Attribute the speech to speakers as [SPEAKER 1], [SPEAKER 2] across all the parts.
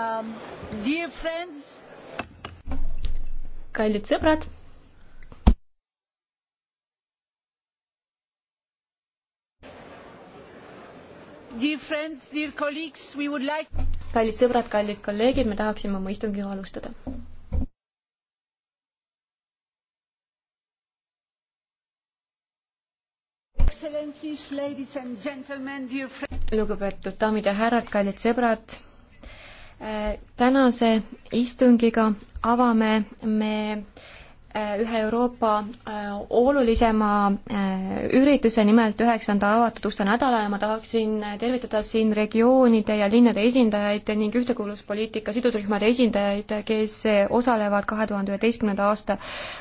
[SPEAKER 1] um,. Dear friends. kallid sõbrad.
[SPEAKER 2] Dear friends, dear colleagues, we would like.
[SPEAKER 3] kallid sõbrad, kallid kolleegid, me tahaksime oma istungi alustada. Excellencies, ladies and gentlemen, dear friends. lugupeetud daamid ja härrad, kallid sõbrad tänase istungiga avame me äh, ühe Euroopa äh, olulisema äh, ürituse, nimelt üheksanda avatud uste nädala ja ma tahaksin tervitada siin regioonide ja linnade esindajaid ning ühtekuuluvuspoliitika sidusrühmade esindajaid, kes osalevad kahe tuhande üheteistkümnenda aasta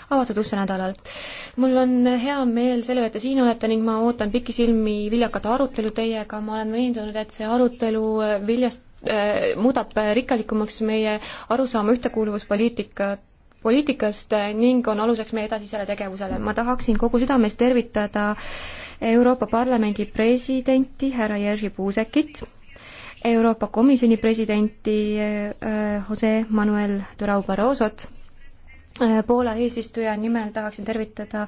[SPEAKER 3] avatud uste nädalal. mul on hea meel selle üle, et te siin olete ning ma ootan pikisilmi viljakat arutelu teiega, ma olen veendunud, et see arutelu viljast-, Äh, muudab rikkalikumaks meie arusaama ühtekuuluvuspoliitikat poliitikast ning on aluseks meie edasisele tegevusele. ma tahaksin kogu südamest tervitada Euroopa Parlamendi presidenti härra Jerzy Buzekit, Euroopa Komisjoni presidenti äh, Jose Manuel Durao Barrosot, äh, Poola eesistuja nimel tahaksin tervitada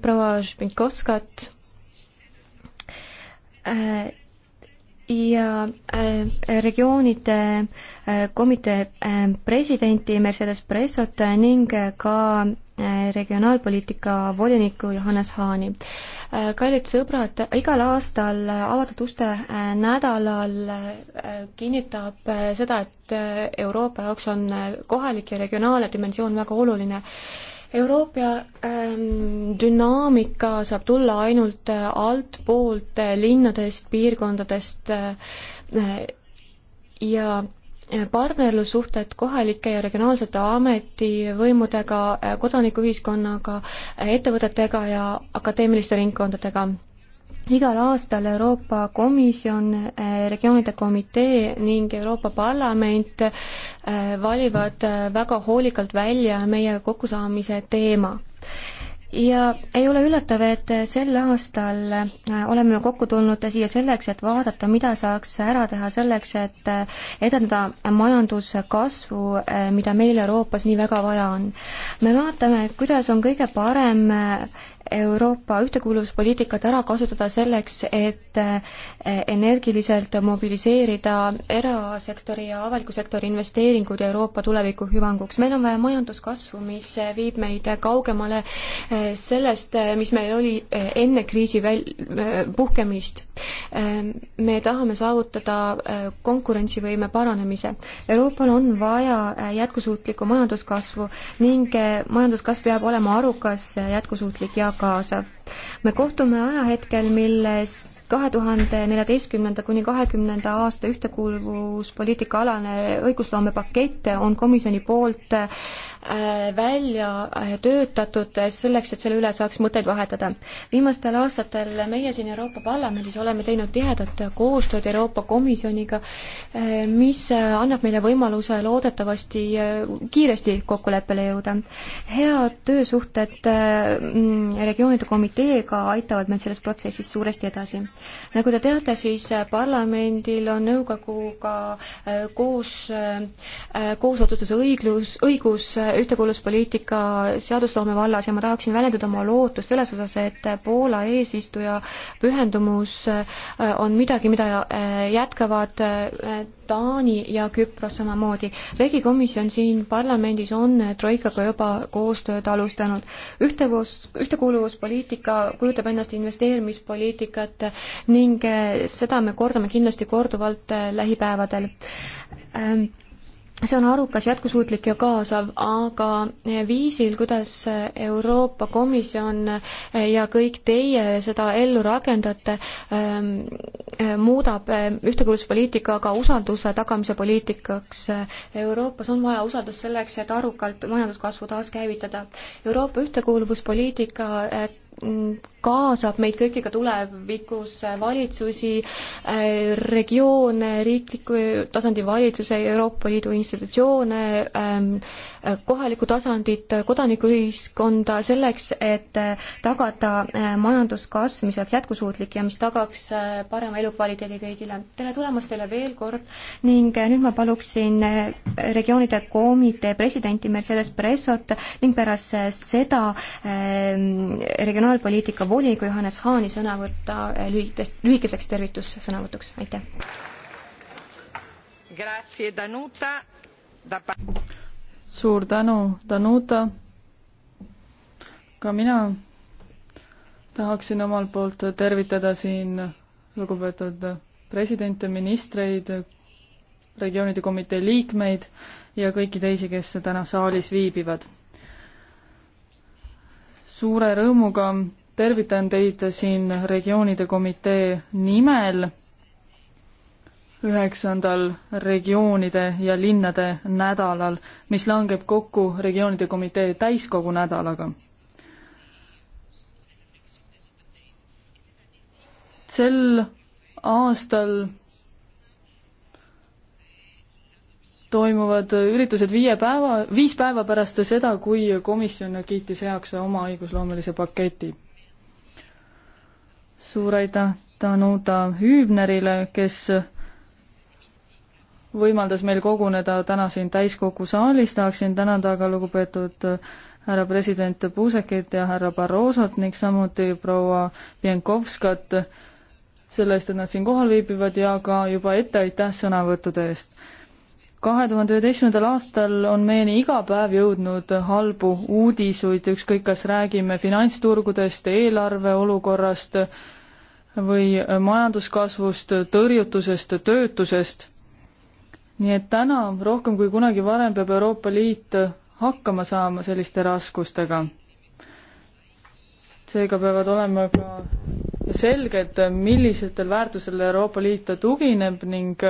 [SPEAKER 3] proua Špinkovskat ja äh, regioonide äh, komitee äh, presidenti Mercedes Pressot ning ka äh, regionaalpoliitika volinikku Johannes Haani äh,. kallid sõbrad, igal aastal äh, avatud uste äh, nädalal äh, kinnitab äh, seda, et äh, Euroopa jaoks on äh, kohalik ja regionaalne dimensioon väga oluline äh, Euroopa ähm, dünaamika saab tulla ainult äh, altpoolt äh, linnadest, piirkondadest äh, ja partnerlussuhted kohalike ja regionaalsete ametivõimudega, kodanikuühiskonnaga, ettevõtetega ja akadeemiliste ringkondadega igal aastal Euroopa Komisjon, eh, regioonide komitee ning Euroopa Parlament eh, valivad eh, väga hoolikalt välja meie kokkusaamise teema ja ei ole üllatav, et sel aastal oleme kokku tulnud siia selleks, et vaadata, mida saaks ära teha selleks, et edendada majanduskasvu, mida meil Euroopas nii väga vaja on. me vaatame, kuidas on kõige parem Euroopa ühtekuuluvuspoliitikat ära kasutada selleks, et eh, energiliselt mobiliseerida erasektori ja avaliku sektori investeeringud Euroopa tuleviku hüvanguks. meil on vaja majanduskasvu, mis viib meid kaugemale eh, sellest, eh, mis meil oli enne kriisi väl-, puhkemist. me tahame saavutada konkurentsivõime paranemise. Euroopal on vaja jätkusuutlikku majanduskasvu ning majanduskasv peab olema arukas, jätkusuutlik ja tasakaasav me kohtume ajahetkel, milles kahe tuhande neljateistkümnenda kuni kahekümnenda aasta ühtekuuluvuspoliitika alane õigusloomepakett on komisjoni poolt äh, välja äh, töötatud selleks, et selle üle saaks mõtteid vahetada. viimastel aastatel meie siin Euroopa Parlamendis oleme teinud tihedat koostööd Euroopa Komisjoniga, äh, mis annab meile võimaluse loodetavasti kiiresti kokkuleppele jõuda. head töösuhted regioonide komitee ideega aitavad meid selles protsessis suuresti edasi. nagu te teate, siis äh, parlamendil on nõukoguga äh, koos, äh, koosotsustuse õiglus, õigus ühtekuuluvuspoliitika seadusloome vallas ja ma tahaksin väljendada oma lootust selles osas, et Poola eesistuja pühendumus on midagi, mida jätkavad Taani ja Küpros samamoodi. regikomisjon siin parlamendis on Troikaga juba koostööd alustanud. ühtekuuluvus, ühtekuuluvuspoliitika poliitika kujutab endast investeerimispoliitikat ning eh, seda me kordame kindlasti korduvalt eh, lähipäevadel ähm, see on arukas, jätkusuutlik ja kaasav, aga eh, viisil, kuidas Euroopa Komisjon ja kõik teie seda ellu rakendate, ähm, muudab ühtekuuluvuspoliitika ka usalduse tagamise poliitikaks. Euroopas on vaja usaldust selleks, et arukalt majanduskasvu taaskäivitada. Euroopa ühtekuuluvuspoliitika kaasab meid kõiki ka tulevikus valitsusi, regioone, riikliku tasandi valitsuse, Euroopa Liidu institutsioone, ähm, kohalikku tasandit, kodanikuühiskonda, selleks, et tagada äh, majanduskasv, mis oleks jätkusuutlik ja mis tagaks äh, parema elukvaliteedi kõigile. tere tulemast teile veel kord ning äh, nüüd ma paluksin regioonide komitee presidenti Mercedes Pressot ning pärast seda ähm, regionaal- regionaalpoliitika voliniku Johannes Haani sõna võtta eh, lühikest, lühikeseks tervitussõnavõtuks, aitäh.
[SPEAKER 4] suur tänu, Danuta. ka mina tahaksin omalt poolt tervitada siin lugupeetud presidente, ministreid, regioonide komitee liikmeid ja kõiki teisi, kes täna saalis viibivad suure rõõmuga tervitan teid siin regioonide komitee nimel üheksandal regioonide ja linnade nädalal, mis langeb kokku regioonide komitee täiskogu nädalaga. sel aastal toimuvad üritused viie päeva, viis päeva pärast seda, kui komisjon kiitis heaks oma õigusloomelise paketi. suur aitäh Danuta Hübnerile, kes võimaldas meil koguneda täna siin täiskogu saalis, tahaksin tänada ka lugupeetud härra president Puusekit ja härra Barrosot ning samuti proua Pienkovskat selle eest, et nad siin kohal viibivad ja ka juba ette aitäh sõnavõttude eest kahe tuhande üheteistkümnendal aastal on meieni iga päev jõudnud halbu uudisuid, ükskõik kas räägime finantsturgudest, eelarve olukorrast või majanduskasvust, tõrjutusest, töötusest. nii et täna rohkem kui kunagi varem peab Euroopa Liit hakkama saama selliste raskustega. seega peavad olema ka selged, millisetel väärtusel Euroopa Liit tugineb ning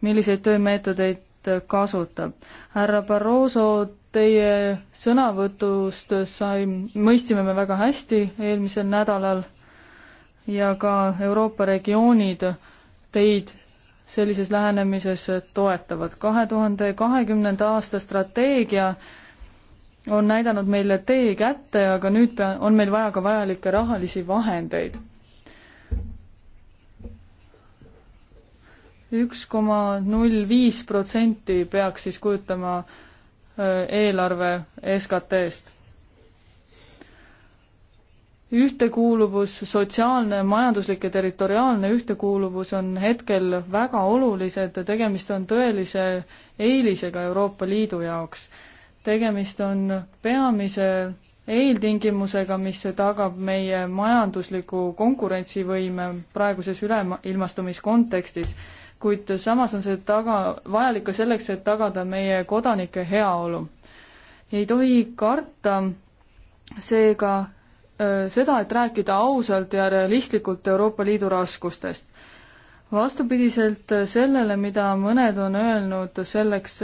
[SPEAKER 4] milliseid töömeetodeid keelt kasutab. härra Barroso, teie sõnavõtust sai, mõistsime me väga hästi eelmisel nädalal ja ka Euroopa regioonid teid sellises lähenemises toetavad. kahe tuhande kahekümnenda aasta strateegia on näidanud meile tee kätte, aga nüüd pea-, on meil vaja ka vajalikke rahalisi vahendeid üks koma null viis protsenti peaks siis kujutama äh, eelarve SKT-st. ühtekuuluvus, sotsiaalne, majanduslik ja territoriaalne ühtekuuluvus on hetkel väga olulised, tegemist on tõelise eelisega Euroopa Liidu jaoks. tegemist on peamise eeltingimusega, mis tagab meie majandusliku konkurentsivõime praeguses üleilmastumiskontekstis kuid samas on see taga, vajalik ka selleks, et tagada meie kodanike heaolu. ei tohi karta seega seda, et rääkida ausalt ja realistlikult Euroopa Liidu raskustest. vastupidiselt sellele, mida mõned on öelnud selleks,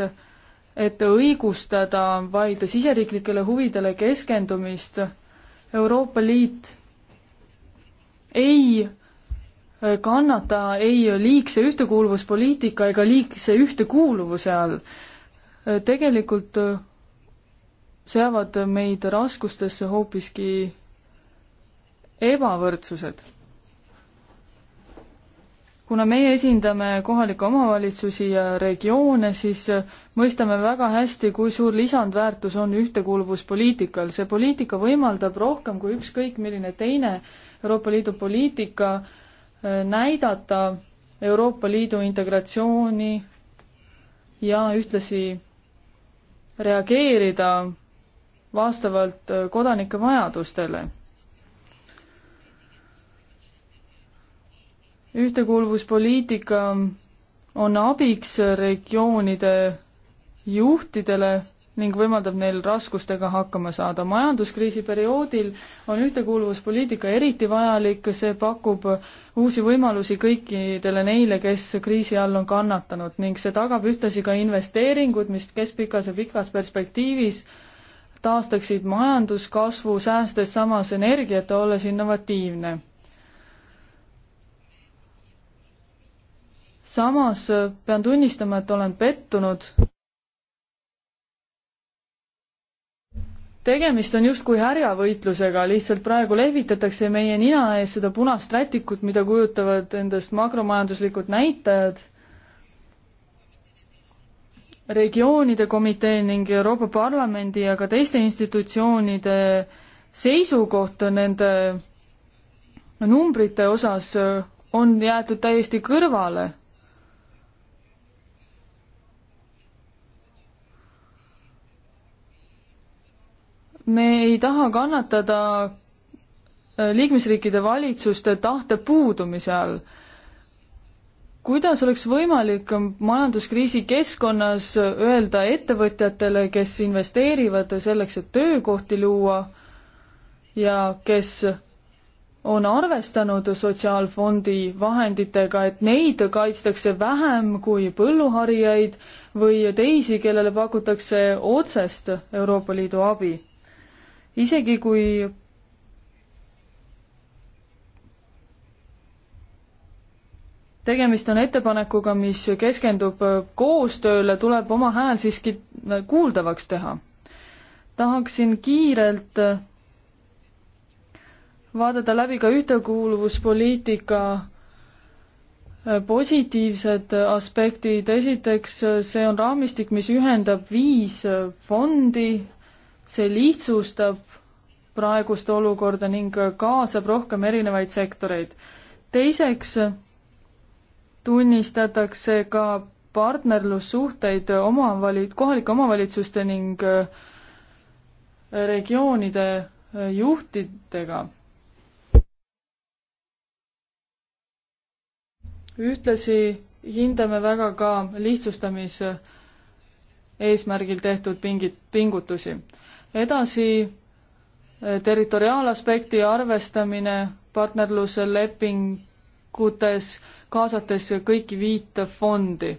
[SPEAKER 4] et õigustada vaid siseriiklikele huvidele keskendumist, Euroopa Liit ei kannata ei liigse ühtekuuluvuspoliitika ega liigse ühtekuuluvuse all. tegelikult äh, seavad meid raskustesse hoopiski ebavõrdsused. kuna meie esindame kohalikke omavalitsusi ja regioone, siis äh, mõistame väga hästi, kui suur lisandväärtus on ühtekuuluvuspoliitikal. see poliitika võimaldab rohkem kui ükskõik milline teine Euroopa Liidu poliitika äh, näidata Euroopa Liidu integratsiooni ja ühtlasi reageerida vastavalt kodanike vajadustele. ühtekuuluvuspoliitika on abiks regioonide juhtidele ning võimaldab neil raskustega hakkama saada. majanduskriisi perioodil on ühtekuuluvuspoliitika eriti vajalik, see pakub uusi võimalusi kõikidele neile, kes kriisi all on kannatanud ning see tagab ühtlasi ka investeeringud, mis keskpikas ja pikas perspektiivis taastaksid majanduskasvu, säästes samas energiat, olles innovatiivne. samas pean tunnistama, et olen pettunud tegemist on justkui härjavõitlusega, lihtsalt praegu lehvitatakse meie nina ees seda punast rätikut, mida kujutavad endast makromajanduslikud näitajad, regioonide komitee ning Euroopa Parlamendi ja ka teiste institutsioonide seisukoht nende numbrite osas on jäetud täiesti kõrvale me ei taha kannatada äh, liikmesriikide valitsuste tahte puudumise all. kuidas oleks võimalik majanduskriisi keskkonnas öelda ettevõtjatele, kes investeerivad selleks, et töökohti luua ja kes on arvestanud Sotsiaalfondi vahenditega, et neid kaitstakse vähem kui põlluharijaid või teisi, kellele pakutakse otsest Euroopa Liidu abi isegi kui tegemist on ettepanekuga, mis keskendub koostööle, tuleb oma hääl siiski kuuldavaks teha. tahaksin kiirelt vaadata läbi ka ühtekuuluvuspoliitika positiivsed aspektid, esiteks see on raamistik, mis ühendab viis fondi, see lihtsustab praegust olukorda ning kaasab rohkem erinevaid sektoreid. teiseks tunnistatakse ka partnerlussuhteid omavalit-, kohalike omavalitsuste ning äh, regioonide äh, juhtidega. ühtlasi hindame väga ka lihtsustamise eesmärgil tehtud pingit, pingutusi edasi eh, territoriaalaspekti arvestamine partnerluse lepingutes, kaasates kõiki viite fondi.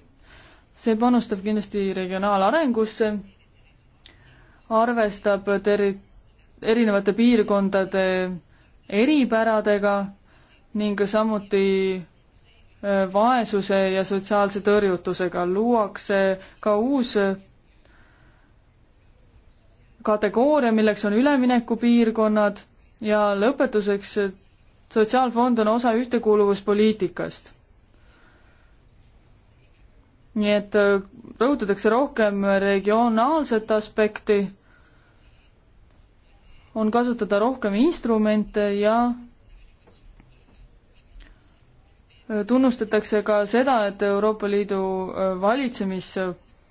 [SPEAKER 4] see panustab kindlasti regionaalarengusse, arvestab terri-, erinevate piirkondade eripäradega ning samuti eh, vaesuse ja sotsiaalse tõrjutusega luuakse ka uus kategooria, milleks on üleminekupiirkonnad ja lõpetuseks, et sotsiaalfond on osa ühtekuuluvuspoliitikast. nii et äh, rõhutatakse rohkem regionaalset aspekti, on kasutada rohkem instrumente ja äh, tunnustatakse ka seda, et Euroopa Liidu äh, valitsemis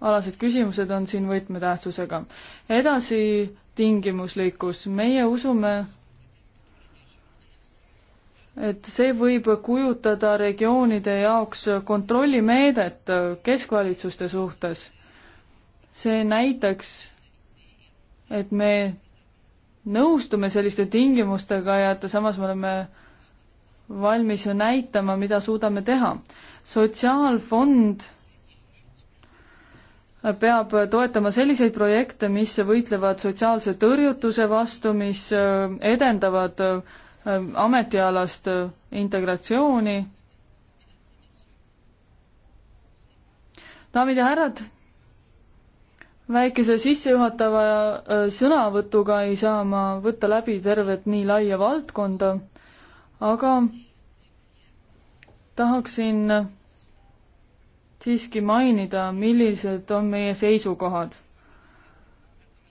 [SPEAKER 4] alased küsimused on siin võtmetähtsusega. edasi tingimuslikkus, meie usume, et see võib kujutada regioonide jaoks kontrollimeedet keskvalitsuste suhtes. see näitaks, et me nõustume selliste tingimustega ja et samas me oleme valmis näitama, mida suudame teha. sotsiaalfond peab toetama selliseid projekte, mis võitlevad sotsiaalse tõrjutuse vastu, mis äh, edendavad äh, ametialast äh, integratsiooni. daamid ja härrad, väikese sissejuhatava sõnavõtuga ei saa ma võtta läbi tervet nii laia valdkonda, aga tahaksin siiski mainida, millised on meie seisukohad.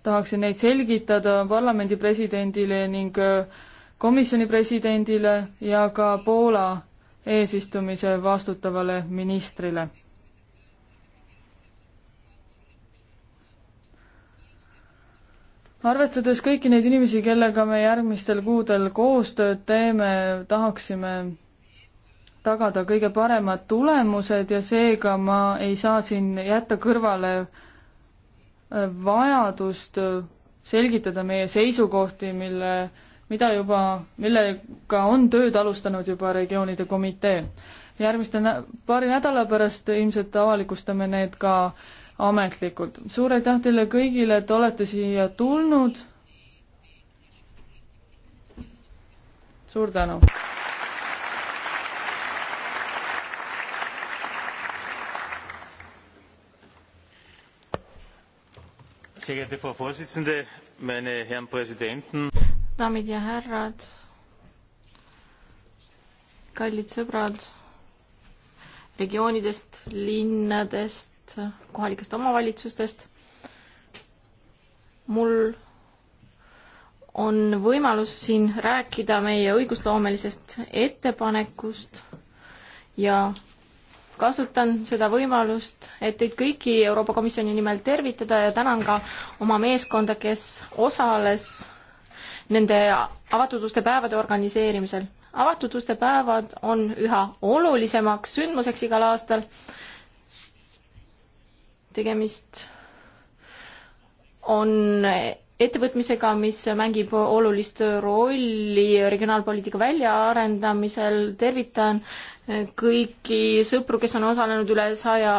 [SPEAKER 4] tahaksin neid selgitada parlamendi presidendile ning äh, komisjoni presidendile ja ka Poola eesistumise vastutavale ministrile arvestades kõiki neid inimesi, kellega me järgmistel kuudel koostööd teeme, tahaksime tagada kõige paremad tulemused ja seega ma ei saa siin jätta kõrvale äh, vajadust äh, selgitada meie seisukohti, mille, mida juba, millega on tööd alustanud juba regioonide komitee. järgmiste nä-, paari nädala pärast ilmselt avalikustame need ka ametlikult. suur aitäh teile kõigile, et olete siia tulnud. suur tänu! sehr geehrte Frau
[SPEAKER 1] Vorsitzende, meine Herren Präsidenten.
[SPEAKER 2] daamid ja härrad, kallid sõbrad regioonidest, linnadest, kohalikest omavalitsustest. mul on võimalus siin rääkida meie õigusloomelisest ettepanekust ja kasutan seda võimalust, et teid kõiki Euroopa Komisjoni nimel tervitada ja tänan ka oma meeskonda, kes osales nende avatud uste päevade organiseerimisel. avatud uste päevad on üha olulisemaks sündmuseks igal aastal. tegemist on ettevõtmisega, mis mängib olulist rolli regionaalpoliitika väljaarendamisel, tervitan kõiki sõpru, kes on osalenud üle saja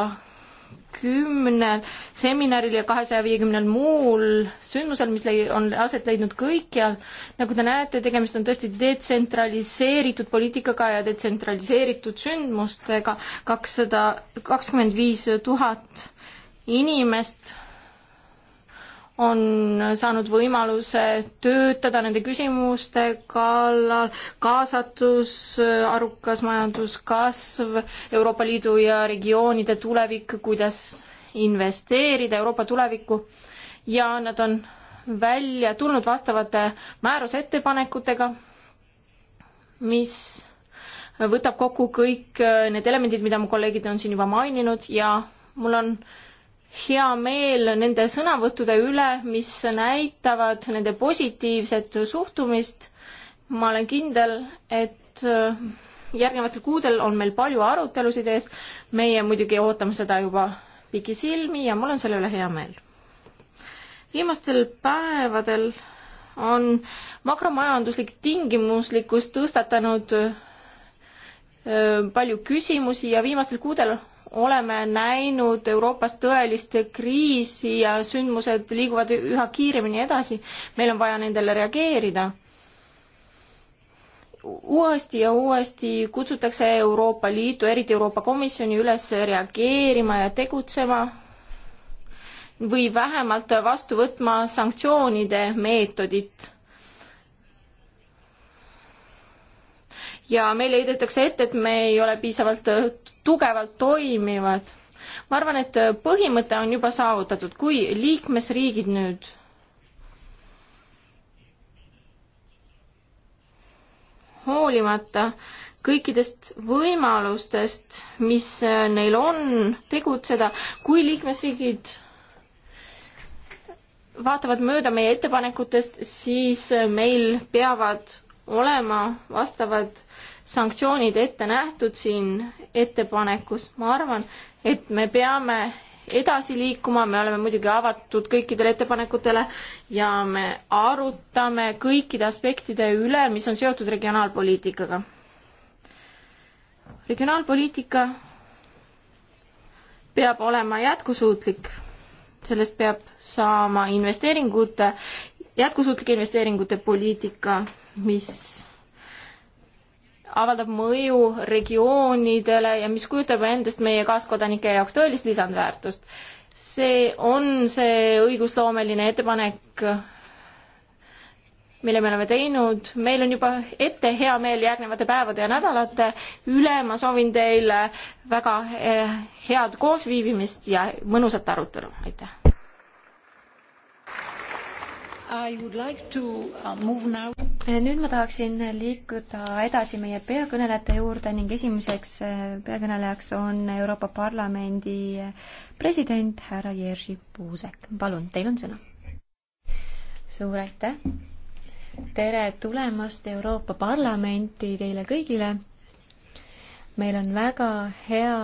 [SPEAKER 2] kümnel seminaril ja kahesaja viiekümnel muul sündmusel, mis lei-, on aset leidnud kõikjal. nagu te näete, tegemist on tõesti detsentraliseeritud poliitikaga ja detsentraliseeritud sündmustega, kakssada kakskümmend viis tuhat inimest on saanud võimaluse töötada nende küsimuste kallal, kaasatus, arukas majanduskasv, Euroopa Liidu ja regioonide tulevik, kuidas investeerida Euroopa tulevikku ja nad on välja tulnud vastavate määruse ettepanekutega, mis võtab kokku kõik need elemendid, mida mu kolleegid on siin juba maininud ja mul on äh, hea meel nende sõnavõttude üle, mis näitavad nende positiivset suhtumist. ma olen kindel, et äh, järgnevatel kuudel on meil palju arutelusid ees. meie muidugi ootame seda juba pikisilmi ja mul on selle üle hea meel. viimastel päevadel on makromajanduslik tingimuslikkus tõstatanud äh, palju küsimusi ja viimastel kuudel oleme näinud Euroopas tõelist kriisi ja sündmused liiguvad üha kiiremini edasi. meil on vaja nendele reageerida. uuesti ja uuesti kutsutakse Euroopa Liitu, eriti Euroopa Komisjoni üles reageerima ja tegutsema või vähemalt vastu võtma sanktsioonide meetodit ja meile heidetakse ette, et me ei ole piisavalt äh, tugevalt toimivad. ma arvan, et äh, põhimõte on juba saavutatud, kui liikmesriigid nüüd hoolimata kõikidest võimalustest, mis äh, neil on tegutseda, kui liikmesriigid vaatavad mööda meie ettepanekutest, siis meil peavad olema vastavad sanktsioonid ette nähtud siin ettepanekus, ma arvan, et me peame edasi liikuma, me oleme muidugi avatud kõikidele ettepanekutele ja me arutame kõikide aspektide üle, mis on seotud regionaalpoliitikaga. regionaalpoliitika peab olema jätkusuutlik, sellest peab saama investeeringute, jätkusuutlike investeeringute poliitika, mis avaldab mõju regioonidele ja mis kujutab endast meie kaaskodanike jaoks tõelist lisandväärtust. see on see õigusloomeline ettepanek, mille me oleme teinud, meil on juba ette hea meel järgnevate päevade ja nädalate üle, ma soovin teile väga eh, head koosviibimist ja mõnusat arutelu, aitäh!
[SPEAKER 3] Like uh, eh, nüüd ma tahaksin liikuda edasi meie peakõnelejate juurde ning esimeseks eh, peakõnelejaks on Euroopa Parlamendi eh, president härra Jerzy Puusek. palun, teil on sõna. suur aitäh! tere tulemast Euroopa Parlamenti teile kõigile! meil on väga hea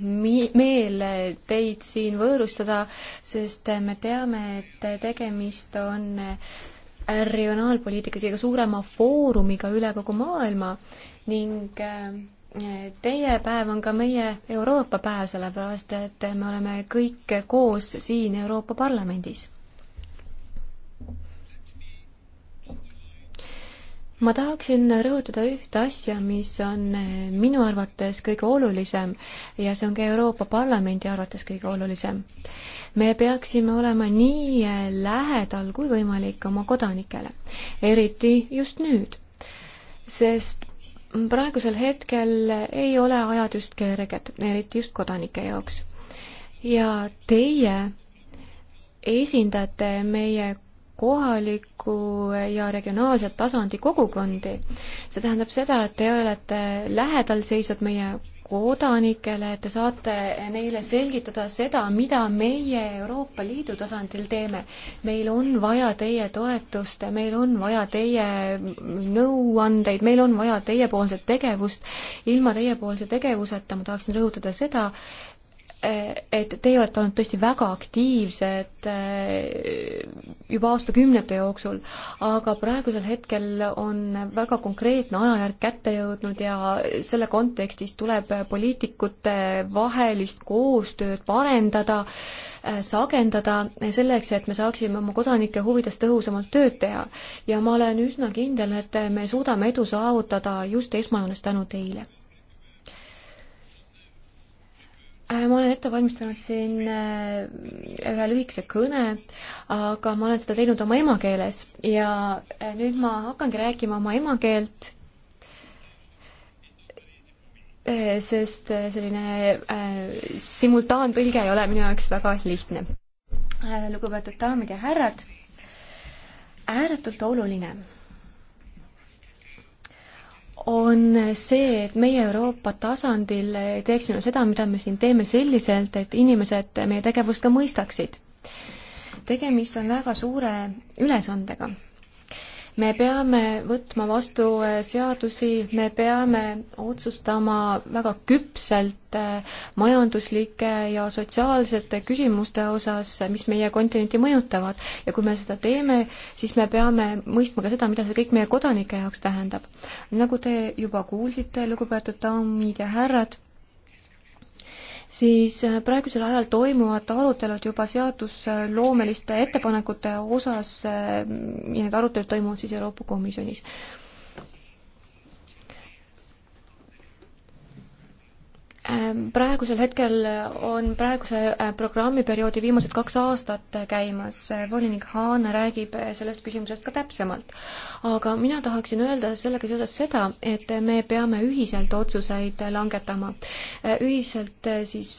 [SPEAKER 3] mi-, meel teid siin võõrustada, sest me teame, et tegemist on regionaalpoliitika kõige suurema foorumiga üle kogu maailma ning äh, Teie päev on ka meie Euroopa päev, sellepärast et me oleme kõik koos siin Euroopa Parlamendis ma tahaksin rõhutada ühte asja, mis on eh, minu arvates kõige olulisem ja see on ka Euroopa Parlamendi arvates kõige olulisem. me peaksime olema nii eh, lähedal kui võimalik oma kodanikele, eriti just nüüd, sest praegusel hetkel ei ole ajad just kerged, eriti just kodanike jaoks. ja teie esindate meie kohaliku ja regionaalse tasandi kogukondi. see tähendab seda, et te olete lähedalseisvad meie kodanikele, et te saate neile selgitada seda, mida meie Euroopa Liidu tasandil teeme. meil on vaja teie toetust, meil on vaja teie nõuandeid, meil on vaja teiepoolset tegevust. ilma teiepoolse tegevuseta ma tahaksin rõhutada seda, et teie olete olnud tõesti väga aktiivsed eh, juba aastakümnete jooksul, aga praegusel hetkel on väga konkreetne ajajärk kätte jõudnud ja selle kontekstis tuleb poliitikute vahelist koostööd parendada, eh, sagendada, selleks et me saaksime oma kodanike huvides tõhusamalt tööd teha. ja ma olen üsna kindel, et me suudame edu saavutada just esmajoones tänu teile Äh, ma olen ette valmistanud siin äh, ühe lühikese kõne, aga ma olen seda teinud oma emakeeles ja äh, nüüd ma hakkangi rääkima oma emakeelt, sest selline simultaantõlge ei ole minu jaoks väga lihtne. lugupeetud daamid ja härrad, ääretult oluline on see, et meie Euroopa tasandil teeksime seda, mida me siin teeme selliselt, et inimesed meie tegevust ka mõistaksid. tegemist on väga suure ülesandega me peame võtma vastu äh, seadusi, me peame otsustama väga küpselt äh, majanduslike ja sotsiaalsete küsimuste osas, äh, mis meie kontinenti mõjutavad. ja kui me seda teeme, siis me peame mõistma ka seda, mida see kõik meie kodanike jaoks tähendab. nagu te juba kuulsite, lugupeetud daamid ja härrad siis äh, praegusel ajal toimuvad arutelud juba seadusloomeliste ettepanekute osas äh, ja need arutelud toimuvad siis Euroopa Komisjonis Ehm, praegusel hetkel äh, on praeguse äh, programmiperioodi viimased kaks aastat äh, käimas, volinik Haan räägib sellest küsimusest ka täpsemalt. aga mina tahaksin öelda sellega seoses seda, et me peame ühiselt otsuseid langetama. ühiselt siis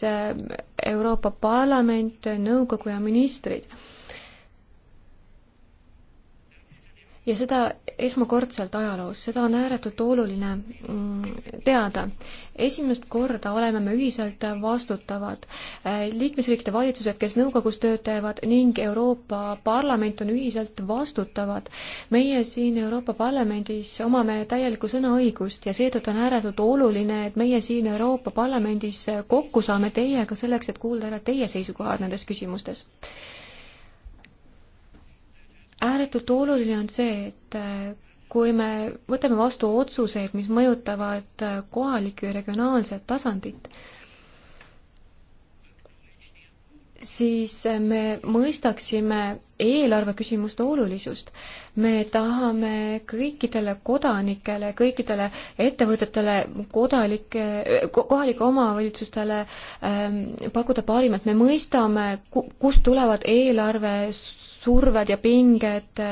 [SPEAKER 3] Euroopa Parlament, nõukogu ja ministrid ja seda esmakordselt ajaloos, seda on ääretult oluline mm, teada. esimest korda oleme me ühiselt vastutavad. Äh, liikmesriikide valitsused, kes nõukogus tööd teevad ning Euroopa Parlament on ühiselt vastutavad. meie siin Euroopa Parlamendis omame täielikku sõnaõigust ja seetõttu on ääretult oluline, et meie siin Euroopa Parlamendis kokku saame teiega selleks, et kuulda ära teie seisukohad nendes küsimustes ääretult oluline on see, et äh, kui me võtame vastu otsuseid, mis mõjutavad äh, kohalikku ja regionaalset tasandit, siis me mõistaksime eelarve küsimuste olulisust. me tahame kõikidele kodanikele, kõikidele ettevõtetele, kodanike, kohalike omavalitsustele ähm, pakkuda parimat, me mõistame, kust tulevad eelarve surved ja pinged,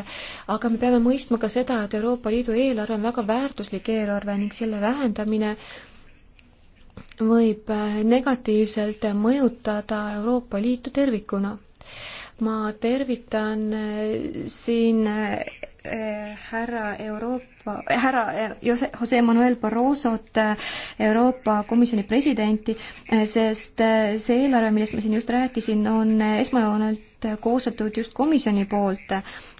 [SPEAKER 3] aga me peame mõistma ka seda, et Euroopa Liidu eelarve on väga väärtuslik eelarve ning selle vähendamine äh, võib äh, negatiivselt mõjutada Euroopa Liitu tervikuna. ma tervitan äh, siin äh, härra Euroopa, härra Jose, Jose Manuel Barrosot, Euroopa Komisjoni presidenti, sest see eelarve, millest ma siin just rääkisin, on esmajoonelt koostatud just komisjoni poolt.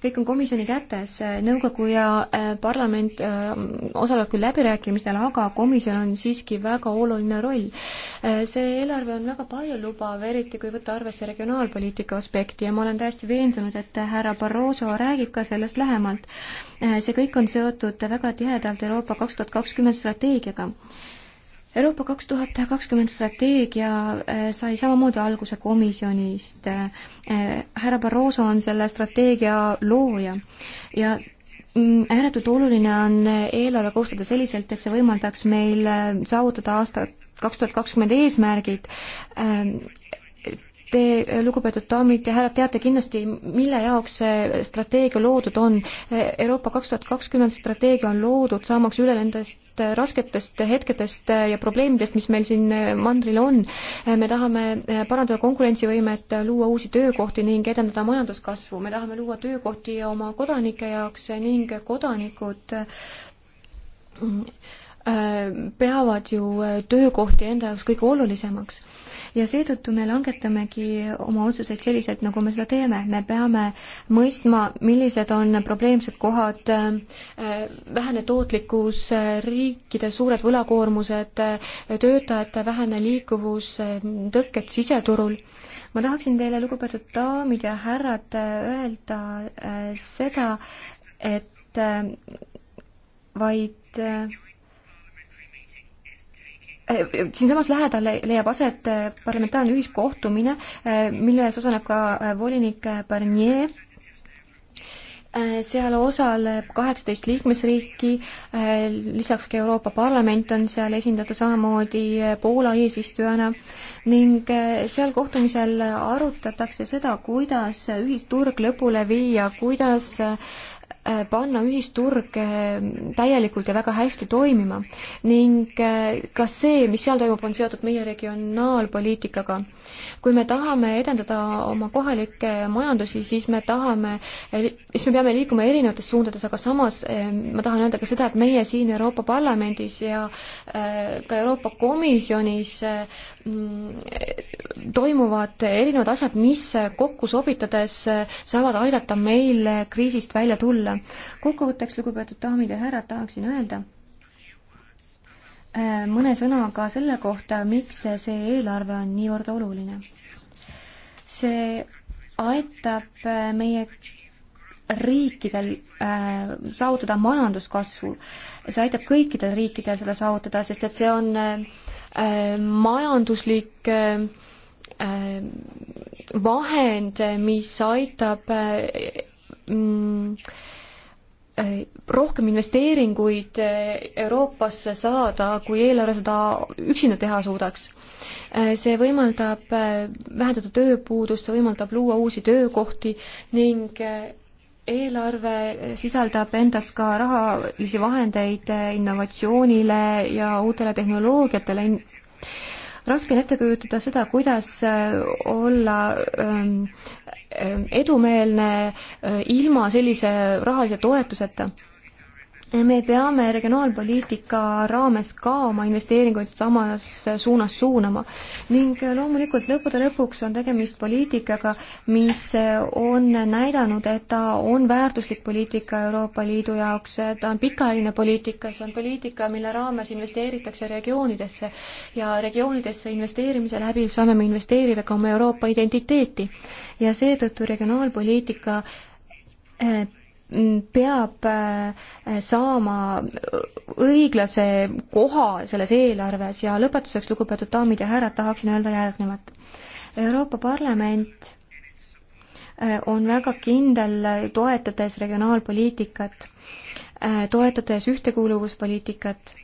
[SPEAKER 3] kõik on komisjoni kätes, nõukogu ja äh, parlament äh, osalevad küll läbirääkimistel, aga komisjon on siiski väga oluline roll. Äh, see eelarve on väga paljulubav, eriti kui võtta arvesse regionaalpoliitika aspekti ja ma olen täiesti veendunud, et härra Barroso räägib ka sellest lähemalt. see kõik on seotud väga tihedalt Euroopa kaks tuhat kakskümmend strateegiaga Euroopa kaks tuhat kakskümmend strateegia äh, sai samamoodi alguse komisjonist. Äh, äh, härra Barroso on selle strateegia looja ja mm, ääretult oluline on eelarve koostada selliselt, et see võimaldaks meil saavutada aasta kaks tuhat kakskümmend eesmärgid Te, lugupeetud daamid ja härrad, teate kindlasti, mille jaoks see strateegia loodud on. Euroopa kaks tuhat kakskümmend strateegia on loodud, saamaks üle nendest rasketest hetkedest ja probleemidest, mis meil siin mandril on. me tahame parandada konkurentsivõimet, luua uusi töökohti ning edendada majanduskasvu, me tahame luua töökohti oma kodanike jaoks ning kodanikud Äh, peavad ju äh, töökohti enda jaoks kõige olulisemaks. ja seetõttu me langetamegi oma otsuseid selliselt, nagu me seda teeme, me peame mõistma, millised on probleemsed kohad, äh, vähene tootlikkus, riikide suured võlakoormused, töötajate vähene liikuvus, tõkked siseturul ma tahaksin teile, lugupeetud daamid ja härrad, öelda seda, et vaid Eh, siinsamas lähedal leiab aset eh, parlamentaarne ühiskohtumine, eh, milles osaleb ka volinik Barnier. seal osaleb kaheksateist liikmesriiki, lisaks ka Euroopa Parlament on seal esindatud samamoodi Poola eesistujana ning seal kohtumisel arutatakse seda, kuidas ühisturg lõpule viia, kuidas äh, panna ühisturg äh, täielikult ja väga hästi toimima ning äh, kas see, mis seal toimub, on seotud meie regionaalpoliitikaga. kui me tahame edendada oma kohalikke majandusi, siis me tahame, äh, siis me peame liikuma erinevates suundades, aga samas ma tahan öelda ka seda, et meie siin Euroopa Parlamendis ja ka Euroopa Komisjonis mm, toimuvad erinevad asjad, mis kokku sobitades saavad aidata meil kriisist välja tulla seda. kokkuvõtteks, lugupeetud daamid ja härrad, tahaksin öelda äh, mõne sõnaga selle kohta, miks see eelarve on niivõrd oluline. see aitab äh, meie riikidel äh, saavutada majanduskasvu, see aitab kõikidel riikidel seda saavutada, sest et see on äh, majanduslik äh, äh vahend, mis aitab äh, mm, Äh, rohkem investeeringuid äh, Euroopasse saada, kui eelarve seda üksinda teha suudaks. Äh, see võimaldab vähendada tööpuudust, see võimaldab luua uusi töökohti ning eelarve sisaldab endas ka rahalisi vahendeid innovatsioonile ja uutele tehnoloogiatele. raske on ette kujutada seda, kuidas olla ähm, edumeelne äh, ilma sellise rahalise toetuseta me peame regionaalpoliitika raames ka oma investeeringuid samas suunas suunama ning loomulikult lõppude lõpuks on tegemist poliitikaga, mis on näidanud, et ta on väärtuslik poliitika Euroopa Liidu jaoks, ta on pikaajaline poliitika, see on poliitika, mille raames investeeritakse regioonidesse ja regioonidesse investeerimise läbi saame me investeerida ka oma Euroopa identiteeti ja seetõttu regionaalpoliitika eh, peab äh, saama õiglase koha selles eelarves ja lõpetuseks, lugupeetud daamid ja härrad, tahaksin öelda järgnevat. Euroopa Parlament äh, on väga kindel, toetades regionaalpoliitikat, äh, toetades ühtekuuluvuspoliitikat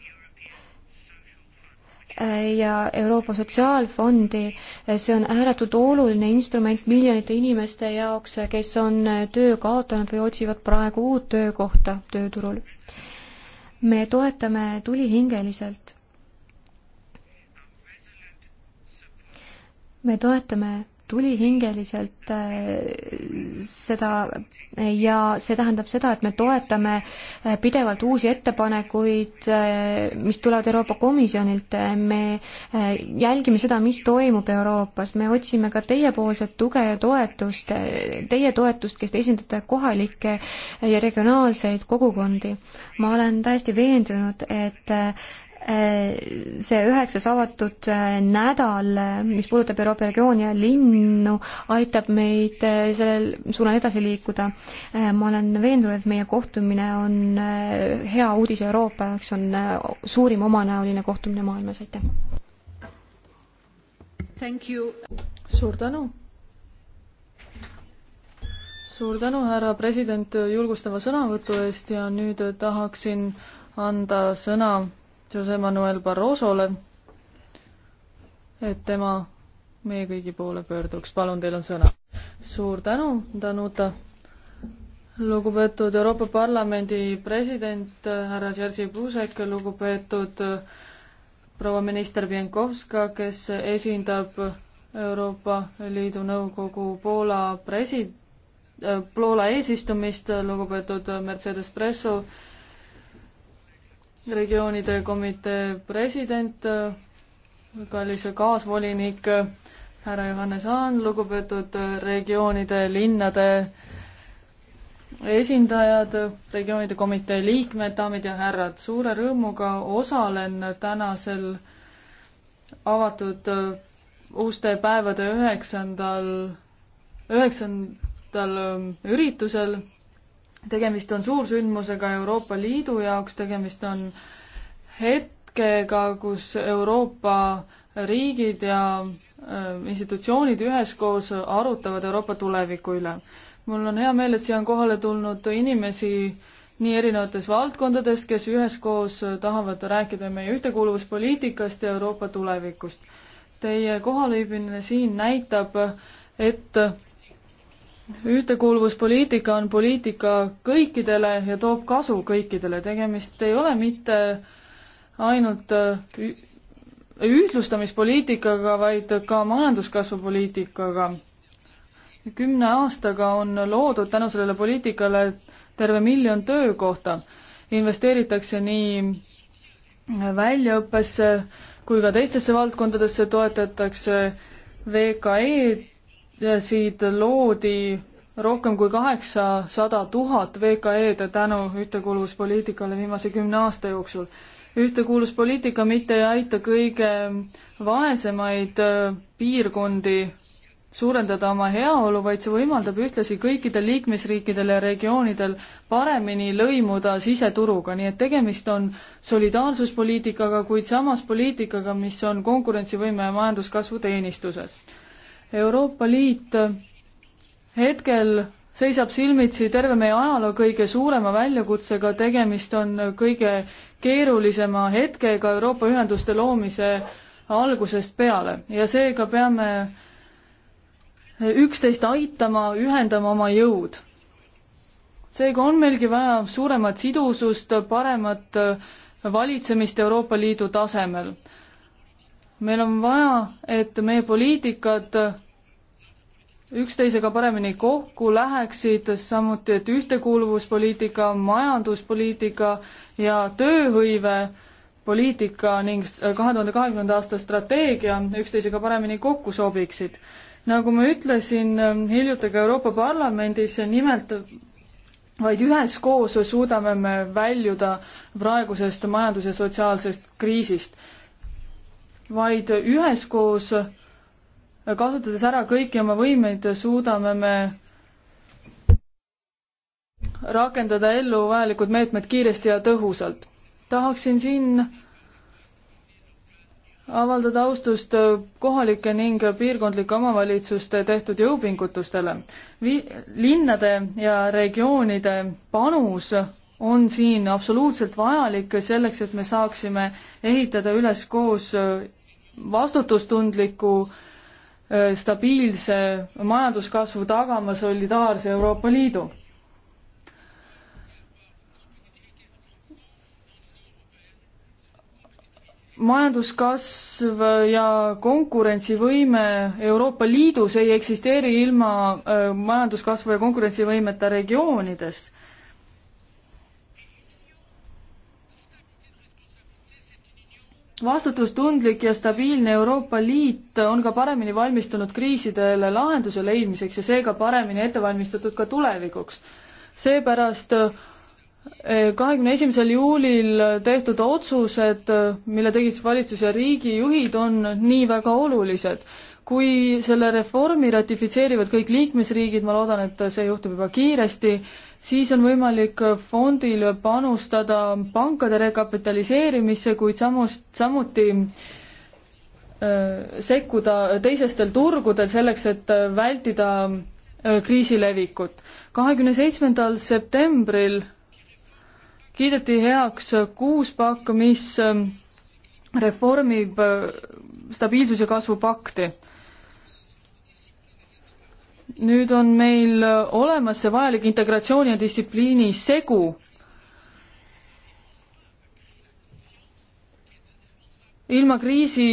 [SPEAKER 3] ja Euroopa Sotsiaalfondi, see on ääretult oluline instrument miljonite inimeste jaoks, kes on töö kaotanud või otsivad praegu uut töökohta tööturul. me toetame tulihingeliselt. me toetame tulihingeliselt äh, seda ja see tähendab seda, et me toetame äh, pidevalt uusi ettepanekuid, äh, mis tulevad Euroopa Komisjonilt, me jälgime seda, mis toimub Euroopas, me otsime ka teiepoolset tuge ja toetust, teie toetust, kes te esindate kohalikke ja regionaalseid kogukondi. ma olen täiesti veendunud, et see üheksas avatud äh, nädal, mis puudutab Euroopa regiooni ja linnu, aitab meid äh, sellel suunal edasi liikuda. Äh, ma olen veendunud, et meie kohtumine on hea uudis Euroopa jaoks, on suurim omanäoline kohtumine maailmas, aitäh!
[SPEAKER 4] suur tänu! suur tänu, härra president, julgustava sõnavõtu eest ja nüüd tahaksin anda sõna Jose Manuel Barrosole, et tema meie kõigi poole pöörduks. palun, teil on sõna. suur tänu, Danuta. lugupeetud Euroopa Parlamendi president härra Jerzy Buzek, lugupeetud äh, proua minister Pienkovska, kes esindab Euroopa Liidu Nõukogu Poola presi-, äh, Poola eesistumist, lugupeetud Mercedes Presso, regioonide komitee president, kallis kaasvolinik härra Johannes Haan, lugupeetud regioonide, linnade esindajad, regioonide komitee liikmed, daamid ja härrad, suure rõõmuga osalen tänasel avatud uuste päevade üheksandal, üheksandal üritusel tegemist on suursündmusega Euroopa Liidu jaoks, tegemist on hetkega, kus Euroopa riigid ja äh, institutsioonid üheskoos arutavad Euroopa tuleviku üle. mul on hea meel, et siia on kohale tulnud inimesi nii erinevates valdkondades, kes üheskoos tahavad rääkida meie ühtekuuluvuspoliitikast ja Euroopa tulevikust. Teie kohalviibimine siin näitab, et ühtekuuluvuspoliitika on poliitika kõikidele ja toob kasu kõikidele, tegemist ei ole mitte ainult äh, ühtlustamispoliitikaga, vaid ka majanduskasvupoliitikaga. kümne aastaga on loodud tänu sellele poliitikale terve miljon töökohta. investeeritakse nii väljaõppesse kui ka teistesse valdkondadesse, toetatakse VKE-d, siit loodi rohkem kui kaheksasada tuhat VKE-d tänu ühtekuuluvuspoliitikale viimase kümne aasta jooksul. ühtekuuluvuspoliitika mitte ei aita kõige vaesemaid äh, piirkondi suurendada oma heaolu, vaid see võimaldab ühtlasi kõikidel liikmesriikidel ja regioonidel paremini lõimuda siseturuga, nii et tegemist on solidaarsuspoliitikaga, kuid samas poliitikaga, mis on konkurentsivõime ja majanduskasvu teenistuses Euroopa Liit hetkel seisab silmitsi terve meie ajaloo kõige suurema väljakutsega, tegemist on kõige keerulisema hetkega Euroopa ühenduste loomise algusest peale ja seega peame üksteist aitama, ühendama oma jõud. seega on meilgi vaja suuremat sidusust, paremat valitsemist Euroopa Liidu tasemel meil on vaja, et meie poliitikad üksteisega paremini kokku läheksid, samuti et ühtekuuluvuspoliitika, majanduspoliitika ja tööhõive poliitika ning kahe tuhande kahekümnenda aasta strateegia üksteisega paremini kokku sobiksid. nagu ma ütlesin ähm, hiljuti ka Euroopa Parlamendis, nimelt vaid üheskoos suudame me väljuda praegusest majandus- ja sotsiaalsest kriisist vaid üheskoos, kasutades ära kõiki oma võimeid, suudame me rakendada ellu vajalikud meetmed kiiresti ja tõhusalt. tahaksin siin avaldada austust kohalike ning piirkondlike omavalitsuste tehtud jõupingutustele. Vi-, linnade ja regioonide panus on siin absoluutselt vajalik selleks, et me saaksime ehitada üles koos äh, vastutustundliku äh, stabiilse majanduskasvu tagama solidaarse Euroopa Liidu. majanduskasv ja konkurentsivõime Euroopa Liidus ei eksisteeri ilma äh, majanduskasvu ja konkurentsivõimeta regioonidest vastutustundlik ja stabiilne Euroopa Liit on ka paremini valmistunud kriisidele lahenduse leidmiseks ja seega paremini ette valmistatud ka tulevikuks. seepärast eh, kahekümne esimesel juulil tehtud otsused, mille tegid siis valitsus ja riigijuhid, on nii väga olulised kui selle reformi ratifitseerivad kõik liikmesriigid, ma loodan, et see juhtub juba kiiresti, siis on võimalik fondil panustada pankade rekapitaliseerimisse, kuid samus, samuti äh, sekkuda teisestel turgudel selleks, et vältida äh, kriisi levikut. kahekümne seitsmendal septembril kiideti heaks kuus pakk, mis äh, reformib äh, stabiilsus- ja kasvupakti nüüd on meil äh, olemas see vajalik integratsiooni ja distsipliini segu. ilma kriisi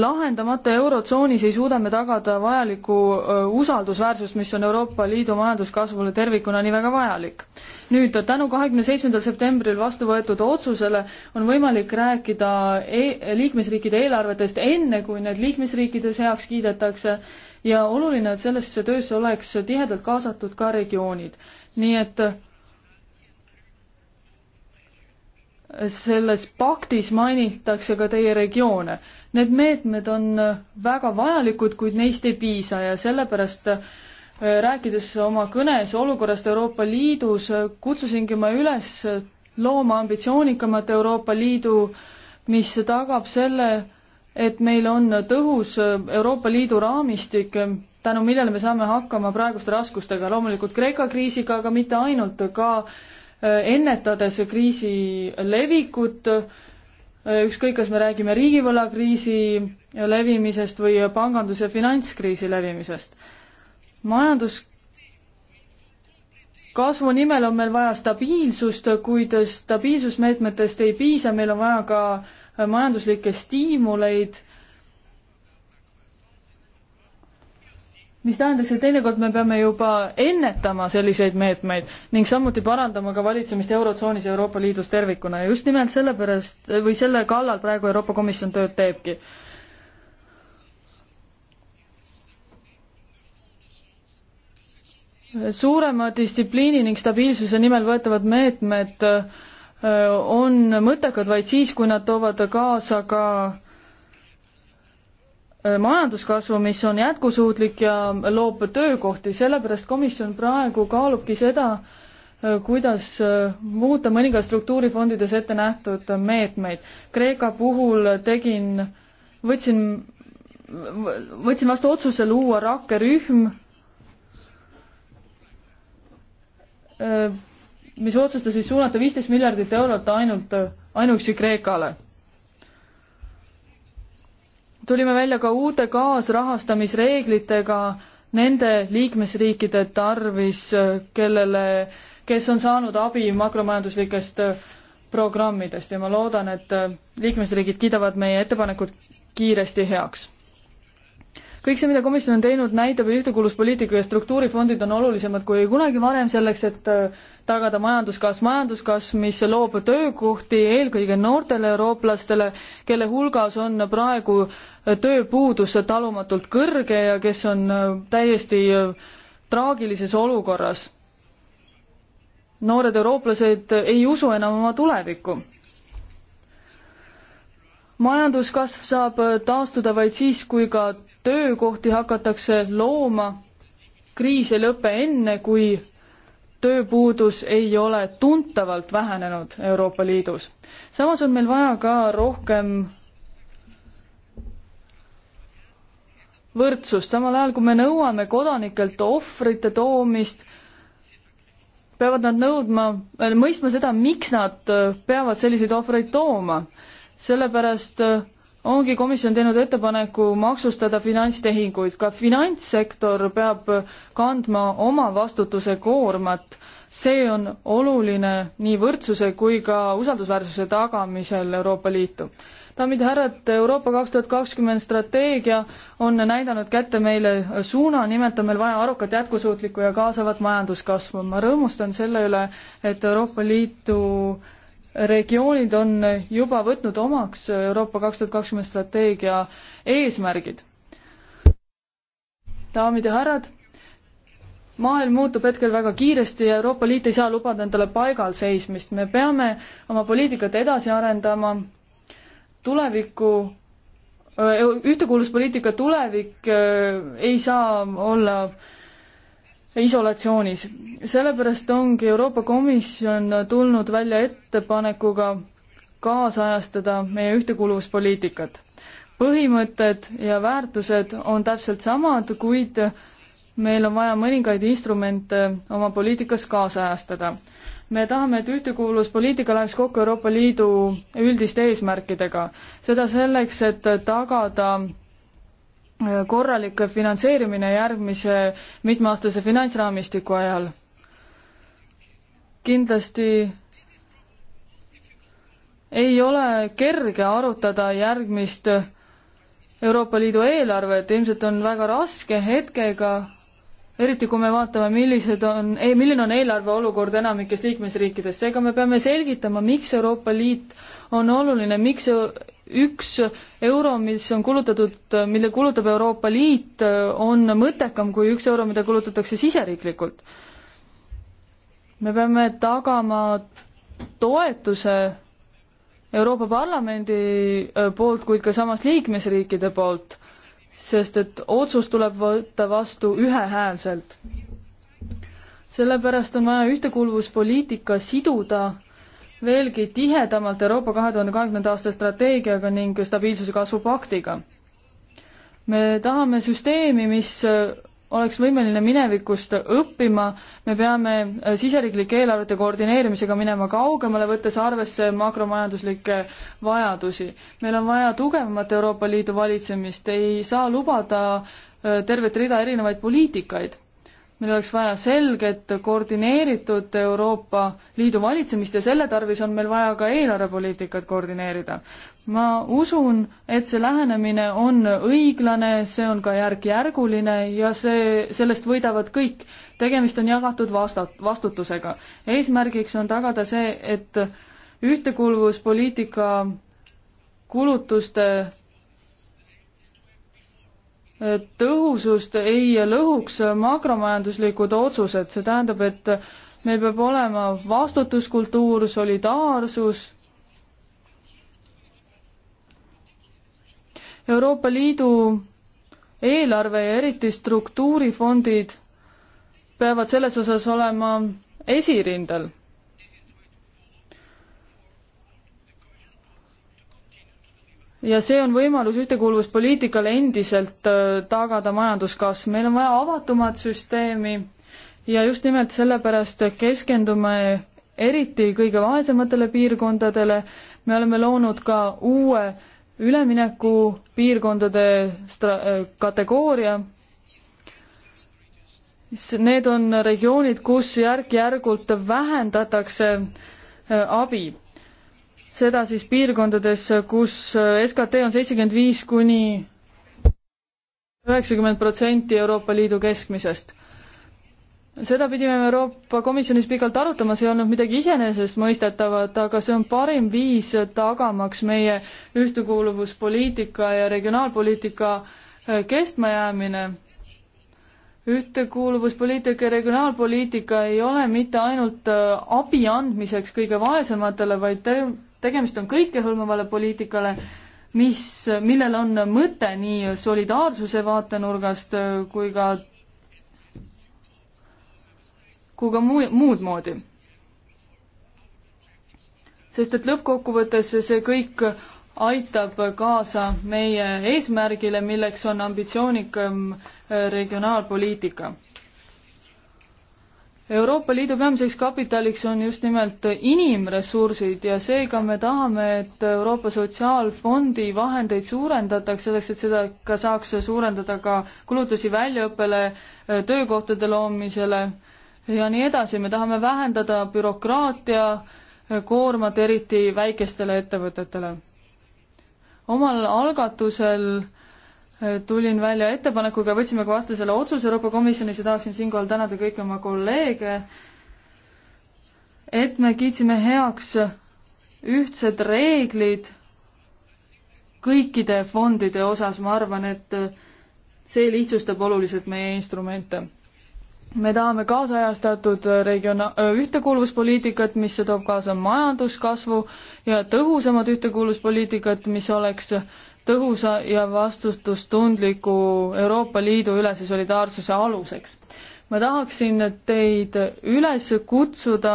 [SPEAKER 4] lahendamata Eurotsoonis ei suuda me tagada vajalikku äh, usaldusväärsust, mis on Euroopa Liidu majanduskasvule tervikuna nii väga vajalik. nüüd tänu kahekümne seitsmendal septembril vastu võetud otsusele on võimalik rääkida e liikmesriikide eelarvetest enne, kui need liikmesriikides heaks kiidetakse ja oluline, et sellesse töösse oleks tihedalt kaasatud ka regioonid. nii et selles paktis mainitakse ka teie regioone. Need meetmed on väga vajalikud, kuid neist ei piisa ja sellepärast eh, rääkides oma kõnes olukorrast Euroopa Liidus, eh, kutsusingi ma üles looma ambitsioonikamat Euroopa Liidu, mis tagab selle, et meil on tõhus Euroopa Liidu raamistik, tänu millele me saame hakkama praeguste raskustega, loomulikult Kreeka kriisiga, aga mitte ainult, ka äh, ennetades kriisi levikut, äh, ükskõik, kas me räägime riigivõlakriisi levimisest või pangandus- ja finantskriisi levimisest. majanduskasvu nimel on meil vaja stabiilsust, kuid stabiilsusmeetmetest ei piisa, meil on vaja ka majanduslikke stiimuleid, mis tähendaks, et teinekord me peame juba ennetama selliseid meetmeid ning samuti parandama ka valitsemist Eurotsoonis ja Euroopa Liidus tervikuna ja just nimelt sellepärast või selle kallal praegu Euroopa Komisjon tööd teebki suurema distsipliini ning stabiilsuse nimel võetavad meetmed on mõttekad vaid siis, kui nad toovad kaasa ka majanduskasvu, mis on jätkusuutlik ja loob töökohti, sellepärast komisjon praegu kaalubki seda, kuidas muuta mõningaid struktuurifondides ette nähtud meetmeid. Kreeka puhul tegin, võtsin, võtsin vastu otsuse luua rakkerühm mis otsustas siis suunata viisteist miljardit eurot ainult, ainuüksi Kreekale. tulime välja ka uute kaasrahastamisreeglitega nende liikmesriikide tarvis, kellele, kes on saanud abi makromajanduslikest programmidest ja ma loodan, et liikmesriigid kiidavad meie ettepanekud kiiresti heaks kõik see, mida komisjon on teinud, näitab, et ühtekuuluvuspoliitika ja struktuurifondid on olulisemad kui kunagi varem selleks, et äh, tagada majanduskasv, majanduskasv, mis loob töökohti eelkõige noortele eurooplastele, kelle hulgas on praegu äh, tööpuudus talumatult kõrge ja kes on äh, täiesti traagilises olukorras. noored eurooplased ei usu enam oma tulevikku majanduskasv saab taastuda vaid siis, kui ka töökohti hakatakse looma, kriis ei lõpe enne, kui tööpuudus ei ole tuntavalt vähenenud Euroopa Liidus. samas on meil vaja ka rohkem võrdsust, samal ajal kui me nõuame kodanikelt ohvrite toomist, peavad nad nõudma, mõistma seda, miks nad peavad selliseid ohvreid tooma. sellepärast ongi komisjon teinud ettepaneku maksustada finantstehinguid, ka finantssektor peab kandma oma vastutuse koormat. see on oluline nii võrdsuse kui ka usaldusväärsuse tagamisel Euroopa Liitu. daamid ja härrad, Euroopa kaks tuhat kakskümmend strateegia on näidanud kätte meile suuna, nimelt on meil vaja arukat, jätkusuutlikku ja kaasavat majanduskasvu. ma rõõmustan selle üle, et Euroopa Liitu regioonid on juba võtnud omaks Euroopa kaks tuhat kakskümmend strateegia eesmärgid. daamid ja härrad, maailm muutub hetkel väga kiiresti ja Euroopa Liit ei saa lubada endale paigal seismist, me peame oma poliitikat edasi arendama, tuleviku, ühtekuuluvuspoliitika tulevik äh, ei saa olla isolatsioonis. sellepärast ongi Euroopa Komisjon tulnud välja ettepanekuga kaasajastada meie ühtekuuluvuspoliitikat. põhimõtted ja väärtused on täpselt samad, kuid meil on vaja mõningaid instrumente oma poliitikas kaasajastada. me tahame, et ühtekuuluvuspoliitika läheks kokku Euroopa Liidu üldiste eesmärkidega. seda selleks, et tagada korralik finantseerimine järgmise mitmeaastase finantsraamistiku ajal. kindlasti ei ole kerge arutada järgmist Euroopa Liidu eelarvet, ilmselt on väga raske hetkega, eriti kui me vaatame, millised on, milline on eelarve olukord enamikes liikmesriikides, seega me peame selgitama, miks Euroopa Liit on oluline, miks üks euro, mis on kulutatud, mille kulutab Euroopa Liit, on mõttekam kui üks euro, mida kulutatakse siseriiklikult. me peame tagama toetuse Euroopa Parlamendi äh, poolt, kuid ka samas liikmesriikide poolt, sest et otsus tuleb võtta vastu ühehäälselt. sellepärast on vaja ühtekuuluvuspoliitika siduda veelgi tihedamalt Euroopa kahe tuhande kahekümnenda aasta strateegiaga ning stabiilsuse kasvupaktiga. me tahame süsteemi, mis oleks võimeline minevikust õppima, me peame siseriiklike eelarvete koordineerimisega minema kaugemale, võttes arvesse makromajanduslikke vajadusi. meil on vaja tugevamat Euroopa Liidu valitsemist, ei saa lubada äh, tervet rida erinevaid poliitikaid meil oleks vaja selget, koordineeritud Euroopa Liidu valitsemist ja selle tarvis on meil vaja ka eelarvepoliitikat koordineerida. ma usun, et see lähenemine on õiglane, see on ka järk-järguline ja see, sellest võidavad kõik. tegemist on jagatud vasta-, vastutusega. eesmärgiks on tagada see, et ühtekuuluvuspoliitika kulutuste tõhusust ei lõhuks makromajanduslikud otsused, see tähendab, et meil peab olema vastutuskultuur, solidaarsus. Euroopa Liidu eelarve ja eriti struktuurifondid peavad selles osas olema esirindel ja see on võimalus ühtekuuluvuspoliitikale endiselt äh, tagada majanduskasv, meil on vaja avatumat süsteemi ja just nimelt sellepärast keskendume eriti kõige vaesematele piirkondadele, me oleme loonud ka uue ülemineku piirkondade stra-, äh, kategooria, need on regioonid, kus järk-järgult vähendatakse äh, abi seda siis piirkondades, kus SKT on seitsekümmend viis kuni üheksakümmend protsenti Euroopa Liidu keskmisest. seda pidime me Euroopa Komisjonis pikalt arutama, see ei olnud midagi iseenesestmõistetavat, aga see on parim viis tagamaks meie ühtekuuluvuspoliitika ja regionaalpoliitika eh, kestmajäämine. ühtekuuluvuspoliitika ja regionaalpoliitika ei ole mitte ainult eh, abi andmiseks kõige vaesematele, vaid tegemist on kõikehõlmavale poliitikale, mis, millel on mõte nii solidaarsuse vaatenurgast äh, kui ka, kui ka muu, muud moodi. sest et lõppkokkuvõttes see kõik aitab kaasa meie eesmärgile, milleks on ambitsioonikam äh, regionaalpoliitika Euroopa Liidu peamiseks kapitaliks on just nimelt inimressursid ja seega me tahame, et Euroopa Sotsiaalfondi vahendeid suurendataks selleks, et seda ka saaks suurendada ka kulutusi väljaõppele, töökohtade loomisele ja nii edasi, me tahame vähendada bürokraatia koormat, eriti väikestele ettevõtetele. omal algatusel tulin välja ettepanekuga, võtsime ka vastu selle otsuse Euroopa Komisjonis ja tahaksin siinkohal tänada kõiki oma kolleege, et me kiitsime heaks ühtsed reeglid kõikide fondide osas, ma arvan, et see lihtsustab oluliselt meie instrumente. me tahame kaasajastatud regiona-, äh, ühtekuuluvuspoliitikat, mis toob kaasa majanduskasvu ja tõhusamat ühtekuuluvuspoliitikat, mis oleks tõhusa ja vastutustundliku Euroopa Liidu ülese solidaarsuse aluseks. ma tahaksin teid üles kutsuda,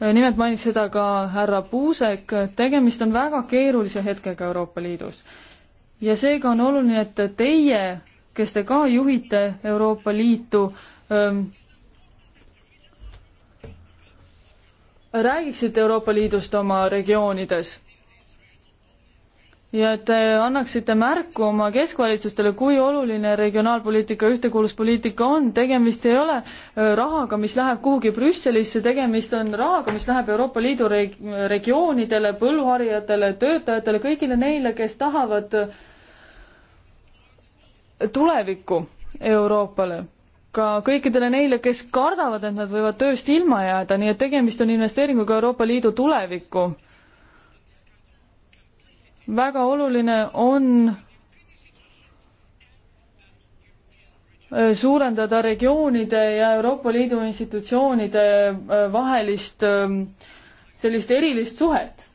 [SPEAKER 4] eh, nimelt mainis seda ka härra Puusek, tegemist on väga keerulise hetkega Euroopa Liidus. ja seega on oluline, et teie, kes te ka juhite Euroopa Liitu, ehm, räägiksite Euroopa Liidust oma regioonides ja et te annaksite märku oma keskvalitsustele, kui oluline regionaalpoliitika, ühtekuuluvuspoliitika on, tegemist ei ole äh, rahaga, mis läheb kuhugi Brüsselisse, tegemist on rahaga, mis läheb Euroopa Liidu reg-, regioonidele, põlluharijatele, töötajatele, kõigile neile, kes tahavad äh, tulevikku Euroopale. ka kõikidele neile, kes kardavad, et nad võivad tööst ilma jääda, nii et tegemist on investeeringuga Euroopa Liidu tulevikku väga oluline on äh, suurendada regioonide ja Euroopa Liidu institutsioonide äh, vahelist ähm, sellist erilist suhet.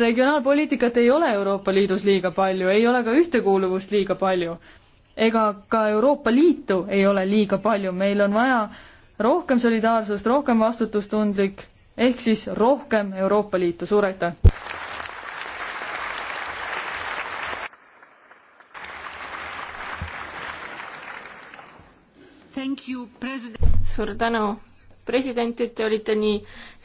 [SPEAKER 4] regionaalpoliitikat ei ole Euroopa Liidus liiga palju, ei ole ka ühtekuuluvust liiga palju. ega ka Euroopa Liitu ei ole liiga palju, meil on vaja rohkem solidaarsust, rohkem vastutustundlik ehk siis rohkem Euroopa Liitu, suur aitäh!
[SPEAKER 2] suur tänu, president, et te olite nii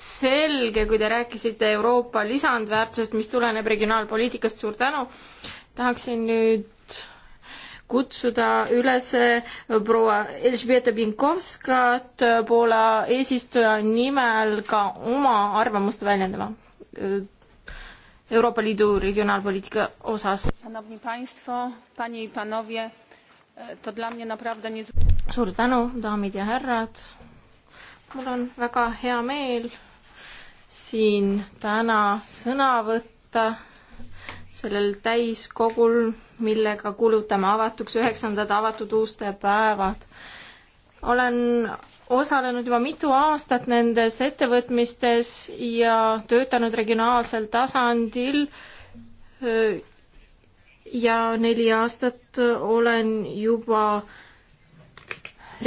[SPEAKER 2] selge, kui te rääkisite Euroopa lisandväärtusest, mis tuleneb regionaalpoliitikast, suur tänu. tahaksin nüüd kutsuda üles äh, proua Elžbieta Pinkovskat äh, Poola eesistuja nimel ka oma arvamust väljendama äh, Euroopa Liidu regionaalpoliitika osas. E, suur tänu, daamid ja härrad. mul on väga hea meel siin täna sõna võtta sellel täiskogul, millega kuulutame avatuks üheksandad avatud uste päevad. olen osalenud juba mitu aastat nendes ettevõtmistes ja töötanud regionaalsel tasandil ja neli aastat olen juba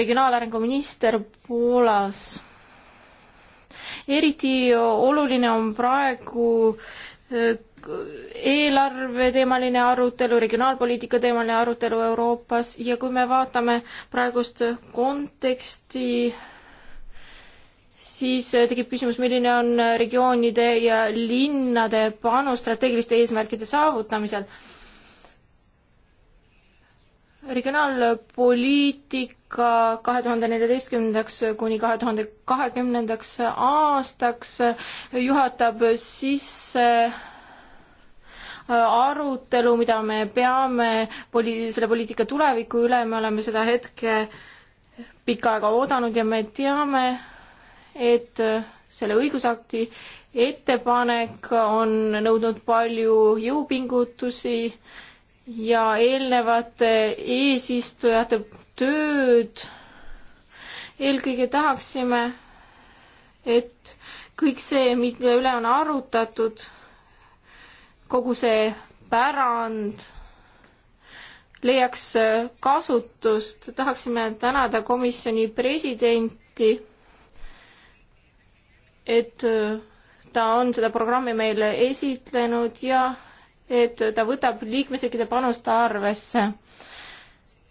[SPEAKER 2] regionaalarengu minister Poolas. eriti oluline on praegu eelarveteemaline arutelu, regionaalpoliitika teemaline arutelu Euroopas ja kui me vaatame praegust konteksti, siis tekib küsimus, milline on regioonide ja linnade panus strateegiliste eesmärkide saavutamisel. regionaalpoliitika kahe tuhande neljateistkümnendaks kuni kahe tuhande kahekümnendaks aastaks juhatab sisse arutelu, mida me peame poli-, selle poliitika tuleviku üle, me oleme seda hetke pikka aega oodanud ja me teame, et selle õigusakti ettepanek on nõudnud palju jõupingutusi ja eelnevate eesistujate tööd. eelkõige tahaksime, et kõik see, mille üle on arutatud, kogu see pärand leiaks äh, kasutust. tahaksime tänada komisjoni presidenti, et äh, ta on seda programmi meile esitlenud ja et ta võtab liikmesriikide panust arvesse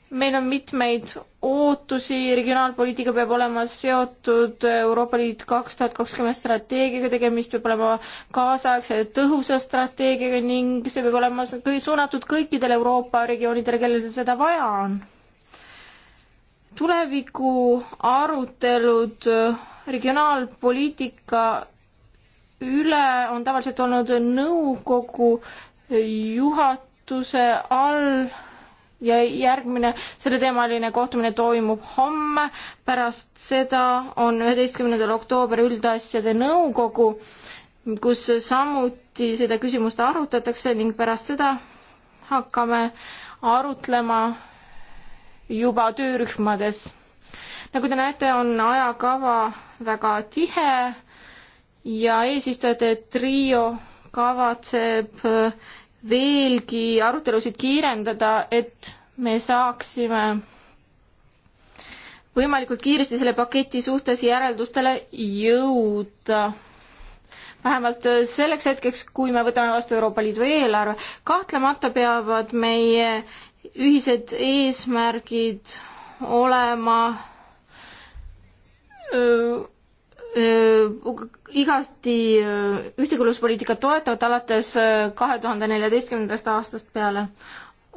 [SPEAKER 2] meil on mitmeid ootusi, regionaalpoliitika peab olema seotud Euroopa Liit kaks tuhat kakskümmend strateegiaga, tegemist peab olema kaasaegse tõhusa strateegiaga ning see peab olema suunatud kõikidele Euroopa regioonidele, kellel seda vaja on. tuleviku arutelud regionaalpoliitika üle on tavaliselt olnud nõukogu juhatuse all ja järgmine selleteemaline kohtumine toimub homme, pärast seda on üheteistkümnendal oktoober üldasjade nõukogu, kus samuti seda küsimust arutatakse ning pärast seda hakkame arutlema juba töörühmades. nagu te näete, on ajakava väga tihe ja eesistujate trio kavatseb veelgi arutelusid kiirendada, et me saaksime võimalikult kiiresti selle paketi suhtes järeldustele jõuda. vähemalt selleks hetkeks, kui me võtame vastu Euroopa Liidu eelarve, kahtlemata peavad meie ühised eesmärgid olema öö, igasti ühtekuuluvuspoliitikat toetavad alates kahe tuhande neljateistkümnendast aastast peale.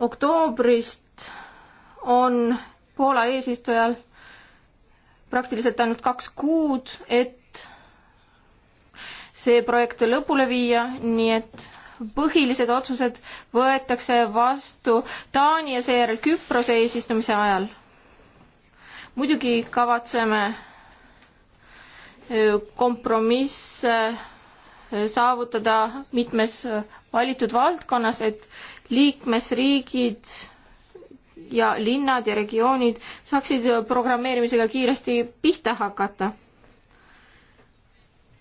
[SPEAKER 2] oktoobrist on Poola eesistujal praktiliselt ainult kaks kuud, et see projekt lõpule viia, nii et põhilised otsused võetakse vastu Taani ja seejärel Küprose eesistumise ajal. muidugi kavatseme kompromiss äh, saavutada mitmes äh, valitud valdkonnas, et liikmesriigid ja linnad ja regioonid saaksid äh, programmeerimisega kiiresti pihta hakata.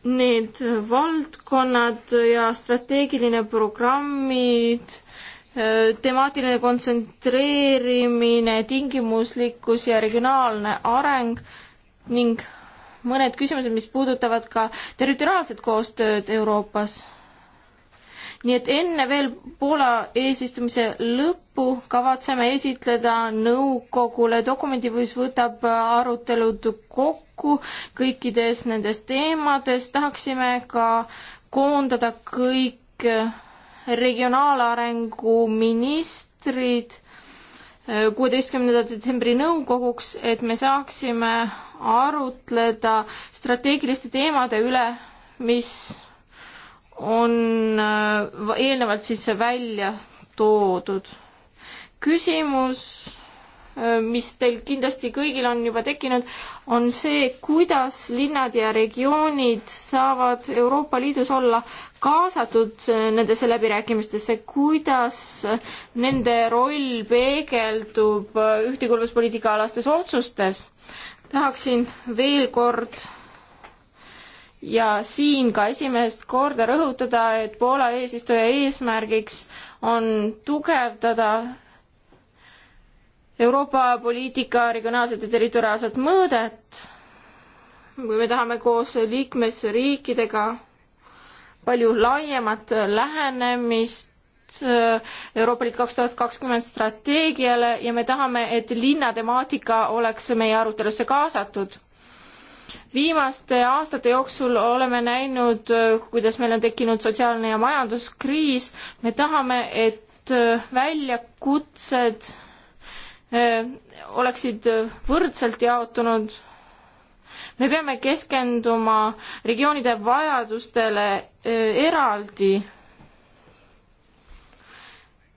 [SPEAKER 2] Need valdkonnad ja strateegiline programmid, temaatiline kontsentreerimine, tingimuslikkus ja regionaalne areng ning mõned küsimused, mis puudutavad ka territoriaalset koostööd Euroopas. nii et enne veel Poola eesistumise lõppu kavatseme esitleda nõukogule dokumendi, mis võtab arutelud kokku kõikides nendes teemades, tahaksime ka koondada kõik regionaalarengu ministrid kuueteistkümnenda detsembri nõukoguks, et me saaksime arutleda strateegiliste teemade üle, mis on äh, eelnevalt siis välja toodud. küsimus, äh, mis teil kindlasti kõigil on juba tekkinud, on see, kuidas linnad ja regioonid saavad Euroopa Liidus olla kaasatud äh, nendesse läbirääkimistesse, kuidas nende roll peegeldub äh, ühtekuuluvuspoliitika alastes otsustes. tahaksin veel kord ja siin ka esimest korda rõhutada, et Poola eesistuja eesmärgiks on tugevdada Euroopa poliitika regionaalset ja territoriaalset mõõdet. kui me tahame koos liikmesriikidega palju laiemat lähenemist äh, Euroopa Liit kaks tuhat kakskümmend strateegiale ja me tahame, et linnatemaatika oleks meie arutelusse kaasatud. viimaste aastate jooksul oleme näinud, äh, kuidas meil on tekkinud sotsiaalne ja majanduskriis. me tahame, et äh, väljakutsed Äh, oleksid äh, võrdselt jaotunud. me peame keskenduma regioonide vajadustele äh, eraldi.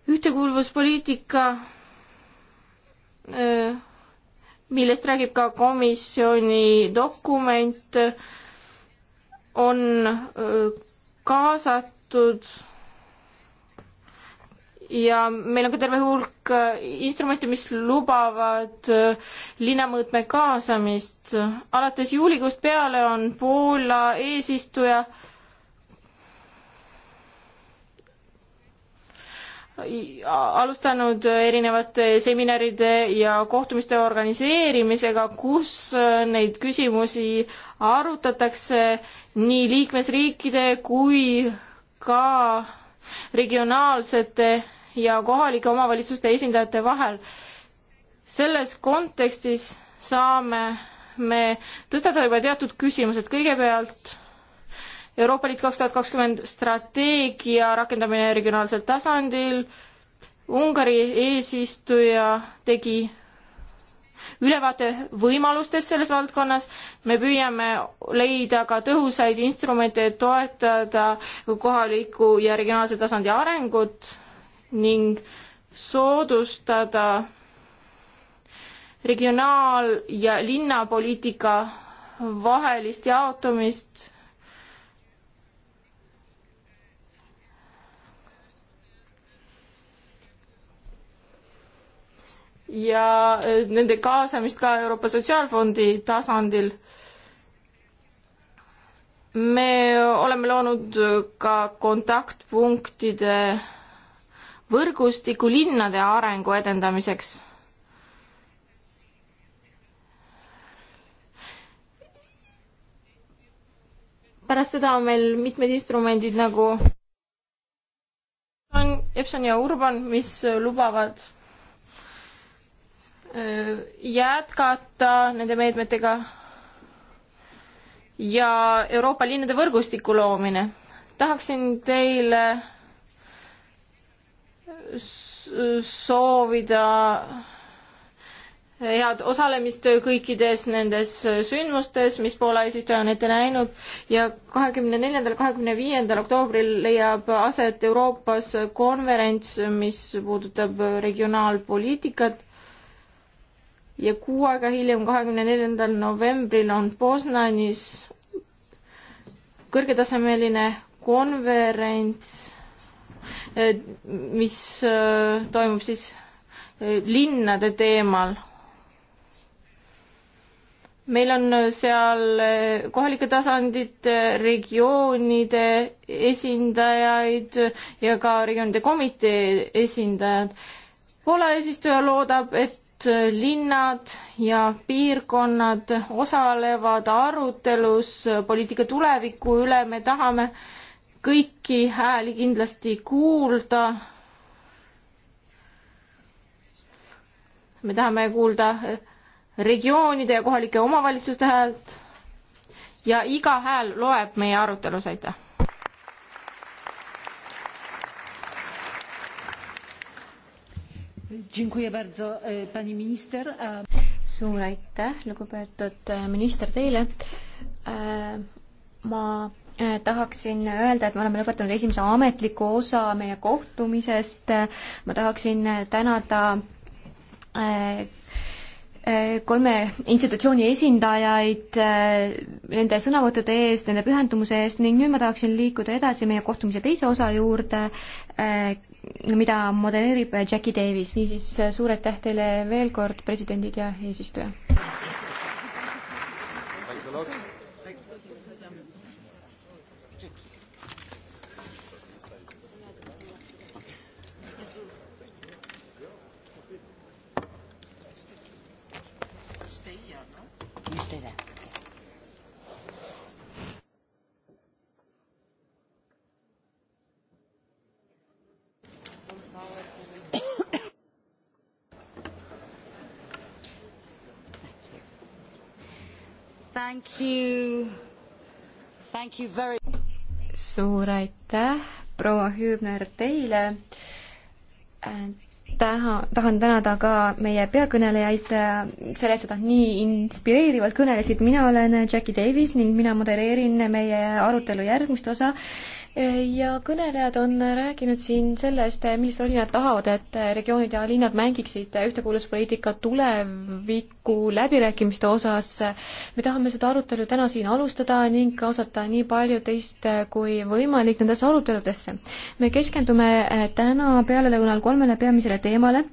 [SPEAKER 2] ühtekuuluvuspoliitika, millest räägib ka komisjoni dokument, on kaasatud ja meil on ka terve hulk äh, instrumente, mis lubavad äh, linnamõõtme kaasamist. alates juulikuust peale on Poola eesistuja äh, alustanud erinevate seminaride ja kohtumiste organiseerimisega, kus neid küsimusi arutatakse nii liikmesriikide kui ka regionaalsete ja kohalike omavalitsuste esindajate vahel. selles kontekstis saame me tõstatada juba teatud küsimused, kõigepealt Euroopa Liit kaks tuhat kakskümmend strateegia rakendamine regionaalsel tasandil, Ungari eesistuja tegi ülevaate võimalustest selles valdkonnas, me püüame leida ka tõhusaid instrumente, et toetada kohaliku ja regionaalse tasandi arengut ning soodustada regionaal- ja linnapoliitika vahelist jaotumist ja äh, nende kaasamist ka Euroopa Sotsiaalfondi tasandil. me oleme loonud äh, ka kontaktpunktide võrgustiku linnade arengu edendamiseks. pärast seda on meil mitmed instrumendid nagu Epson ja Urban, mis lubavad äh, jätkata nende meetmetega ja Euroopa linnade võrgustiku loomine. tahaksin teile soovida head osalemist kõikides nendes sündmustes, mis Poola eesistuja on ette näinud ja kahekümne neljandal, kahekümne viiendal oktoobril leiab aset Euroopas konverents, mis puudutab regionaalpoliitikat. ja kuu aega hiljem, kahekümne neljandal novembril on Poznanis kõrgetasemeline konverents Eh, mis eh, toimub siis eh, linnade teemal. meil on seal kohalike tasandite, regioonide esindajaid ja ka regioonide komitee esindajad. Poola eesistuja loodab, et linnad ja piirkonnad osalevad arutelus poliitika tuleviku üle, me tahame äh, kõiki hääli kindlasti kuulda. me tahame kuulda regioonide ja kohalike omavalitsuste häält ja iga hääl loeb meie arutelus, aitäh.
[SPEAKER 3] E, suur aitäh, lugupeetud e, minister, teile. E, ma tahaksin öelda, et me oleme lõpetanud esimese ametliku osa meie kohtumisest. ma tahaksin tänada äh, äh, kolme institutsiooni esindajaid äh, nende sõnavõttude eest, nende pühendumuse eest ning nüüd ma tahaksin liikuda edasi meie kohtumise teise osa juurde, mida modereerib Jackie Davis, niisiis suur aitäh teile veel kord, presidendid ja eesistuja! Very... suur aitäh, proua Hüübner, teile. taha, tahan tänada ka meie peakõnelejaid selle eest, et nad nii inspireerivalt kõnelesid. mina olen Jackie Davis ning mina modereerin meie arutelu järgmist osa ja kõnelejad on rääkinud siin sellest, millist rolli nad tahavad, et regioonid ja linnad mängiksid ühtekuuluvuspoliitika tuleviku läbirääkimiste osas. me tahame seda arutelu täna siin alustada ning kaasata nii palju teist kui võimalik nendesse aruteludesse. me keskendume eh, täna pealelõunal kolmele peamisele teemale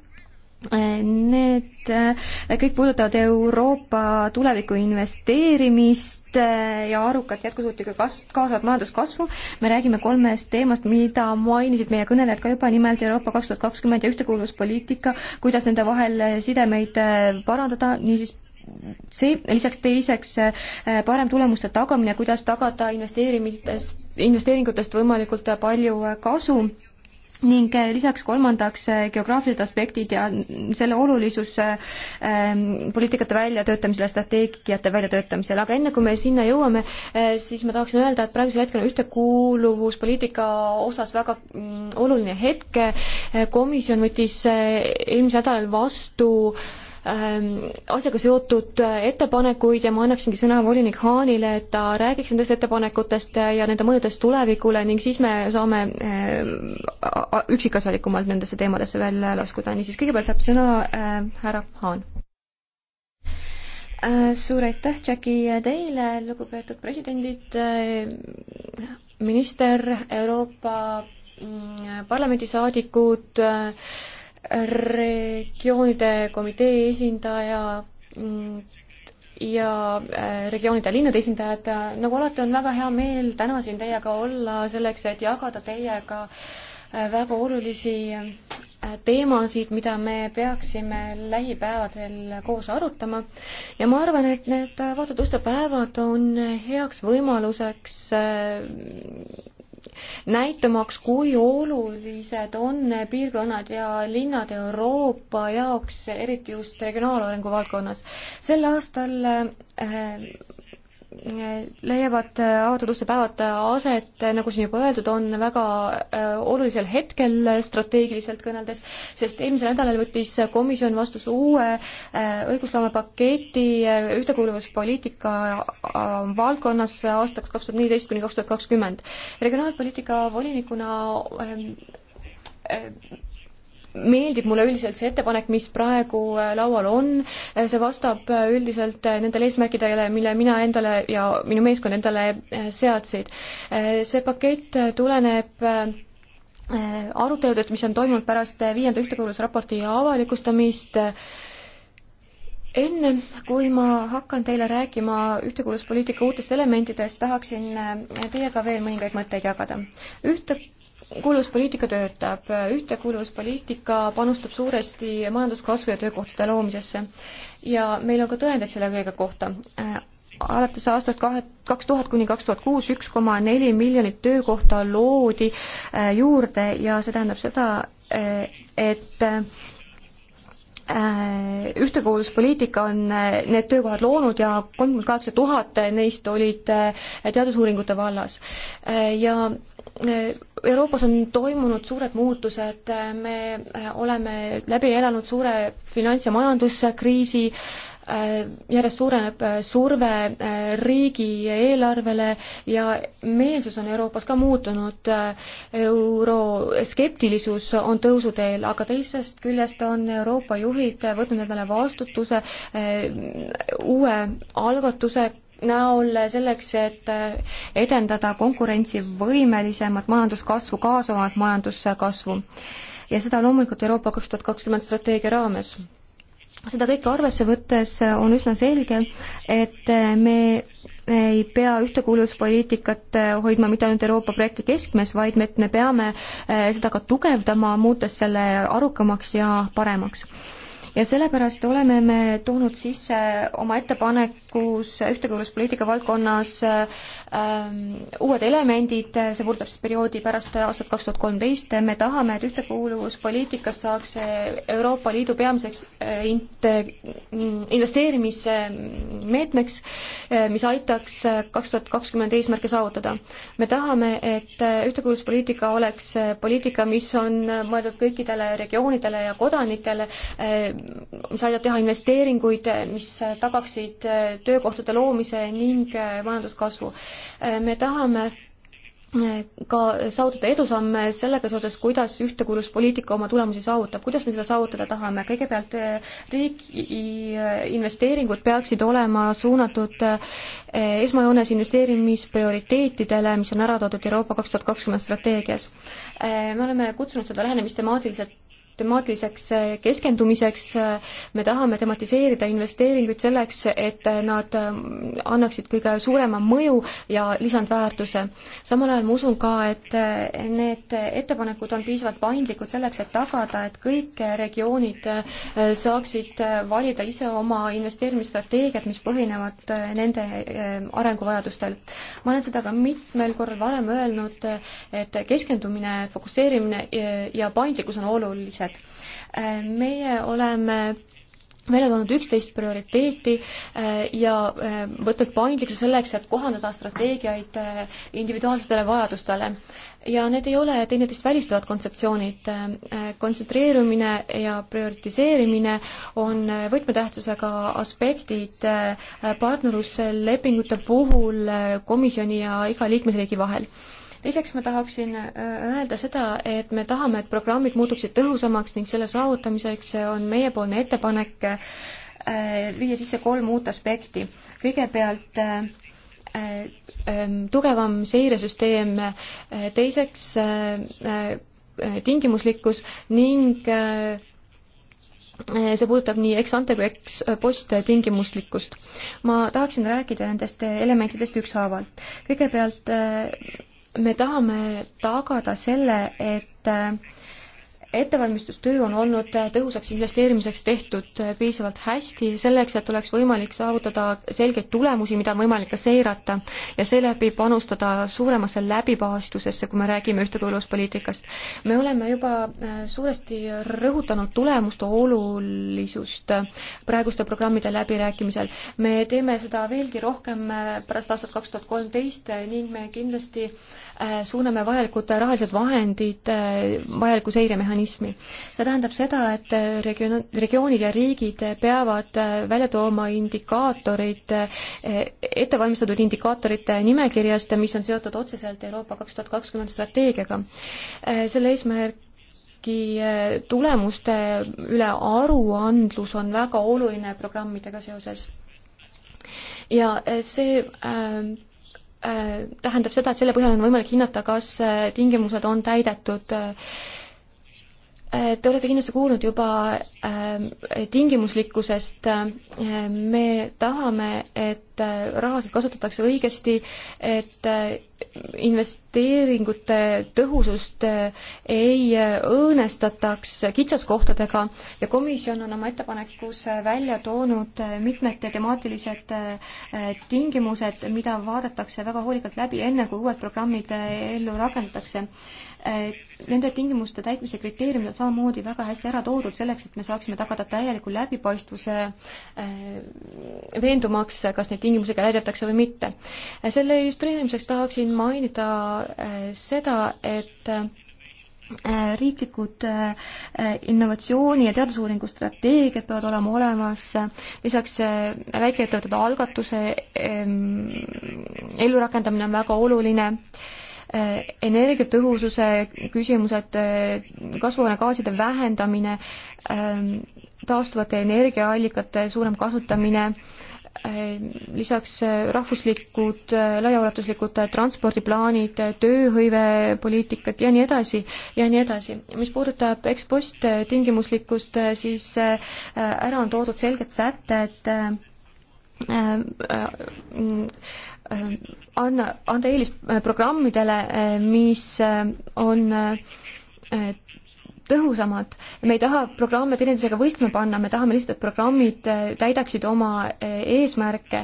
[SPEAKER 3] Need äh, kõik puudutavad Euroopa tuleviku investeerimist äh, ja arukat jätkusuutlikku kas-, kaasavat majanduskasvu. me räägime kolmest teemast, mida mainisid meie kõnelejad ka juba, nimelt Euroopa kaks tuhat kakskümmend ja ühtekuuluvuspoliitika, kuidas nende vahel äh, sidemeid parandada, niisiis see, lisaks teiseks parem tulemuste tagamine, kuidas tagada investeerimistest, investeeringutest võimalikult palju kasu ning äh, lisaks kolmandaks äh, geograafilised aspektid ja selle olulisus äh, ähm, poliitikate väljatöötamisel ja strateegiate väljatöötamisel, aga enne kui me sinna jõuame, siis ma tahaksin öelda, et praegusel hetkel on ühtekuuluvuspoliitika osas väga mm, oluline hetk, komisjon võttis eelmisel nädalal vastu Ähm, asjaga seotud äh, ettepanekuid ja ma annaksingi sõna volinik Haanile, et ta räägiks nendest ettepanekutest ja nende mõjudest tulevikule ning siis me saame äh, üksikasjalikumalt nendesse teemadesse veel laskuda, niisiis kõigepealt saab sõna äh, härra Haan. Suur aitäh, Jackie, teile, lugupeetud presidendid, minister, Euroopa mm, Parlamendi saadikud, regioonide komitee esindaja ja äh, regioonide ja linnade esindajad, nagu alati on väga hea meel täna siin teiega olla, selleks et jagada teiega äh, väga olulisi äh, teemasid, mida me peaksime lähipäevadel koos arutama. ja ma arvan, et need vaata tõsta päevad on heaks võimaluseks näitamaks, kui olulised on piirkonnad ja linnad Euroopa jaoks, eriti just regionaalarengu valdkonnas. sel aastal eh, leiavad äh, avatud uste päevad äh, aset, äh, nagu siin juba öeldud, on väga olulisel hetkel strateegiliselt kõneldes, sest eelmisel nädalal võttis komisjon vastu uue õigusloomepaketi ühtekuuluvuspoliitika valdkonnas aastaks kaks tuhat neliteist kuni kaks tuhat kakskümmend. regionaalpoliitika volinikuna ähm, meeldib mulle üldiselt see ettepanek, mis praegu äh, laual on, äh, see vastab äh, üldiselt nendele eesmärkidele, mille mina endale ja minu meeskond endale seadsid. see pakett tuleneb aruteludest, mis on toimunud pärast viienda ühtekuuluvusraporti avalikustamist, enne, kui ma hakkan teile rääkima ühtekuuluvuspoliitika uutest elementidest, tahaksin teiega veel mõningaid mõtteid jagada. ühte kuuluvuspoliitika töötab, ühtekuuluvuspoliitika panustab suuresti majanduskasvu ja töökohtade loomisesse. ja meil on ka tõendeid selle kõige kohta. alates aastast kahe, kaks tuhat kuni kaks tuhat kuus üks koma neli miljonit töökohta loodi äh, juurde ja see tähendab seda, äh, et äh, ühtekuuluvuspoliitika on need töökohad loonud ja kolmkümmend kaheksa tuhat neist olid teadusuuringute vallas. ja Euroopas on toimunud suured muutused, me äh, oleme läbi elanud suure finants- ja majanduskriisi, äh, järjest suureneb äh, surve riigieelarvele ja meelsus on Euroopas ka muutunud, euroskeptilisus on tõusuteel, aga teisest küljest on Euroopa juhid võtnud endale vastutuse uue algatuse näol selleks, et edendada konkurentsivõimelisemat majanduskasvu, kaasavamat majanduskasvu. ja seda loomulikult Euroopa kaks tuhat kakskümmend strateegia raames. seda kõike arvesse võttes on üsna selge, et me ei pea ühtekuuluvuspoliitikat hoidma mitte ainult Euroopa projekti keskmes, vaid me, et me peame seda ka tugevdama, muutes selle arukamaks ja paremaks ja sellepärast oleme me toonud sisse oma ettepanekus ühtekuuluvuspoliitika valdkonnas ähm, uued elemendid, see puudutab siis perioodi pärast aastat kaks tuhat kolmteist, me tahame, et ühtekuuluvuspoliitikast saaks Euroopa Liidu peamiseks äh, int-, äh, investeerimismeetmeks, äh, mis aitaks kaks tuhat kakskümmend eesmärke saavutada. me tahame, et ühtekuuluvuspoliitika oleks poliitika, mis on mõeldud kõikidele regioonidele ja kodanikele, mis aitab teha investeeringuid, mis tagaksid äh, töökohtade loomise ning äh, majanduskasvu. Äh, me tahame ka saavutada edusamme sellega seoses, kuidas ühtekuuluvuspoliitika oma tulemusi saavutab, kuidas me seda saavutada tahame, kõigepealt riigi investeeringud peaksid olema suunatud esmajoones investeerimisprioriteetidele, mis on ära toodud Euroopa kaks tuhat kakskümmend strateegias. me oleme kutsunud seda lähenemist temaatiliselt temaatiliseks äh, keskendumiseks, äh, me tahame tematiseerida investeeringuid selleks, et äh, nad annaksid kõige suurema mõju ja lisandväärtuse. samal ajal ma usun ka, et need ettepanekud on piisavalt paindlikud selleks, et tagada, et kõik regioonid saaksid valida ise oma investeerimisstrateegiad, mis põhinevad nende arenguvajadustel. ma olen seda ka mitmel korral varem öelnud, et keskendumine, fokusseerimine ja paindlikkus on olulised olulised. meie oleme välja toonud üksteist prioriteeti äh, ja äh, võtnud paindlikkuse selleks, et kohandada strateegiaid äh, individuaalsetele vajadustele. ja need ei ole teineteist välistavad kontseptsioonid, kontsentreerumine ja prioritiseerimine on võtmetähtsusega aspektid partnerluslepingute puhul komisjoni ja iga liikmesriigi vahel teiseks ma tahaksin äh, öelda seda, et me tahame, et programmid muutuksid tõhusamaks ning selle saavutamiseks on meiepoolne ettepanek äh, viia sisse kolm uut aspekti. kõigepealt äh, ähm, tugevam seiresüsteem, teiseks tingimuslikkus ning see puudutab nii ex-ante kui ex-post tingimuslikkust. ma tahaksin rääkida nendest elementidest ükshaaval. kõigepealt me tahame tagada selle, et ettevalmistustöö on olnud tõhusaks investeerimiseks tehtud piisavalt hästi, selleks et oleks võimalik saavutada selgeid tulemusi, mida on võimalik ka seirata ja seeläbi panustada suuremasse läbipaistvusesse, kui me räägime ühtekuuluvuspoliitikast. me oleme juba äh, suuresti rõhutanud tulemuste olulisust praeguste programmide läbirääkimisel. me teeme seda veelgi rohkem äh, pärast aastat kaks tuhat kolmteist ning me kindlasti äh, Äh, suuname vajalikud rahalised vahendid äh, vajaliku seiremehhanismi. see tähendab seda, et äh, regioon, regioonid ja riigid peavad välja tooma indikaatorid, ettevalmistatud indikaatorite nimekirjast, mis on seotud otseselt Euroopa kaks tuhat kakskümmend strateegiaga. selle eesmärk ikkagi tulemuste üle aruandlus on väga oluline programmidega seoses. ja see äh, Äh, tähendab seda, et selle põhjal on võimalik hinnata, kas äh, tingimused on täidetud äh, Äh, te olete kindlasti kuulnud juba äh, tingimuslikkusest, äh, me tahame, et rahasid kasutatakse õigesti, et investeeringute tõhusust ei õõnestataks kitsaskohtadega ja komisjon on oma ettepanekus välja toonud mitmed temaatilised tingimused, mida vaadatakse väga hoolikalt läbi, enne kui uued programmid ellu rakendatakse Nende tingimuste täitmise kriteeriumid on samamoodi väga hästi ära toodud selleks, et me saaksime tagada täieliku läbipaistvuse, äh, veendumaks, kas neid tingimusi ka täidetakse või mitte. selle illustreerimiseks tahaksin mainida äh, seda, et äh, riiklikud innovatsiooni ja teadusuuringu strateegiad peavad olema olemas, lisaks väikeettevõtete algatuse ähm, ellurakendamine on väga oluline Äh, energiatõhususe küsimused, äh, kasvuhoonegaaside vähendamine, ähm, taastuvate energiaallikate suurem kasutamine, äh, lisaks rahvuslikud laiaulatuslikud transpordiplaanid, tööhõivepoliitikad ja nii edasi ja nii edasi. mis puudutab ekspost tingimuslikkust, siis ära on toodud selged sätted äh, äh, äh, mm, anna, anda eelis äh, programmidele, äh, mis äh, on tõhusamad. me ei taha programme teineteisega võistlema panna, me tahame lihtsalt, et programmid täidaksid oma eesmärke.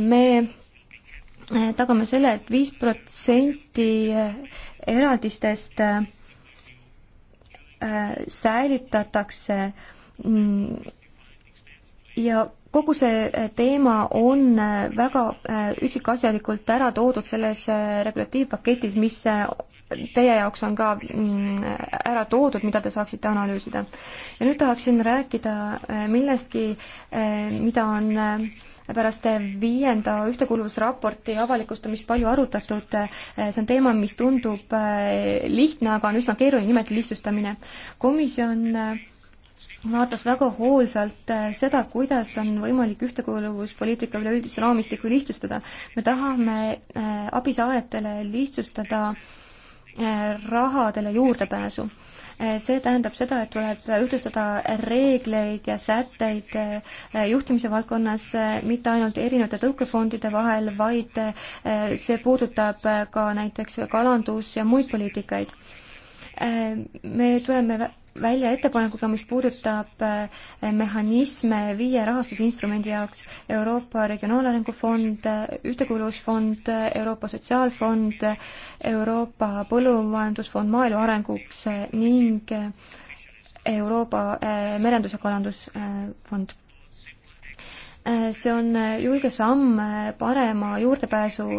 [SPEAKER 3] me tagame selle et, et viis protsenti eraldistest säilitatakse mm, ja kogu see äh, teema on äh, väga äh, üksikasjalikult ära toodud selles regulatiivpaketis, mis teie jaoks on ka mm, ära toodud, mida te saaksite analüüsida. ja nüüd tahaksin rääkida millestki, mida on pärast viienda ühtekuuluvusraporti avalikustamist palju arutatud. see on teema, mis tundub lihtne, aga on üsna keeruline, nimelt lihtsustamine. komisjon vaatas väga hoolsalt äh, seda, kuidas on võimalik ühtekuuluvuspoliitika üleüldist raamistikku lihtsustada. me tahame äh, abisaajatele lihtsustada äh, rahadele juurdepääsu. see tähendab seda, et tuleb ühtlustada reegleid ja sätteid juhtimise valdkonnas mitte ainult erinevate tõukefondide vahel, vaid see puudutab ka näiteks kalandus- ja muid poliitikaid. me tuleme välja ettepanekuga, mis puudutab eh, mehhanisme viie rahastusinstrumendi jaoks, Euroopa Regionaalarengu Fond, Ühtekuuluvusfond, Euroopa Sotsiaalfond, Euroopa Põllumajandusfond Maaelu Arenguks ning Euroopa eh, Merendus- ja Kalandusfond eh, see on julge samm parema juurdepääsu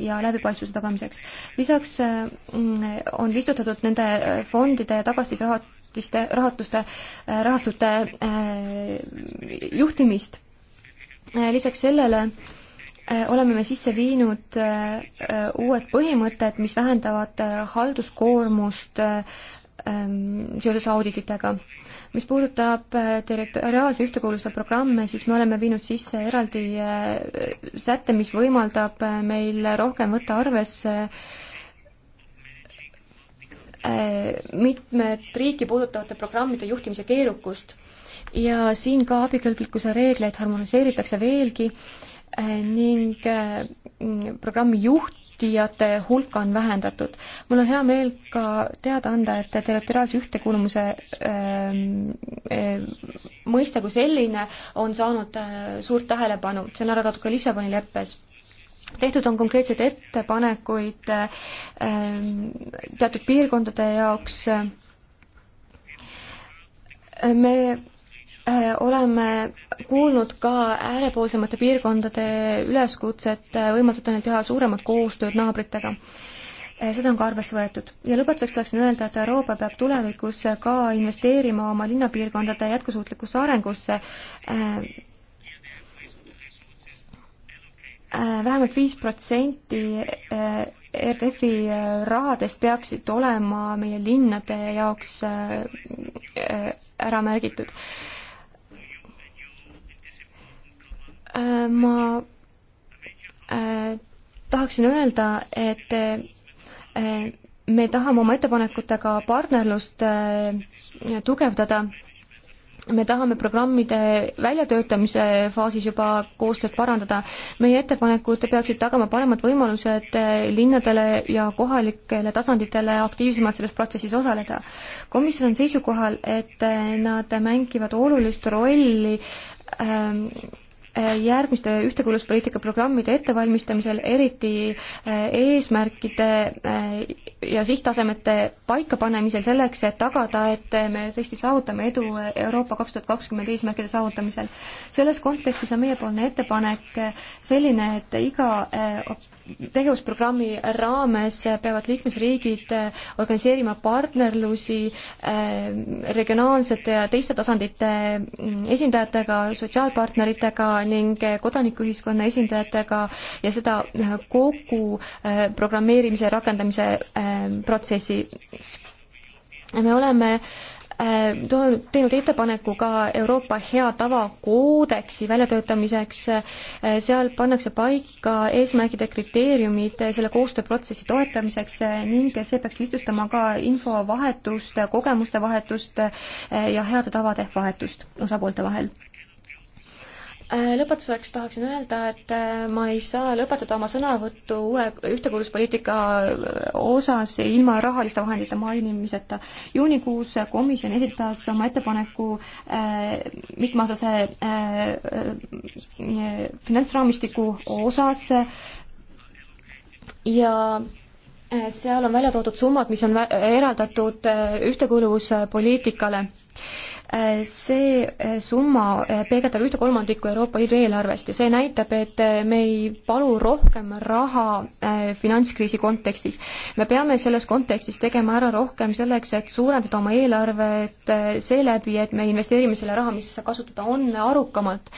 [SPEAKER 3] ja läbipaistvuse tagamiseks. lisaks mm, on lihtsustatud nende fondide tagastisraha rahastiste, rahastuste, rahastute äh, juhtimist. Äh, lisaks sellele äh, oleme me sisse viinud uued põhimõtted, mis vähendavad halduskoormust ähm, seoses audititega. mis puudutab territoriaalse ühtekuuluvuse programme, siis me oleme viinud sisse eraldi sätte, mis võimaldab meil rohkem võtta arvesse Äh, mitmed riiki puudutavate programmide juhtimise keerukust ja siin ka abikõlblikkuse reegleid harmoniseeritakse veelgi äh, ning äh, programmi juhtijate hulka on vähendatud. mul on hea meel ka teada anda, et territoriaalse ühtekuuluvuse ähm, mõiste kui selline on saanud suurt tähelepanu, see on ära toodud ka Lissaboni leppes tehtud on konkreetseid ettepanekuid ähm, teatud piirkondade jaoks. me äh, oleme kuulnud ka äärepoolsemate piirkondade üleskutset äh, võimaldada neil teha suuremat koostööd naabritega äh, seda on ka arvesse võetud. ja lõpetuseks tahaksin öelda, et Euroopa peab tulevikus ka investeerima oma linnapiirkondade jätkusuutlikkusse arengusse äh, Äh, vähemalt viis protsenti äh, RDF-i äh, rahadest peaksid olema meie linnade jaoks ära märgitud. ma tahaksin öelda, et me tahame oma ettepanekutega partnerlust tugevdada me tahame programmide väljatöötamise faasis juba koostööd parandada. meie ettepanekud peaksid tagama paremad võimalused linnadele ja kohalikele tasanditele aktiivsemalt selles protsessis osaleda. komisjon on seisukohal, et nad mängivad olulist rolli ähm, järgmiste ühtekuuluvuspoliitika programmide ettevalmistamisel, eriti äh, eesmärkide äh, ja sihttasemete paikapanemisel selleks, et tagada, et me tõesti saavutame edu Euroopa kaks tuhat kakskümmend eesmärkide saavutamisel. selles kontekstis on meiepoolne ettepanek selline, et iga eh, tegevusprogrammi raames peavad liikmesriigid äh, organiseerima partnerlusi äh, regionaalsete ja teiste tasandite mm, esindajatega, sotsiaalpartneritega ning äh, kodanikuühiskonna esindajatega ja seda kogu programmeerimise rakendamise protsessis. me oleme äh, Äh, teinud ettepaneku ka Euroopa hea tava koodeksi väljatöötamiseks, äh, seal pannakse paika eesmärgid ja kriteeriumid äh, selle koostööprotsessi toetamiseks ning see peaks lihtsustama ka infovahetust, kogemuste vahetust ja heade tavade vahetust osapoolte vahel Äh, lõpetuseks tahaksin öelda, et äh, ma ei saa lõpetada oma sõnavõttu uue ühtekuuluvuspoliitika äh, osas ilma rahaliste vahendite mainimiseta. juunikuus komisjon esitas oma ettepaneku äh, mitmeaastase äh, äh, finantsraamistiku osas ja seal on välja toodud summad, mis on eraldatud ühtekuuluvuspoliitikale Äh, see äh, summa äh, peegeldab ühte kolmandikku Euroopa Liidu eelarvest ja see näitab, et me ei palu rohkem raha finantskriisi kontekstis. me peame selles kontekstis tegema ära rohkem selleks, et suurendada oma eelarvet seeläbi, et me investeerime selle raha, mis kasutada on, arukamalt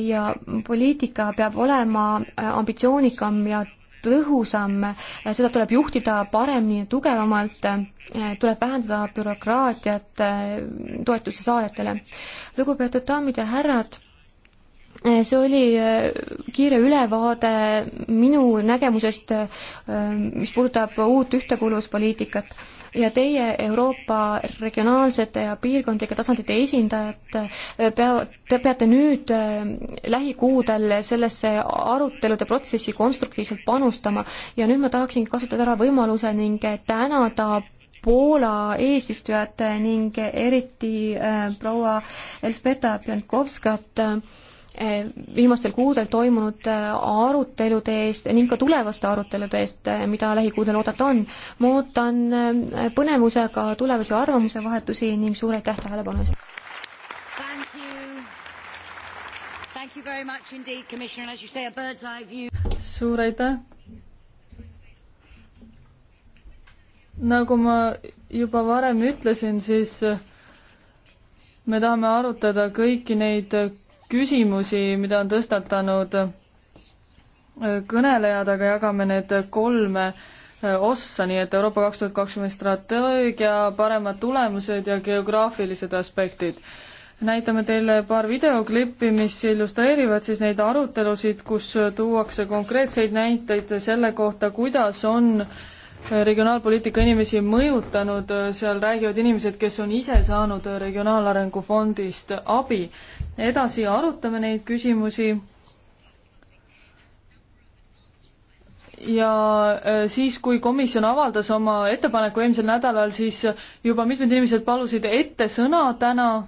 [SPEAKER 3] ja poliitika peab olema ambitsioonikam ja tõhusam, seda tuleb juhtida paremini, tugevamalt, tuleb vähendada bürokraatiat eh, toetuse saajatele. lugupeetud daamid ja härrad, eh, see oli eh, kiire ülevaade minu nägemusest, mis puudutab uut ühtekuuluvuspoliitikat ja teie Euroopa regionaalsete ja piirkondlike tasandite esindajad eh, pea-, te peate nüüd eh, lähikuudel sellesse arutelude protsessi konstruktiivselt panustama ja nüüd ma tahaksingi kasutada ära võimaluse ning eh, tänada Poola eesistujat ning eriti proua Elspeta Pjankovskat äh, viimastel kuudel toimunud äh, arutelude eest ning ka tulevaste arutelude eest, äh, mida lähikuudel oodata on. ma ootan äh, põnevusega tulevasi arvamusevahetusi ning suur aitäh tähelepanu eest!
[SPEAKER 4] suur aitäh! nagu ma juba varem ütlesin, siis me tahame arutada kõiki neid küsimusi, mida on tõstatanud äh, kõnelejad, aga jagame need kolme äh, ossa, nii et Euroopa kaks tuhat kakskümmend strateegia, paremad tulemused ja geograafilised aspektid. näitame teile paar videoklippi, mis illustreerivad siis neid arutelusid, kus tuuakse konkreetseid näiteid selle kohta, kuidas on äh, regionaalpoliitika inimesi mõjutanud, äh, seal räägivad inimesed, kes on ise saanud äh, Regionaalarengu Fondist abi. edasi arutame neid küsimusi ja äh, siis, kui komisjon avaldas oma ettepaneku eelmisel nädalal, siis juba mitmed inimesed palusid ette sõna täna,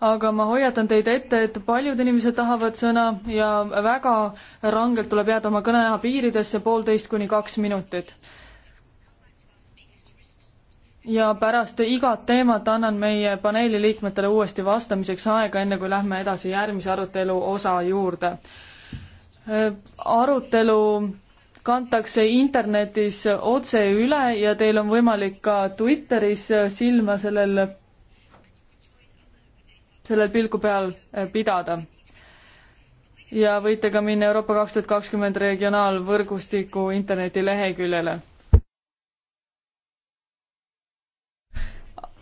[SPEAKER 4] aga ma hoiatan teid ette, et paljud inimesed tahavad sõna ja väga rangelt tuleb jääda oma kõneaja piiridesse, poolteist kuni kaks minutit ja pärast igat teemat annan meie paneeli liikmetele uuesti vastamiseks aega, enne kui lähme edasi järgmise arutelu osa juurde. Äh, arutelu kantakse internetis otse üle ja teil on võimalik ka Twitteris äh, silma sellel, sellel pilgu peal äh, pidada. ja võite ka minna Euroopa kaks tuhat kakskümmend regionaalvõrgustiku internetileheküljele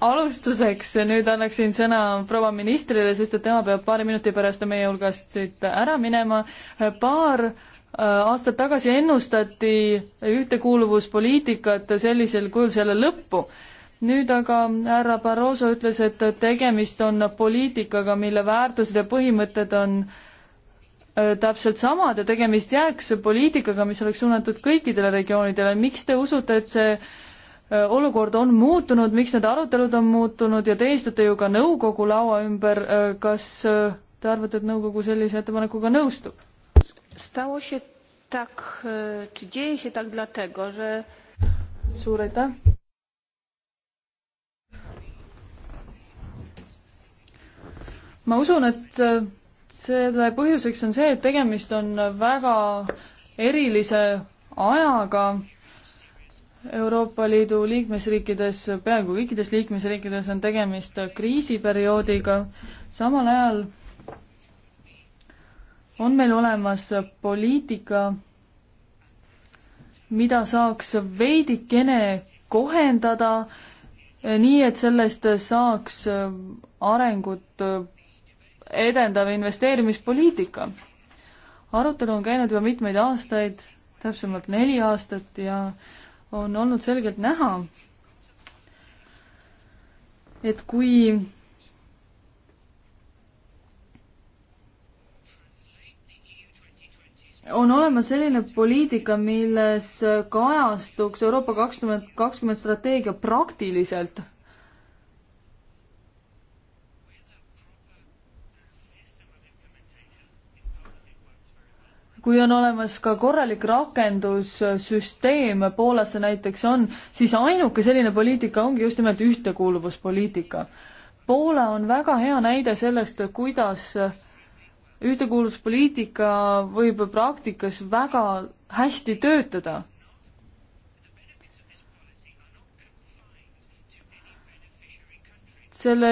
[SPEAKER 4] alustuseks nüüd annaksin sõna proua ministrile, sest et tema peab paari minuti pärast meie hulgast siit ära minema. paar äh, aastat tagasi ennustati ühtekuuluvuspoliitikat sellisel kujul selle lõppu. nüüd aga härra Barroso ütles, et tegemist on poliitikaga, mille väärtused ja põhimõtted on äh, täpselt samad ja tegemist jääks poliitikaga, mis oleks suunatud kõikidele regioonidele. miks te usute, et see olukord on muutunud, miks need arutelud on muutunud ja te istute ju ka nõukogu laua ümber, kas te arvate, et nõukogu sellise ettepanekuga nõustub?
[SPEAKER 2] E, suur aitäh!
[SPEAKER 4] ma usun, et e, selle põhjuseks on see, et tegemist on väga erilise ajaga Euroopa Liidu liikmesriikides, peaaegu kõikides liikmesriikides on tegemist kriisiperioodiga, samal ajal on meil olemas poliitika, mida saaks veidikene kohendada, nii et sellest saaks arengut edendav investeerimispoliitika. arutelu on käinud juba mitmeid aastaid, täpsemalt neli aastat ja äh, on olnud selgelt näha, et kui on olemas selline poliitika, milles kajastuks Euroopa kakskümmend kakskümmend strateegia praktiliselt, kui on olemas ka korralik rakendussüsteem, Poolas see näiteks on, siis ainuke selline poliitika ongi just nimelt ühtekuuluvuspoliitika. Poola on väga hea näide sellest, kuidas ühtekuuluvuspoliitika võib praktikas väga hästi töötada. selle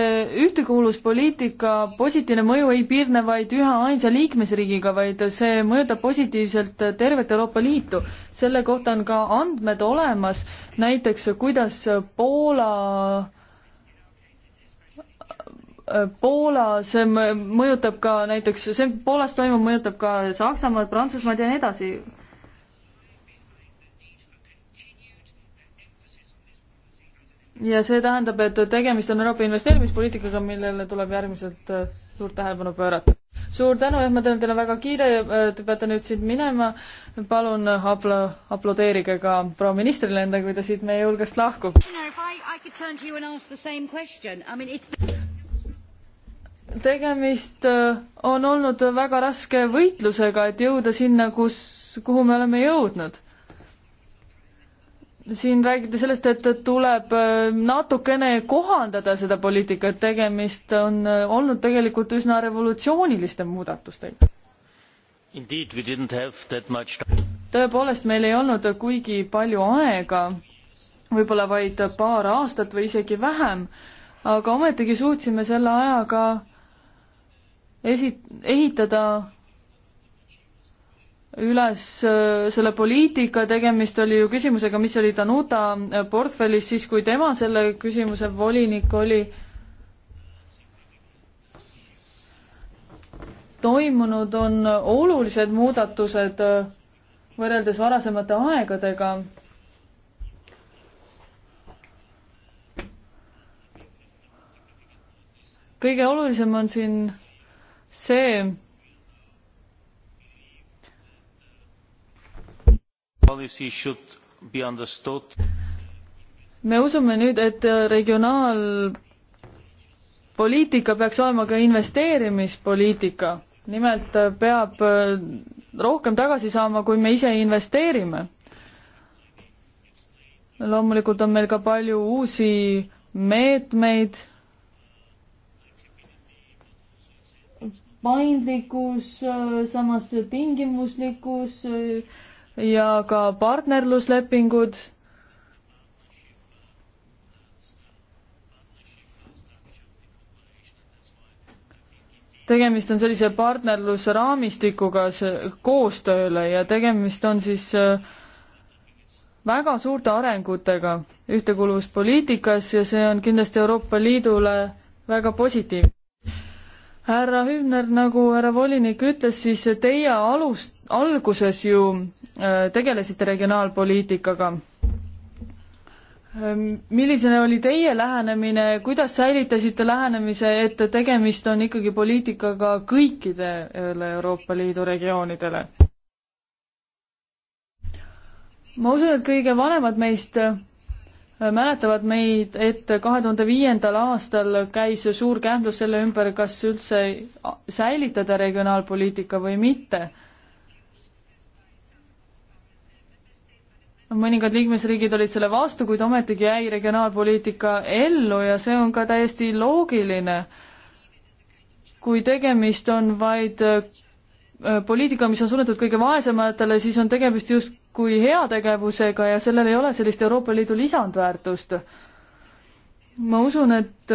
[SPEAKER 4] ühtekuuluvuspoliitika positiivne mõju ei piirne vaid ühe ainsa liikmesriigiga, vaid see mõjutab positiivselt tervet Euroopa Liitu. selle kohta on ka andmed olemas, näiteks kuidas Poola Poola, see mõjutab ka näiteks, see Poolas toimuv mõjutab ka Saksamaad, Prantsusmaad ja nii edasi ja see tähendab, et tegemist on Euroopa investeerimispoliitikaga, millele tuleb järgmiselt äh, suurt tähelepanu pöörata. suur tänu, jah, ma teen teile väga kiire, äh, te peate nüüd siit minema. palun äh, apl-, aplodeerige ka proua ministrile enda, kui ta siit meie hulgast lahkub. tegemist on olnud väga raske võitlusega, et jõuda sinna, kus, kuhu me oleme jõudnud siin räägiti sellest, et tuleb äh, natukene kohandada seda poliitikat, tegemist on äh, olnud tegelikult üsna revolutsiooniliste muudatustega. tõepoolest, meil ei olnud kuigi palju aega, võib-olla vaid paar aastat või isegi vähem, aga ometigi suutsime selle ajaga esi-, ehitada üles äh, selle poliitika, tegemist oli ju küsimusega, mis oli Danuta äh, portfellis siis, kui tema selle küsimuse volinik oli. toimunud on olulised muudatused äh, võrreldes varasemate aegadega kõige olulisem on siin see, me usume nüüd, et regionaalpoliitika peaks olema ka investeerimispoliitika. nimelt peab rohkem tagasi saama, kui me ise investeerime. loomulikult on meil ka palju uusi meetmeid, paindlikkus, samas tingimuslikkus ja ka partnerluslepingud tegemist on sellise partnerlusraamistikuga koostööle ja tegemist on siis äh, väga suurte arengutega ühtekuuluvuspoliitikas ja see on kindlasti Euroopa Liidule väga positiivne. härra Hübner, nagu härra volinik ütles, siis teie alust, alguses ju äh, tegelesite regionaalpoliitikaga. Ähm, milline oli teie lähenemine, kuidas säilitasite lähenemise, et tegemist on ikkagi poliitikaga kõikidele Euroopa Liidu regioonidele? ma usun, et kõige vanemad meist äh, mäletavad meid, et kahe tuhande viiendal aastal käis suur kähmlus selle ümber, kas üldse äh, säilitada regionaalpoliitika või mitte mõningad liikmesriigid olid selle vastu, kuid ometigi jäi regionaalpoliitika ellu ja see on ka täiesti loogiline. kui tegemist on vaid äh, poliitika, mis on suunatud kõige vaesematele, siis on tegemist justkui heategevusega ja sellel ei ole sellist Euroopa Liidu lisandväärtust. ma usun, et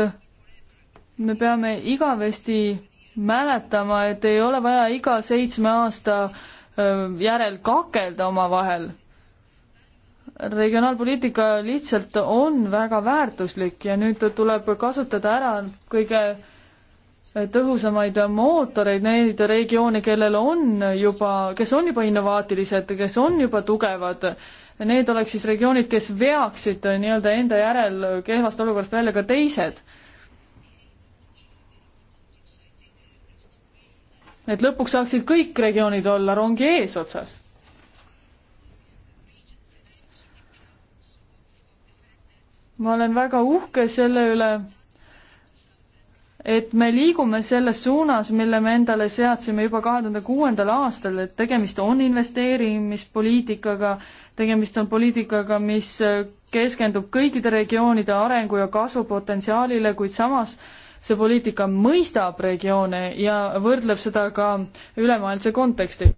[SPEAKER 4] me peame igavesti mäletama, et ei ole vaja iga seitsme aasta äh, järel kakelda omavahel regionaalpoliitika lihtsalt on väga väärtuslik ja nüüd tuleb kasutada ära kõige tõhusamaid mootoreid, neid regioone, kellel on juba, kes on juba innovaatilised, kes on juba tugevad, need oleks siis regioonid, kes veaksid nii-öelda enda järel kehvast olukorrast välja ka teised. et lõpuks saaksid kõik regioonid olla rongi eesotsas ma olen väga uhke selle üle, et me liigume selles suunas, mille me endale seadsime juba kahe tuhande kuuendal aastal, et tegemist on investeerimispoliitikaga, tegemist on poliitikaga, mis keskendub kõikide regioonide arengu ja kasvupotentsiaalile, kuid samas see poliitika mõistab regioone ja võrdleb seda ka ülemaailmse konteksti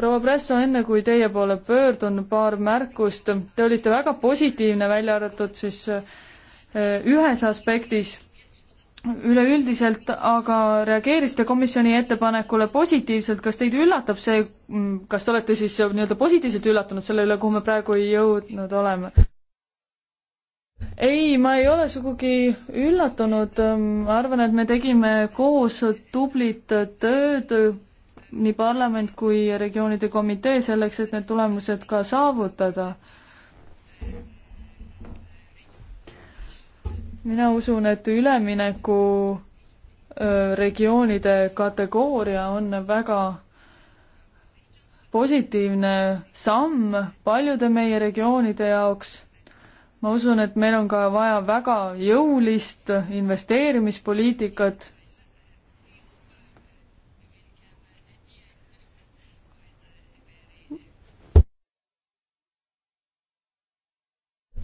[SPEAKER 4] proua Presso, enne kui teie poole pöördun, paar märkust. Te olite väga positiivne, välja arvatud siis eh, ühes aspektis üleüldiselt, aga reageerisite komisjoni ettepanekule positiivselt, kas teid üllatab see, mm, kas te olete siis nii-öelda positiivselt üllatunud selle üle, kuhu me praegu jõudnud oleme? ei, ma ei ole sugugi üllatunud, ma mm, arvan, et me tegime koos tublit tööd nii parlament kui regioonide komitee selleks, et need tulemused ka saavutada. mina usun, et ülemineku regioonide kategooria on väga positiivne samm paljude meie regioonide jaoks ma usun, et meil on ka vaja väga jõulist investeerimispoliitikat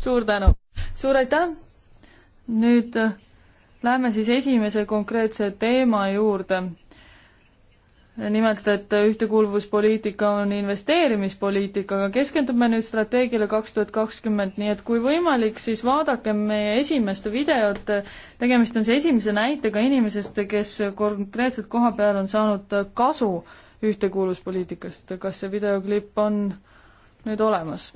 [SPEAKER 4] suur tänu, suur aitäh. nüüd äh, lähme siis esimese konkreetse teema juurde. nimelt, et äh, ühtekuuluvuspoliitika on investeerimispoliitika, aga keskendume nüüd strateegiale kaks tuhat kakskümmend, nii et kui võimalik, siis vaadake meie esimest videot. tegemist on siis esimese näitega inimesest, kes konkreetselt koha peal on saanud äh, kasu ühtekuuluvuspoliitikast. kas see videoklipp on nüüd olemas?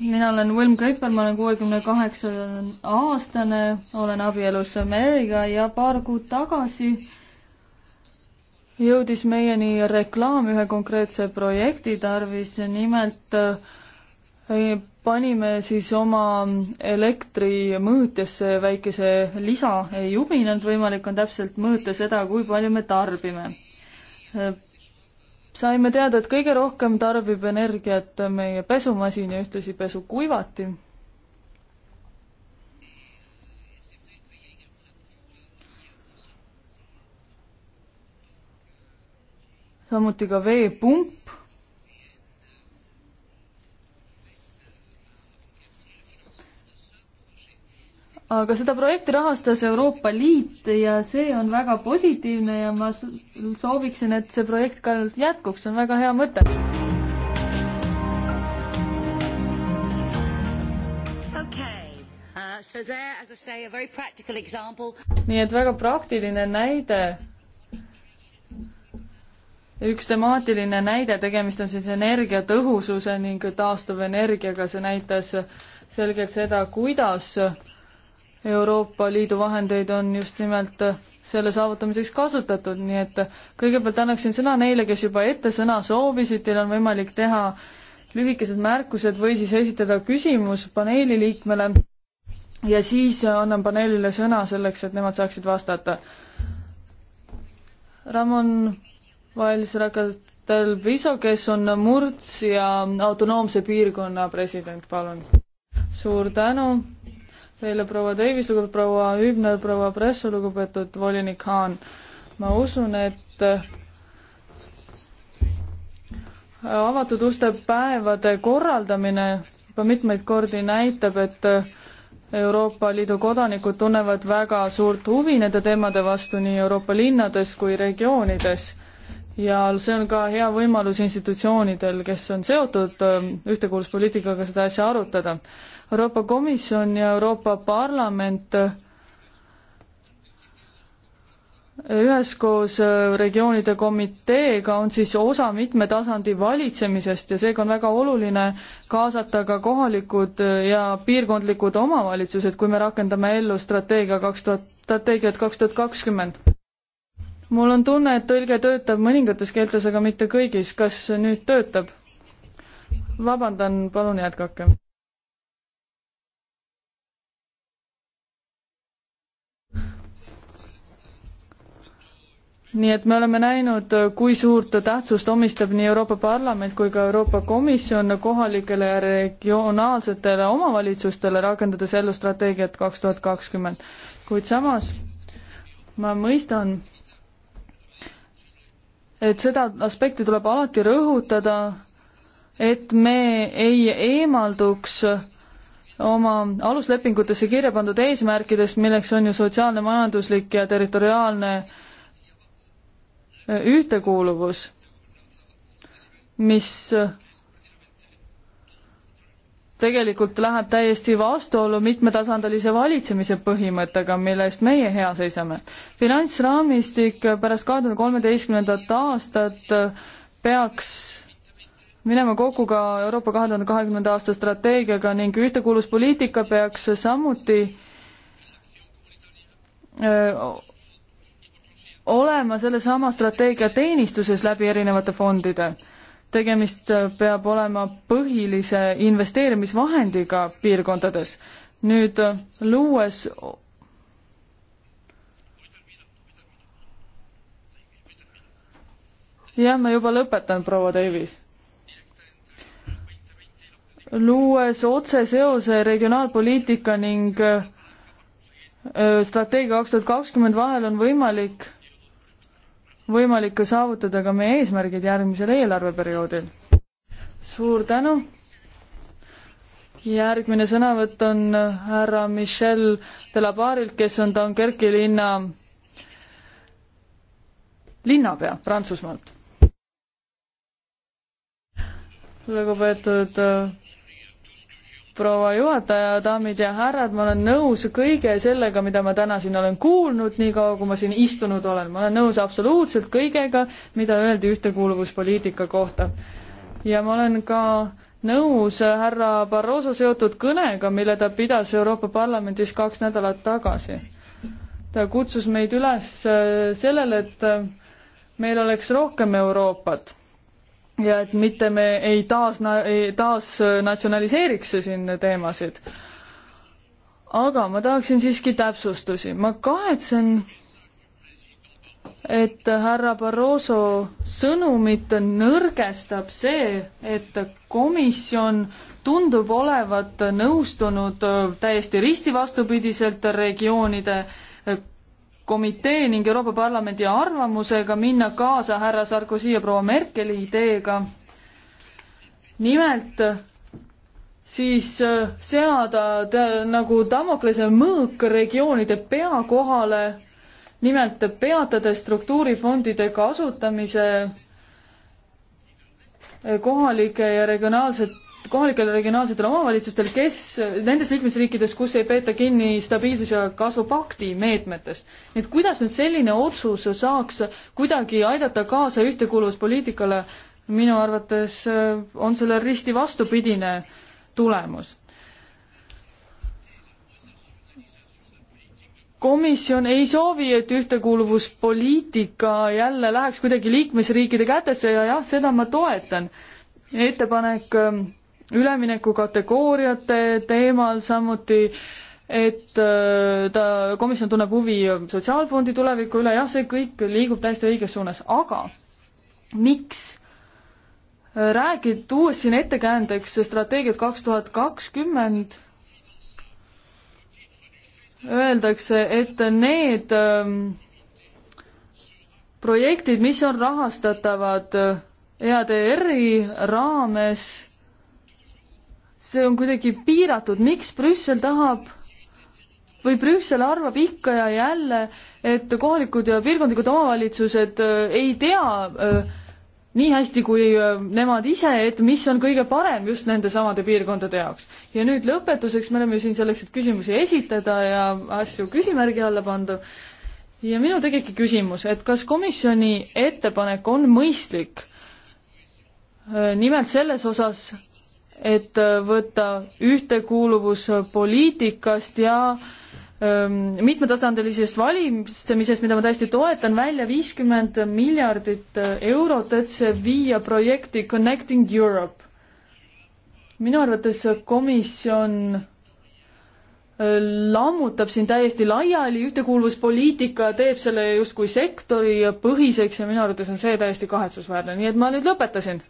[SPEAKER 4] mina olen Wilm Köiper, ma olen kuuekümne kaheksa aastane, olen abielus Mary'ga ja paar kuud tagasi jõudis meieni reklaam ühe konkreetse projekti tarvis, nimelt äh, panime siis oma elektrimõõtjesse väikese lisa, ei jubinud, võimalik on täpselt mõõta seda, kui palju me tarbime äh, saime teada, et kõige rohkem tarbib energiat meie pesumasin ja ühtlasi pesukuivati. samuti ka veepump aga seda projekti rahastas Euroopa Liit ja see on väga positiivne ja ma sooviksin, et see projekt ka jätkuks, see on väga hea mõte.
[SPEAKER 1] Uh,
[SPEAKER 4] nii et väga praktiline näide, üks temaatiline näide, tegemist on siis energiatõhususe ning taastuvenergiaga, see näitas selgelt seda, kuidas Euroopa Liidu vahendeid on just nimelt äh, selle saavutamiseks kasutatud, nii et äh, kõigepealt annaksin sõna neile, kes juba ette sõna soovisid, teil on võimalik teha lühikesed märkused või siis esitada küsimus paneeli liikmele ja siis äh, annan paneelile sõna selleks, et nemad saaksid vastata. Ramon Vails-Rakatel-Piso, kes on Murts ja autonoomse piirkonna president, palun. suur tänu teile, proua Davis, lugupeetud proua Hübner, proua Presso, lugupeetud volinik Haan. ma usun, et äh, avatud uste päevade korraldamine juba mitmeid kordi näitab, et äh, Euroopa Liidu kodanikud tunnevad väga suurt huvi nende teemade vastu nii Euroopa linnades kui regioonides ja see on ka hea võimalus institutsioonidel, kes on seotud ähm, ühtekuuluvuspoliitikaga, seda asja arutada. Euroopa Komisjon ja Euroopa Parlament äh, üheskoos äh, regioonide komiteega on siis osa mitme tasandi valitsemisest ja seega on väga oluline kaasata ka kohalikud äh, ja piirkondlikud omavalitsused, kui me rakendame ellu strateegia kaks tuhat, strateegiat kaks tuhat kakskümmend mul on tunne, et tõlge töötab mõningates keeltes, aga mitte kõigis. kas nüüd töötab? vabandan, palun jätkake. nii et me oleme näinud, kui suurt tähtsust omistab nii Euroopa Parlament kui ka Euroopa Komisjon kohalikele ja regionaalsetele omavalitsustele, rakendades ellu strateegiat kaks tuhat kakskümmend. kuid samas ma mõistan, et seda aspekti tuleb alati rõhutada, et me ei eemalduks oma aluslepingutesse kirja pandud eesmärkidest, milleks on ju sotsiaalne, majanduslik ja territoriaalne äh, ühtekuuluvus, mis äh, tegelikult läheb täiesti vastuollu mitmetasandilise valitsemise põhimõttega, mille eest meie hea seisame. finantsraamistik pärast kahe tuhande kolmeteistkümnendat aastat peaks minema kokku ka Euroopa kahe tuhande kahekümnenda aasta strateegiaga ning ühtekuuluvuspoliitika peaks samuti öö, olema sellesama strateegia teenistuses läbi erinevate fondide tegemist peab olema põhilise investeerimisvahendiga piirkondades. nüüd luues jah, ma juba lõpetan, proua Davis. luues otseseose regionaalpoliitika ning äh, strateegia kaks tuhat kakskümmend vahel on võimalik võimalik ka saavutada ka meie eesmärgid järgmisel eelarveperioodil. suur tänu! järgmine sõnavõtt on härra Michel Delabarilt, kes on Dunkerki linna linnapea Prantsusmaalt. lugupeetud proua juhataja, daamid ja härrad, ma olen nõus kõige sellega, mida ma täna siin olen kuulnud, niikaua kui ma siin istunud olen, ma olen nõus absoluutselt kõigega, mida öeldi ühtekuuluvuspoliitika kohta. ja ma olen ka nõus härra Barroso seotud kõnega, mille ta pidas Euroopa Parlamendis kaks nädalat tagasi. ta kutsus meid üles sellele, et meil oleks rohkem Euroopat ja et mitte me ei taas, taasnatsionaliseeriks siin teemasid. aga ma tahaksin siiski täpsustusi, ma kahetsen, et härra Barroso sõnumit nõrgestab see, et komisjon tundub olevat nõustunud täiesti risti vastupidiselt regioonide äh, komitee ning Euroopa Parlamendi arvamusega minna kaasa härra Sarkozy ja proua Merkeli ideega. nimelt siis äh, seada te, nagu Damoklese mõõk regioonide pea kohale, nimelt peatada struktuurifondide kasutamise kohalike ja regionaalsete kohalikel ja regionaalsetel omavalitsustel, kes nendes liikmesriikides, kus ei peeta kinni stabiilsus- ja kasvupakti meetmetest. nii et kuidas nüüd selline otsus saaks kuidagi aidata kaasa ühtekuuluvuspoliitikale, minu arvates äh, on sellel risti vastupidine tulemus komisjon ei soovi, et ühtekuuluvuspoliitika jälle läheks kuidagi liikmesriikide kätesse ja jah, seda ma toetan. ettepanek ähm, üleminekukategooriate teemal, samuti et äh, ta, komisjon tunneb huvi sotsiaalfondi tuleviku üle, jah, see kõik liigub täiesti õiges suunas, aga miks räägid, tuues siin ettekäändeks strateegiat kaks tuhat kakskümmend, öeldakse, et need ähm, projektid, mis on rahastatavad äh, EADR-i raames, see on kuidagi piiratud, miks Brüssel tahab või Brüssel arvab ikka ja jälle, et kohalikud ja piirkondlikud omavalitsused äh, ei tea äh, nii hästi kui äh, nemad ise, et mis on kõige parem just nendesamade piirkondade jaoks. ja nüüd lõpetuseks, me oleme ju siin selleks, et küsimusi esitada ja asju küsimärgi alla panna. ja minul tekibki küsimus, et kas komisjoni ettepanek on mõistlik nimelt selles osas, et võtta ühtekuuluvuspoliitikast ja ähm, mitmetasandilisest valitsemisest, mida ma täiesti toetan, välja viiskümmend miljardit äh, eurot, et see viia projekti Connecting Europe. minu arvates komisjon äh, lammutab siin täiesti laiali ühtekuuluvuspoliitika, teeb selle justkui sektoripõhiseks ja minu arvates on see täiesti kahetsusväärne, nii et ma nüüd lõpetasin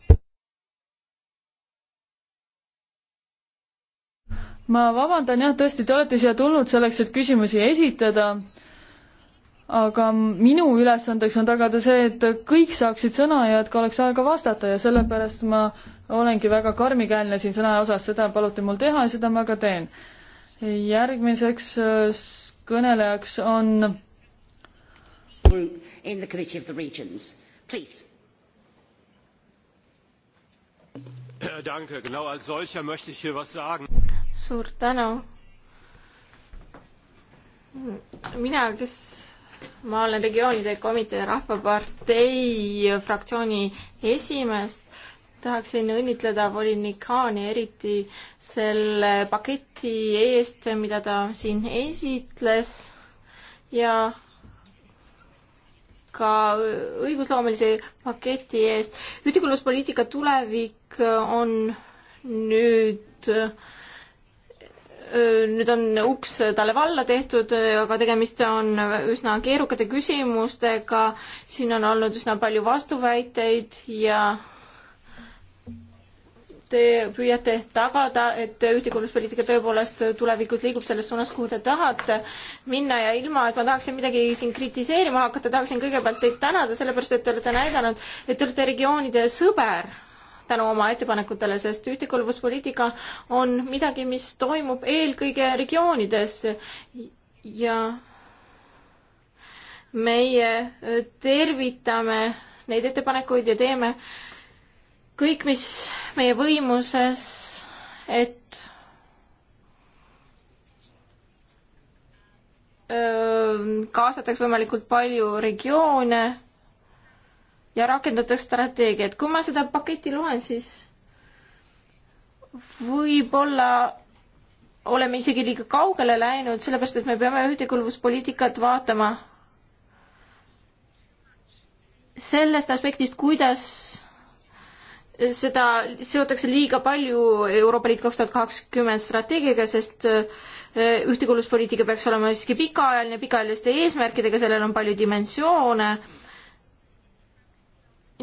[SPEAKER 4] ma vabandan jah, tõesti, te olete siia tulnud selleks, et küsimusi esitada, aga minu ülesandeks on tagada see, et kõik saaksid sõna ja et ka oleks aega vastata ja sellepärast ma olengi väga karmikäelne siin sõna osas, seda paluti mul teha ja seda ma ka teen. järgmiseks äh, kõnelejaks on in the Committee of the Regions. Please.
[SPEAKER 1] Äh, danke, genau als solcher möchte ich hier was sagen suur tänu.
[SPEAKER 2] mina, kes ma olen regioonide komitee Rahvapartei fraktsiooni esimees, tahaksin õnnitleda volinik Haani eriti selle paketi eest, mida ta siin esitles ja ka õigusloomelise paketi eest. ühtekuuluvuspoliitika tulevik on nüüd äh, nüüd on uks talle valla tehtud, aga tegemist on üsna keerukate küsimustega, siin on olnud üsna palju vastuväiteid ja te püüate tagada, et ühtekuuluvuspoliitika tõepoolest tulevikus liigub selles suunas, kuhu te tahate minna ja ilma, et ma tahaksin midagi siin kritiseerima hakata, tahaksin kõigepealt teid tänada, sellepärast et te olete näidanud, et te olete regioonide sõber tänu oma ettepanekutele, sest ühtekuuluvuspoliitika on midagi, mis toimub eelkõige regioonides ja meie tervitame neid ettepanekuid ja teeme kõik, mis meie võimuses, et kaasataks võimalikult palju regioone ja rakendada strateegiat. kui ma seda paketti loen, siis võib-olla oleme isegi liiga kaugele läinud, sellepärast et me peame ühtekuuluvuspoliitikat vaatama sellest aspektist, kuidas seda seotakse liiga palju Euroopa Liit kaks tuhat kakskümmend strateegiaga, sest eh, ühtekuuluvuspoliitika peaks olema siiski pikaajaline, pikaajaliste eesmärkidega, sellel on palju dimensioone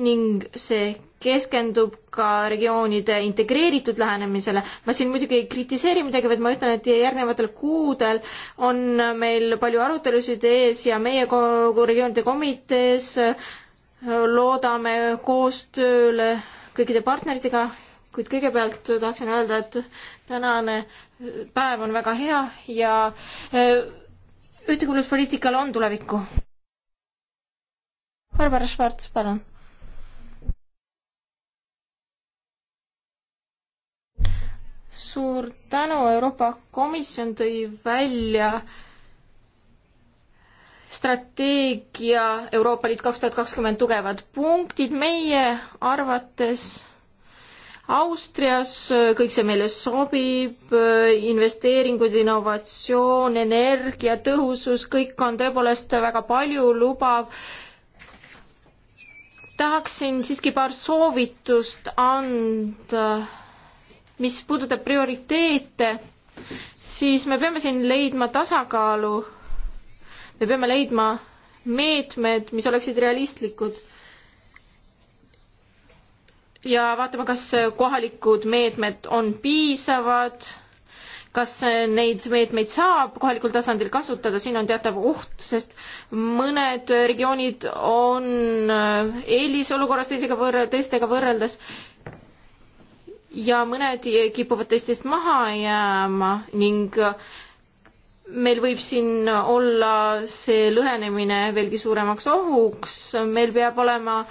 [SPEAKER 2] ning see keskendub ka regioonide integreeritud lähenemisele. ma siin muidugi ei kritiseeri midagi, vaid ma ütlen, et järgnevatel kuudel on meil palju arutelusid ees ja meie kogu regioonide komitees äh, loodame koostööle kõikide partneritega, kuid kõigepealt tahaksin öelda, et tänane päev on väga hea ja äh, ühtekuuluvuspoliitikal on tulevikku. Barbara Schwarz, palun suur tänu, Euroopa Komisjon tõi välja strateegia Euroopa Liit kaks tuhat kakskümmend tugevad punktid meie arvates Austrias, kõik see meile sobib, investeeringud, innovatsioon, energia, tõhusus, kõik on tõepoolest väga paljulubav. tahaksin siiski paar soovitust anda mis puudutab prioriteete, siis me peame siin leidma tasakaalu. me peame leidma meetmed, mis oleksid realistlikud. ja vaatame, kas kohalikud meetmed on piisavad, kas neid meetmeid saab kohalikul tasandil kasutada, siin on teatav oht, sest mõned regioonid on äh, eelisolukorras teisega võrre-, teistega võrreldes ja mõned kipuvad teistest maha jääma ning äh, meil võib siin olla see lõhenemine veelgi suuremaks ohuks, meil peab olema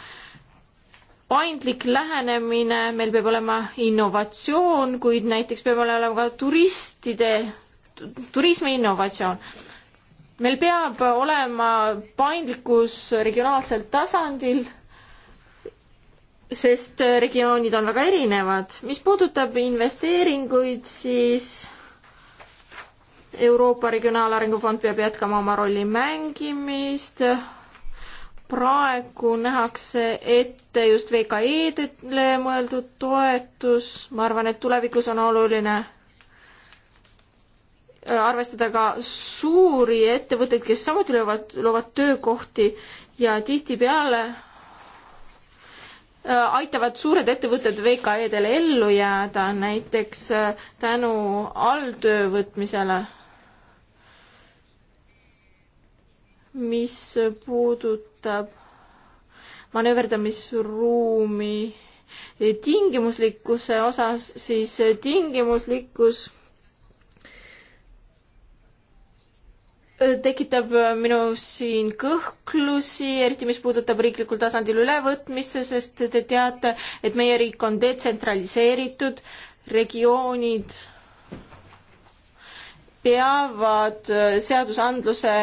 [SPEAKER 2] paindlik lähenemine, meil peab olema innovatsioon, kuid näiteks peab olema ka turistide, turismi innovatsioon. meil peab olema paindlikkus regionaalsel tasandil sest äh, regioonid on väga erinevad. mis puudutab investeeringuid, siis Euroopa Regionaalarengu Fond peab jätkama oma rolli mängimist. praegu nähakse ette just VKE-dele mõeldud toetus, ma arvan, et tulevikus on oluline äh, arvestada ka suuri ettevõtteid, kes samuti loovad, loovad töökohti ja tihtipeale Äh, aitavad suured ettevõtted VKE-dele ellu jääda, näiteks äh, tänu alltöövõtmisele. mis puudutab manööverdamisruumi tingimuslikkuse osas, siis tingimuslikkus tekitab minu siin kõhklusi, eriti mis puudutab riiklikul tasandil ülevõtmisse, sest te teate, et meie riik on detsentraliseeritud, regioonid peavad seadusandluse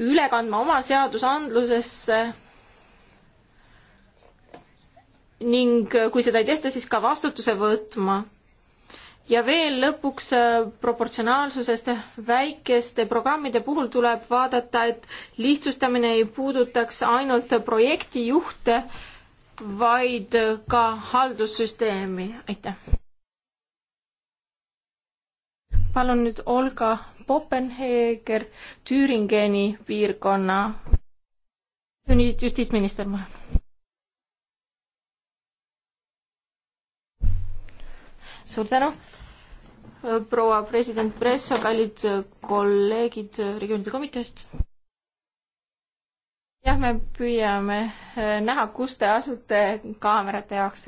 [SPEAKER 2] üle kandma oma seadusandlusesse ning kui seda ei tehta, siis ka vastutuse võtma ja veel lõpuks äh, proportsionaalsusest väikeste programmide puhul tuleb vaadata, et lihtsustamine ei puudutaks ainult projektijuhte, vaid ka haldussüsteemi, aitäh. palun nüüd Olga Poppenheger Tüüringeni piirkonna justiitsminister, ma arvan suur tänu, proua president Presso, kallid kolleegid regioonide komiteest. jah, me püüame eh, näha, kus te asute kaamerate jaoks.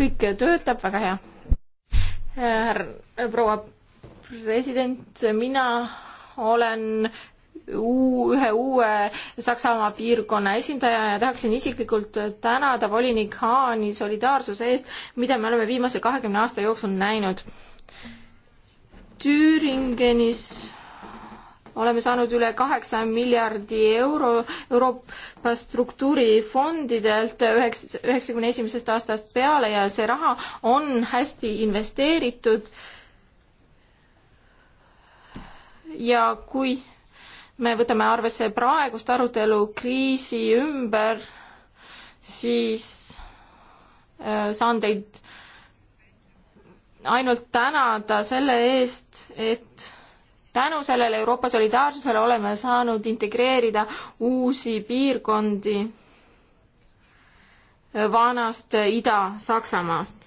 [SPEAKER 2] kõik töötab, väga hea. Eh, härra, eh, proua president, mina olen uu-, ühe uue Saksamaa piirkonna esindaja ja tahaksin isiklikult tänada volinik Haani solidaarsuse eest, mida me oleme viimase kahekümne aasta jooksul näinud. Türingenis oleme saanud üle kaheksa miljardi euro Euroopa struktuurifondidelt üheks, üheksakümne esimesest aastast peale ja see raha on hästi investeeritud. ja kui me võtame arvesse praegust arutelu kriisi ümber, siis äh, saan teid ainult tänada selle eest, et tänu sellele Euroopa solidaarsusele oleme saanud integreerida uusi piirkondi vanast Ida-Saksamaast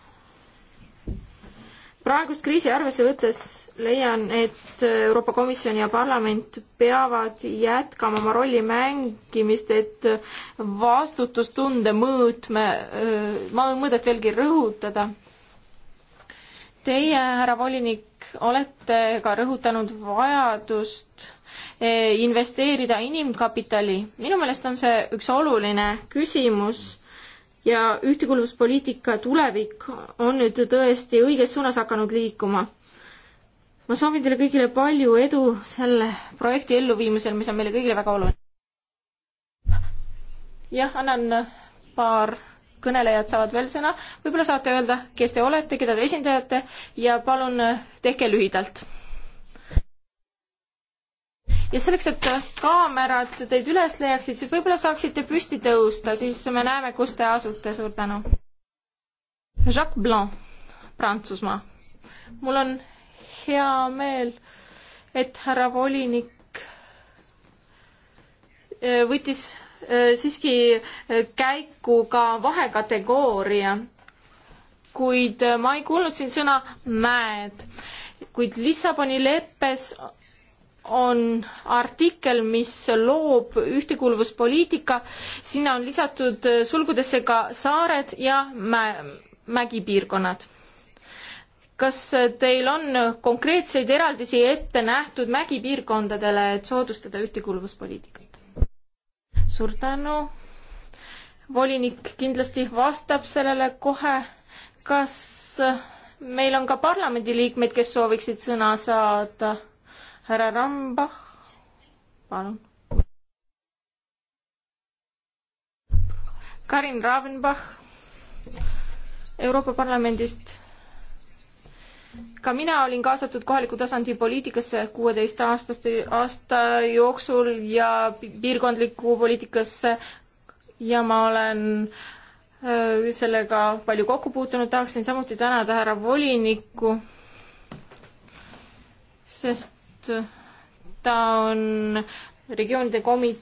[SPEAKER 2] praegust kriisi arvesse võttes leian, et Euroopa Komisjon ja parlament peavad jätkama oma rolli mängimist, et vastutustunde mõõtme, mõõdet veelgi rõhutada. Teie, härra volinik, olete ka rõhutanud vajadust e, investeerida inimkapitali. minu meelest on see üks oluline küsimus ja ühtekuuluvuspoliitika tulevik on nüüd tõesti õiges suunas hakanud liikuma. ma soovin teile kõigile palju edu selle projekti elluviimisel, mis on meile kõigile väga oluline. jah, annan paar kõnelejad saavad veel sõna, võib-olla saate öelda, kes te olete, keda te esindajate ja palun tehke lühidalt ja selleks, et kaamerad teid üles leiaksid, siis võib-olla saaksite püsti tõusta, siis me näeme, kus te asute, suur tänu. Jacques Blanc, Prantsusmaa. mul on hea meel, et härra volinik äh, võttis äh, siiski äh, käiku ka vahekategooria, kuid ma ei kuulnud siin sõna mäed kuid Lissaboni leppes on artikkel, mis loob ühtekuuluvuspoliitika, sinna on lisatud sulgudesse ka saared ja mä-, mägipiirkonnad. kas teil on konkreetseid eraldisi ette nähtud mägipiirkondadele, et soodustada ühtekuuluvuspoliitikat? suur tänu, volinik kindlasti vastab sellele kohe, kas meil on ka parlamendiliikmeid, kes sooviksid sõna saada? härra Rambach, palun. Karin Ravenbach Euroopa Parlamendist. ka mina olin kaasatud kohaliku tasandi poliitikasse kuueteist aastaste aasta jooksul ja piirkondlikku poliitikasse ja ma olen sellega palju kokku puutunud, tahaksin samuti tänada härra volinikku, sest ta on regioonide komi-,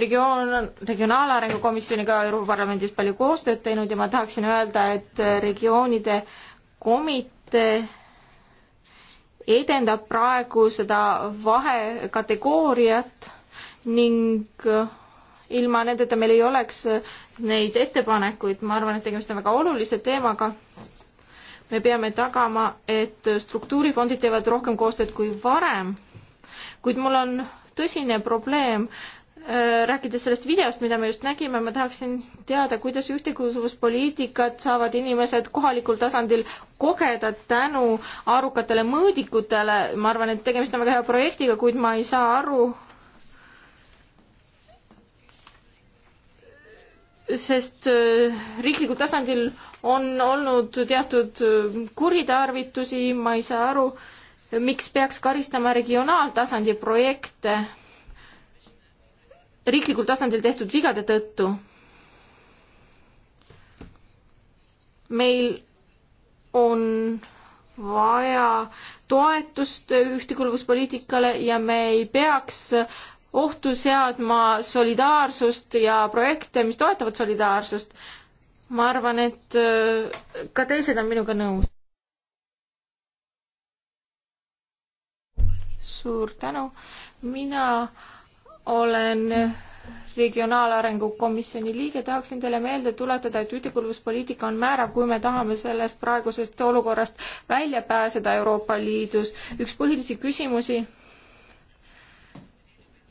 [SPEAKER 2] regioon, regionaalarengu komisjoniga Euroopa Parlamendis palju koostööd teinud ja ma tahaksin öelda, et regioonide komitee edendab praegu seda vahekategooriat ning ilma nendeta meil ei oleks neid ettepanekuid, ma arvan, et tegemist on väga olulise teemaga me peame tagama, et struktuurifondid teevad rohkem koostööd kui varem. kuid mul on tõsine probleem, äh, rääkides sellest videost, mida me just nägime, ma tahaksin teada, kuidas ühtekuuluvuspoliitikat saavad inimesed kohalikul tasandil kogeda tänu arukatele mõõdikutele. ma arvan, et tegemist on väga hea projektiga, kuid ma ei saa aru, sest äh, riiklikul tasandil on olnud teatud äh, kuritarvitusi, ma ei saa aru, miks peaks karistama regionaaltasandi projekte riiklikul tasandil tehtud vigade tõttu. meil on vaja toetust ühtekuuluvuspoliitikale ja me ei peaks ohtu seadma solidaarsust ja projekte, mis toetavad solidaarsust. ma arvan, et äh, ka teised on minuga nõus. suur tänu. mina olen regionaalarengu komisjoni liige, tahaksin teile meelde tuletada, et ühtekuuluvuspoliitika on määrav, kui me tahame sellest praegusest olukorrast välja pääseda Euroopa Liidus. üks põhilisi küsimusi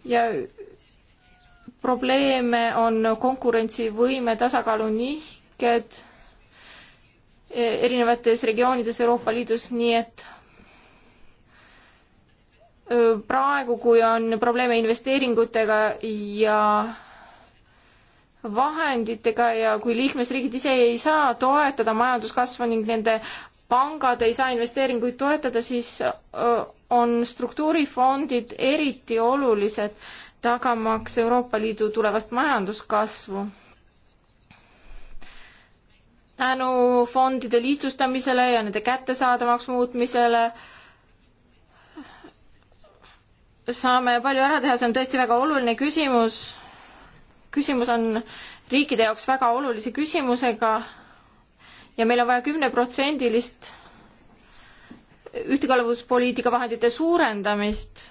[SPEAKER 2] ja probleeme on konkurentsivõime tasakaalu nihked erinevates regioonides Euroopa Liidus, nii et praegu, kui on probleeme investeeringutega ja vahenditega ja kui liikmesriigid ise ei saa toetada majanduskasvu ning nende pangad ei saa investeeringuid toetada, siis on struktuurifondid eriti olulised, tagamaks Euroopa Liidu tulevast majanduskasvu. tänu fondide lihtsustamisele ja nende kättesaadavaks muutmisele saame palju ära teha, see on tõesti väga oluline küsimus. küsimus on riikide jaoks väga olulise küsimusega ja meil on vaja kümneprotsendilist ühtekalvuspoliitika vahendite suurendamist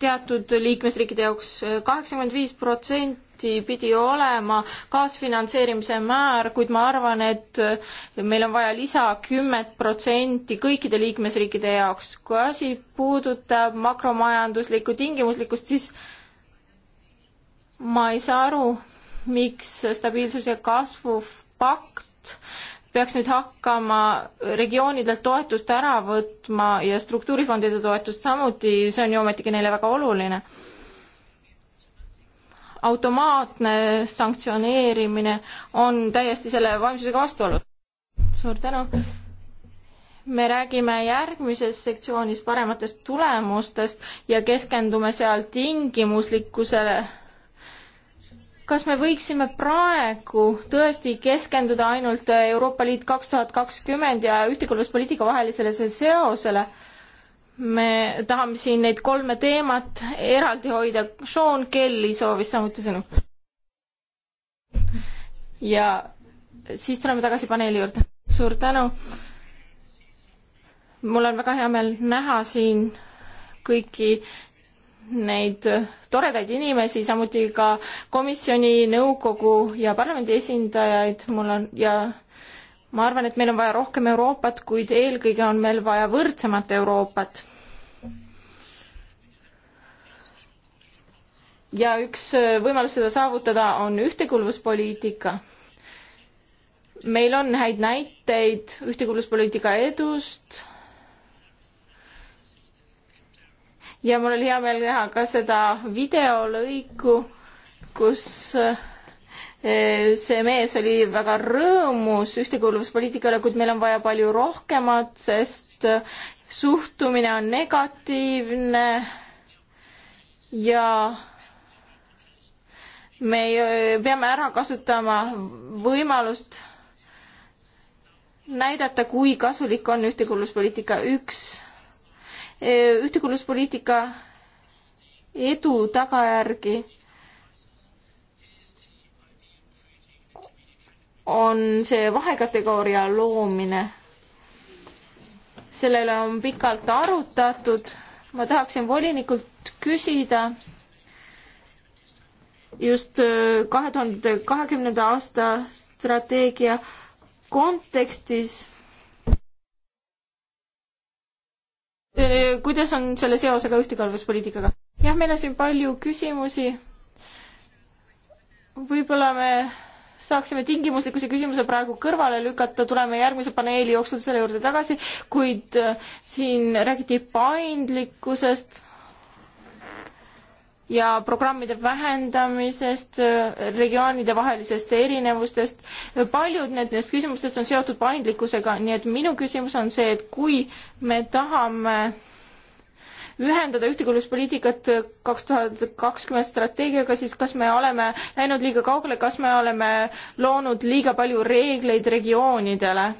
[SPEAKER 2] teatud liikmesriikide jaoks kaheksakümmend viis protsenti pidi olema kaasfinantseerimise määr, kuid ma arvan, et meil on vaja lisa kümmet protsenti kõikide liikmesriikide jaoks. kui asi puudutab makromajanduslikku tingimuslikkust, siis ma ei saa aru, miks stabiilsus- ja kasvupakt peaks nüüd hakkama regioonidelt toetust ära võtma ja struktuurifondide toetust samuti, see on ju ometigi neile väga oluline. automaatne sanktsioneerimine on täiesti selle vaimsusega vastuolus. suur tänu me räägime järgmises sektsioonis parematest tulemustest ja keskendume seal tingimuslikkusele kas me võiksime praegu tõesti keskenduda ainult Euroopa Liit kaks tuhat kakskümmend ja ühtekuuluvuspoliitika vahelisele seosele? me tahame siin neid kolme teemat eraldi hoida. Sean Kelly soovis samuti sõnu. ja siis tuleme tagasi paneeli juurde. suur tänu. mul on väga hea meel näha siin kõiki neid toredaid inimesi, samuti ka komisjoni, nõukogu ja parlamendi esindajaid mul on ja ma arvan, et meil on vaja rohkem Euroopat, kuid eelkõige on meil vaja võrdsemat Euroopat. ja üks võimalus seda saavutada on ühtekuuluvuspoliitika. meil on häid näiteid ühtekuuluvuspoliitika edust ja mul oli hea meel näha ka seda videolõiku, kus eh, see mees oli väga rõõmus ühtekuuluvuspoliitika üle, kuid meil on vaja palju rohkemat, sest suhtumine on negatiivne ja me peame ära kasutama võimalust näidata, kui kasulik on ühtekuuluvuspoliitika üks Eh, ühtekuuluvuspoliitika edu tagajärgi on see vahekategooria loomine. selle üle on pikalt arutatud. ma tahaksin volinikult küsida just eh, kahe tuhande kahekümnenda aasta strateegia kontekstis Äh, kuidas on selle seosega ühtekalvuspoliitikaga? jah, meil on siin palju küsimusi. võib-olla me saaksime tingimuslikkuse küsimuse praegu kõrvale lükata, tuleme järgmise paneeli jooksul selle juurde tagasi, kuid äh, siin räägiti paindlikkusest ja programmide vähendamisest, regioonide vahelisest erinevustest. paljud nendest küsimustest on seotud paindlikkusega, nii et minu küsimus on see, et kui me tahame ühendada ühtekuuluvuspoliitikat kaks tuhat kakskümmend strateegiaga, siis kas me oleme läinud liiga kaugele, kas me oleme loonud liiga palju reegleid regioonidele?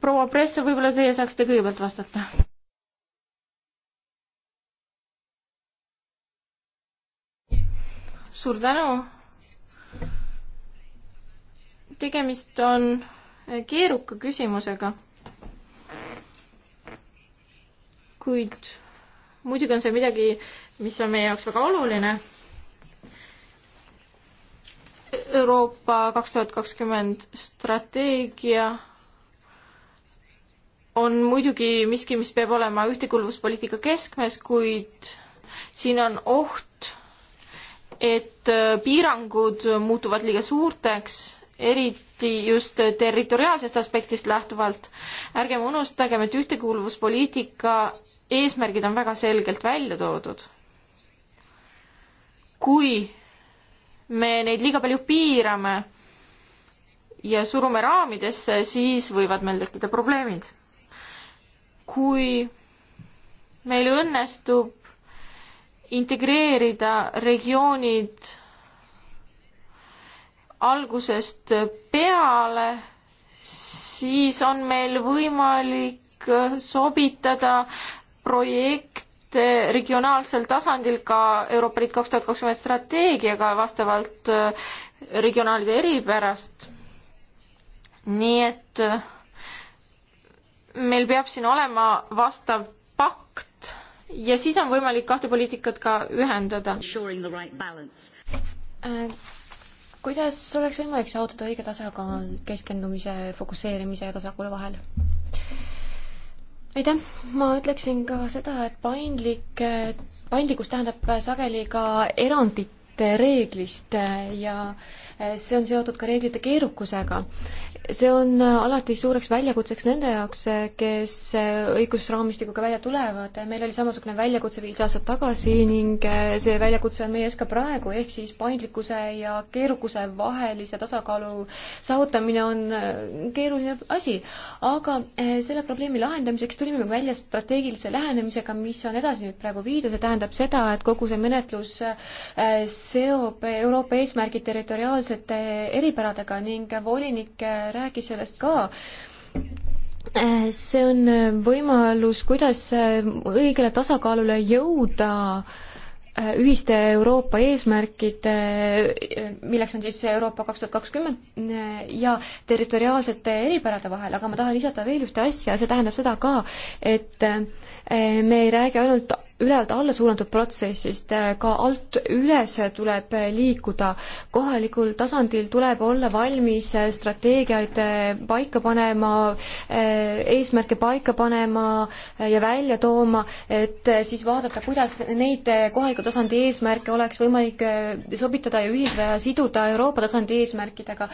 [SPEAKER 2] proua Presso, võib-olla teie saaksite kõigepealt vastata suur tänu. tegemist on keeruka küsimusega. kuid muidugi on see midagi, mis on meie jaoks väga oluline. Euroopa kaks tuhat kakskümmend strateegia on muidugi miski, mis peab olema ühtekuuluvuspoliitika keskmes, kuid siin on oht et äh, piirangud muutuvad liiga suurteks, eriti just territoriaalsest aspektist lähtuvalt. ärgem unustagem, et ühtekuuluvuspoliitika eesmärgid on väga selgelt välja toodud. kui me neid liiga palju piirame ja surume raamidesse, siis võivad meil tekkida probleemid. kui meil õnnestub integreerida regioonid algusest peale, siis on meil võimalik sobitada projekt regionaalsel tasandil ka Euroopa Liit kaks tuhat kakskümmend strateegiaga vastavalt äh, regionaalide eripärast. nii et äh, meil peab siin olema vastav pakt ja siis on võimalik kahte poliitikat ka ühendada.
[SPEAKER 3] Äh, kuidas oleks võimalik saavutada õige tasakaal keskendumise, fokusseerimise ja tasakaalu vahel? aitäh, ma ütleksin ka seda, et paindlik, paindlikkus tähendab sageli ka erandit reeglist ja see on seotud ka reeglite keerukusega see on äh, alati suureks väljakutseks nende jaoks, äh, kes äh, õigusraamistikuga välja tulevad. meil oli samasugune väljakutse viis aastat tagasi ning see väljakutse on meie ees ka praegu, ehk siis paindlikkuse ja keerukuse vahelise tasakaalu saavutamine on keeruline asi. aga selle probleemi lahendamiseks tulime välja strateegilise lähenemisega, mis on edasi nüüd praegu viidud ja tähendab seda, et kogu see menetlus seob Euroopa eesmärgid territoriaalsete eripäradega ning volinik rääkis sellest ka see on võimalus, kuidas õigele tasakaalule jõuda ühiste Euroopa eesmärkide, milleks on siis Euroopa kaks tuhat kakskümmend ja territoriaalsete eripärade vahel, aga ma tahan lisada veel ühte asja, see tähendab seda ka, et me ei räägi ainult ülevalt alla suunatud protsessist äh, ka alt üles tuleb äh, liikuda. kohalikul tasandil tuleb olla valmis äh, strateegiaid paika panema, eesmärke paika panema ja välja tooma, et siis vaadata, kuidas neid kohaliku tasandi eesmärke oleks võimalik sobitada ja ühildada ja siduda Euroopa tasandi eesmärkidega.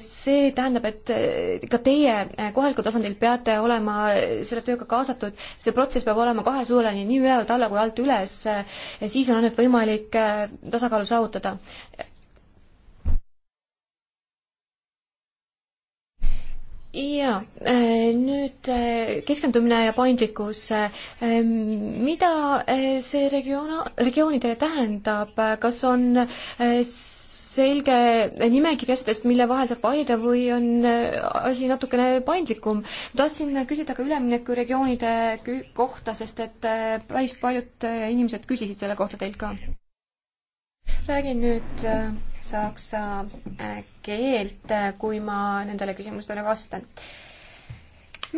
[SPEAKER 3] see tähendab, et ka teie kohalikul tasandil peate olema selle tööga kaasatud, see protsess peab olema kahe suunaline, nii üleval jalalt alla kui alt üles, siis on ainult võimalik äh, tasakaalu saavutada. jaa, äh, nüüd äh, keskendumine ja paindlikkus. mida see regioon, regioonidele tähendab, kas on selge nimekirjastest, mille vahel saab valida või on äh, asi natukene paindlikum. tahtsin küsida ka üleminekuregioonide kohta, sest et äh, päris paljud äh, inimesed küsisid selle kohta teilt ka. räägin nüüd saksa keelt, kui ma nendele küsimustele vastan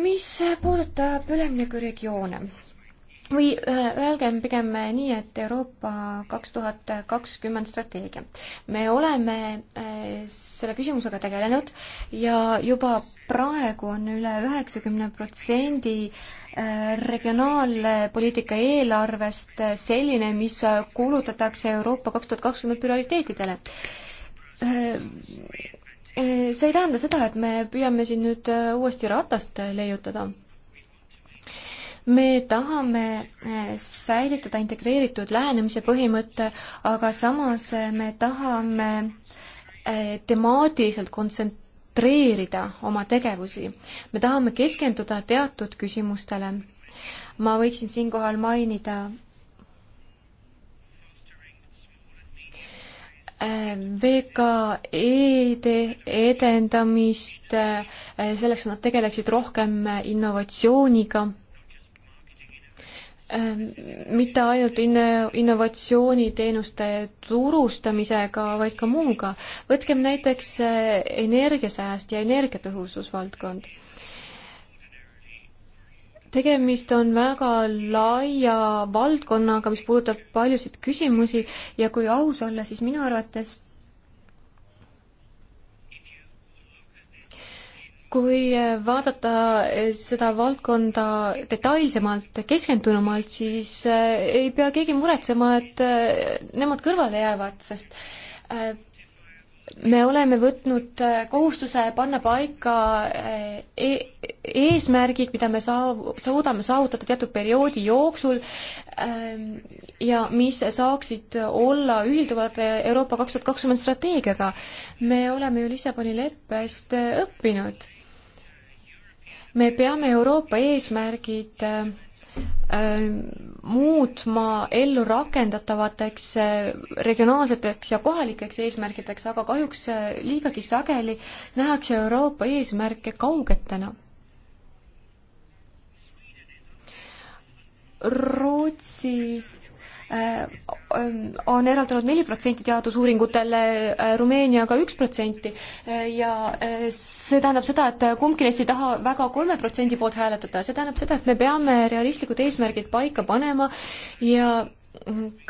[SPEAKER 3] mis puudutab üleminekuregioone, või äh, öelgem pigem nii, et Euroopa kaks tuhat kakskümmend strateegia. me oleme äh, selle küsimusega tegelenud ja juba praegu on üle üheksakümne protsendi äh, regionaalpoliitika eelarvest selline, mis kuulutatakse Euroopa kaks tuhat kakskümmend prioriteetidele. see ei tähenda seda, et me püüame siin nüüd uuesti ratast leiutada me tahame eh, säilitada integreeritud lähenemise põhimõtte, aga samas eh, me tahame eh, temaatiliselt kontsentreerida oma tegevusi. me tahame keskenduda teatud küsimustele. ma võiksin siinkohal mainida VKE-de edendamist, selleks, et nad tegeleksid rohkem innovatsiooniga Ähm, mitte ainult inno-, innovatsiooniteenuste turustamisega, vaid ka muuga. võtkem näiteks äh, energiasääst ja energiatõhususvaldkond. tegemist on väga laia valdkonnaga, mis puudutab paljusid küsimusi ja kui aus olla, siis minu arvates kui eh, vaadata eh, seda valdkonda detailsemalt, keskendunumalt, siis eh, ei pea keegi muretsema, et nemad kõrvale jäävad, sest me oleme võtnud kohustuse panna paika e eesmärgid, mida me saav-, suudame saavutada teatud perioodi jooksul ja mis saaksid olla ühilduvad Euroopa kaks tuhat kakskümmend strateegiaga. me oleme ju Lissaboni leppest õppinud me peame Euroopa eesmärgid äh, äh, muutma ellu rakendatavateks äh, regionaalseteks ja kohalikeks eesmärkideks, aga kahjuks liigagi sageli nähakse Euroopa eesmärke kaugetena. Rootsi Äh, on eraldanud neli protsenti teadusuuringutele, äh, Rumeeniaga üks protsenti äh, ja see tähendab seda, et kumbki neist ei taha väga kolme protsendi poolt hääletada, see tähendab seda, et me peame realistlikud eesmärgid paika panema ja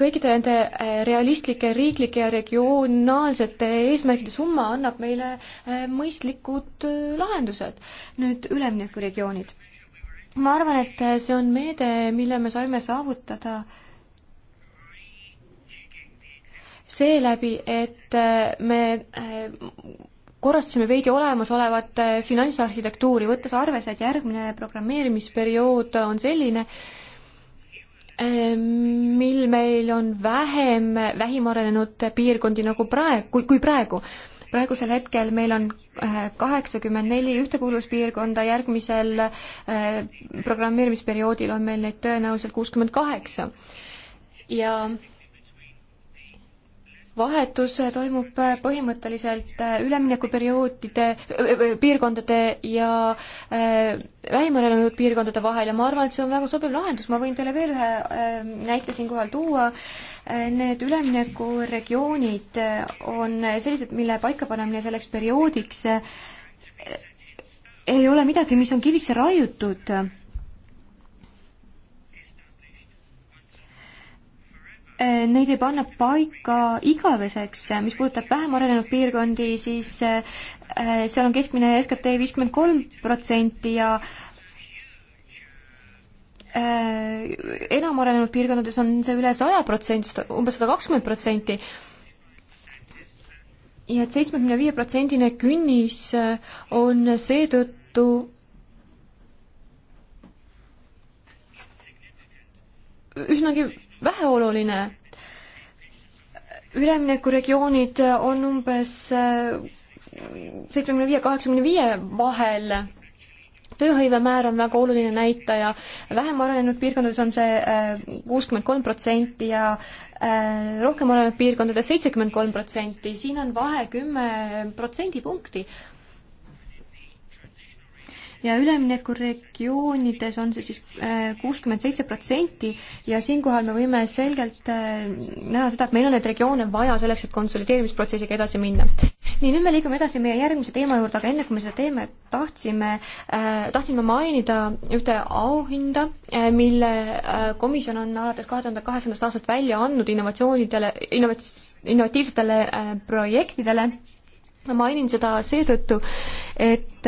[SPEAKER 3] kõikide nende realistlike riiklike ja regionaalsete eesmärkide summa annab meile mõistlikud lahendused. nüüd üleminekuregioonid. ma arvan, et see on meede, mille me saime saavutada äh, seeläbi, et äh, me äh, korrastasime veidi olemasolevat äh, finantsarhitektuuri, võttes arvesse, et järgmine programmeerimisperiood on selline, mil meil on vähem vähim arenenud piirkondi nagu praegu, kui, kui praegu. praegusel hetkel meil on kaheksakümmend neli ühtekuuluvuspiirkonda, järgmisel programmeerimisperioodil on meil neid tõenäoliselt kuuskümmend kaheksa. ja vahetus toimub põhimõtteliselt äh, üleminekuperioodide, äh, äh, piirkondade ja vähim arenenud piirkondade vahel ja ma arvan, et see on väga sobiv lahendus, ma võin teile veel ühe näite siinkohal tuua. Need üleminekuregioonid on sellised, mille paikapanemine selleks perioodiks ei ole midagi, mis on kivisse raiutud Äh, neid ei panna paika igaveseks, mis puudutab vähem arenenud piirkondi, siis äh, seal on keskmine SKT viiskümmend kolm protsenti ja äh, enam arenenud piirkondades on see üle saja protsendi, umbes sada kakskümmend protsenti. ja et seitsmekümne viie protsendine künnis on seetõttu üsnagi väheoluline. üleminekuregioonid on umbes äh, seitsmekümne viie, kaheksakümne viie vahel tööhõivemäär on väga oluline näitaja, vähem arenenud piirkondades on see äh, kuuskümmend kolm protsenti ja äh, rohkem arenenud piirkondades seitsekümmend kolm protsenti, siin on vahe kümme protsendipunkti. Punkti ja üleminekuregioonides on see siis äh, kuuskümmend seitse protsenti ja siinkohal me võime selgelt äh, näha seda, et meil on neid regioone vaja selleks, et konsolideerimisprotsessiga edasi minna. nii, nüüd me liigume edasi meie järgmise teema juurde, aga enne kui me seda teeme, tahtsime, äh, tahtsime mainida ühte auhinda, mille komisjon on alates kahe tuhande kaheksandast aastast välja andnud innovatsioonidele, innovats-, innovatiivsetele projektidele ma mainin seda seetõttu, et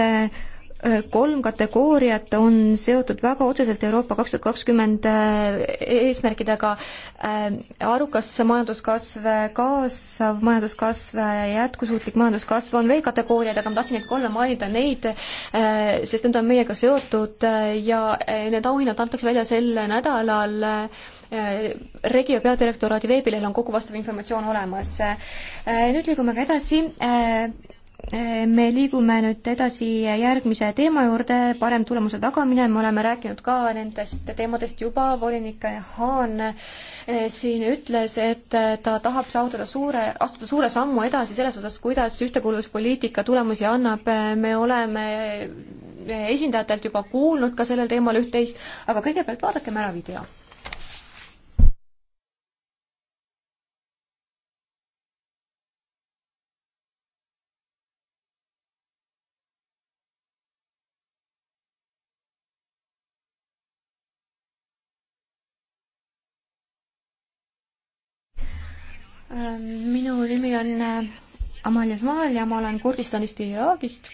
[SPEAKER 3] kolm kategooriat on seotud väga otseselt Euroopa kaks tuhat kakskümmend eesmärkidega, äh, arukas majanduskasv, kaasav majanduskasv, jätkusuutlik majanduskasv on veel kategooriad, aga ma tahtsin neid kolme mainida, neid, äh, sest need on meiega seotud äh, ja need auhinnad antakse välja sel nädalal Regio peadirektoraadi veebilehel on kogu vastav informatsioon olemas. nüüd liigume ka edasi Äh, me liigume nüüd edasi järgmise teema juurde, parem tulemuse tagamine, me oleme rääkinud ka nendest teemadest juba, volinik Haan äh, siin ütles, et äh, ta tahab saavutada suure, astuda suure sammu edasi selles osas, kuidas ühtekuuluvuspoliitika tulemusi annab, me oleme esindajatelt juba kuulnud ka sellel teemal üht-teist, aga kõigepealt vaadakem ära video Ähm, minu nimi on äh, Amalia Smaal ja ma olen Kurdistanist ja Iraagist.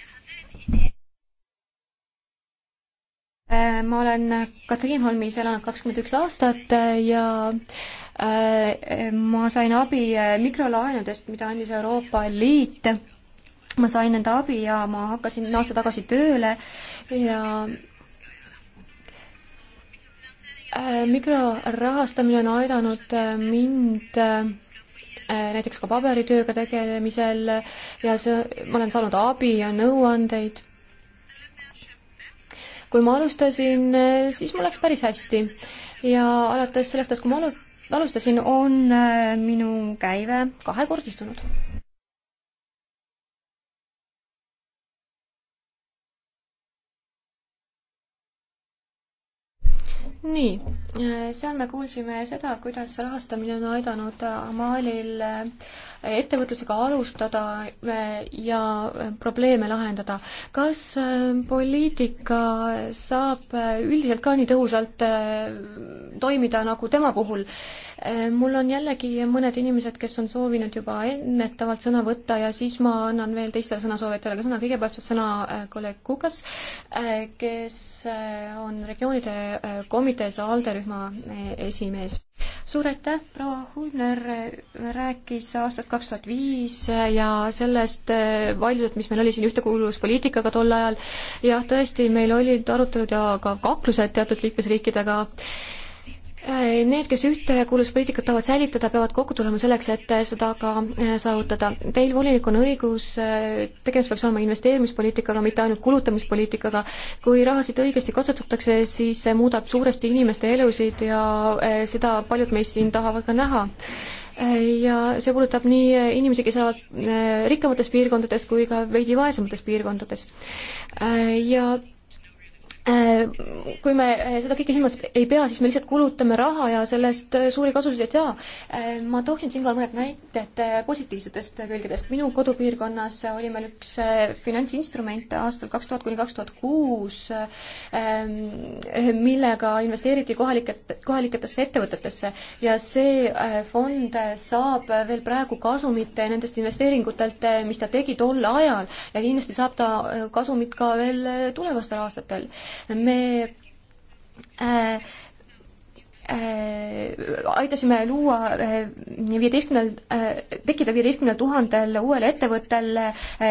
[SPEAKER 3] Äh, ma olen Katriinholmis elanud kakskümmend üks aastat äh, ja ma sain abi mikrolaenudest, mida andis Euroopa Liit. ma sain enda abi ja ma hakkasin aasta tagasi tööle ja mikrorahastamine on aidanud mind Äh, näiteks ka paberitööga tegelemisel ja see, ma olen saanud abi ja nõuandeid. kui ma alustasin, siis mul läks päris hästi ja alates sellest ajast, kui ma alustasin, on äh, minu käive kahekordistunud nii, äh, seal me kuulsime seda, kuidas rahastamine on aidanud äh, Amalil äh, ettevõtlusega alustada äh, ja äh, probleeme lahendada. kas äh, poliitika saab üldiselt ka nii tõhusalt toimida nagu tema puhul? mul on jällegi mõned inimesed, kes on soovinud juba ennetavalt sõna võtta ja siis ma annan veel teistele sõnasoovijatele ka sõna, kõigepealt sõna kolleeg Kukas, kes on regioonide komitees ALDE rühma esimees. suur aitäh, proua Hunner rääkis aastast kaks tuhat viis ja sellest eh, vaidlusest, mis meil oli siin ühtekuuluvuspoliitikaga tol ajal, jah, tõesti, meil olid arutelud ja ka kaklused teatud liikmesriikidega, eh, Need, kes ühtekuuluvuspoliitikat tahavad säilitada, peavad kokku tulema selleks, et seda ka eh, saavutada. Teil, volinik, on õigus, tegemist peaks olema investeerimispoliitikaga, mitte ainult kulutamispoliitikaga. kui rahasid õigesti kasutatakse, siis see muudab suuresti inimeste elusid ja seda paljud meist siin tahavad ka näha ja see puudutab nii inimesi, kes elavad eh, rikkamates piirkondades kui ka veidi vaesemates piirkondades. Eh, ja kui me eh, seda kõike silmas ei pea, siis me lihtsalt kulutame raha ja sellest eh, suuri kasusid ei saa. Eh, ma tooksin siinkohal mõned näited positiivsetest külgedest. minu kodupiirkonnas oli meil üks finantsinstrument aastal kaks tuhat kuni kaks tuhat kuus, millega investeeriti kohalike, kohaliketesse ettevõtetesse ja see fond saab veel praegu kasumit nendest investeeringutelt, mis ta tegi tol ajal ja kindlasti saab ta kasumit ka veel tulevastel aastatel me äh, äh, aitasime luua äh, viieteistkümnel, äh, tekkida viieteistkümnel tuhandel uuel ettevõttel,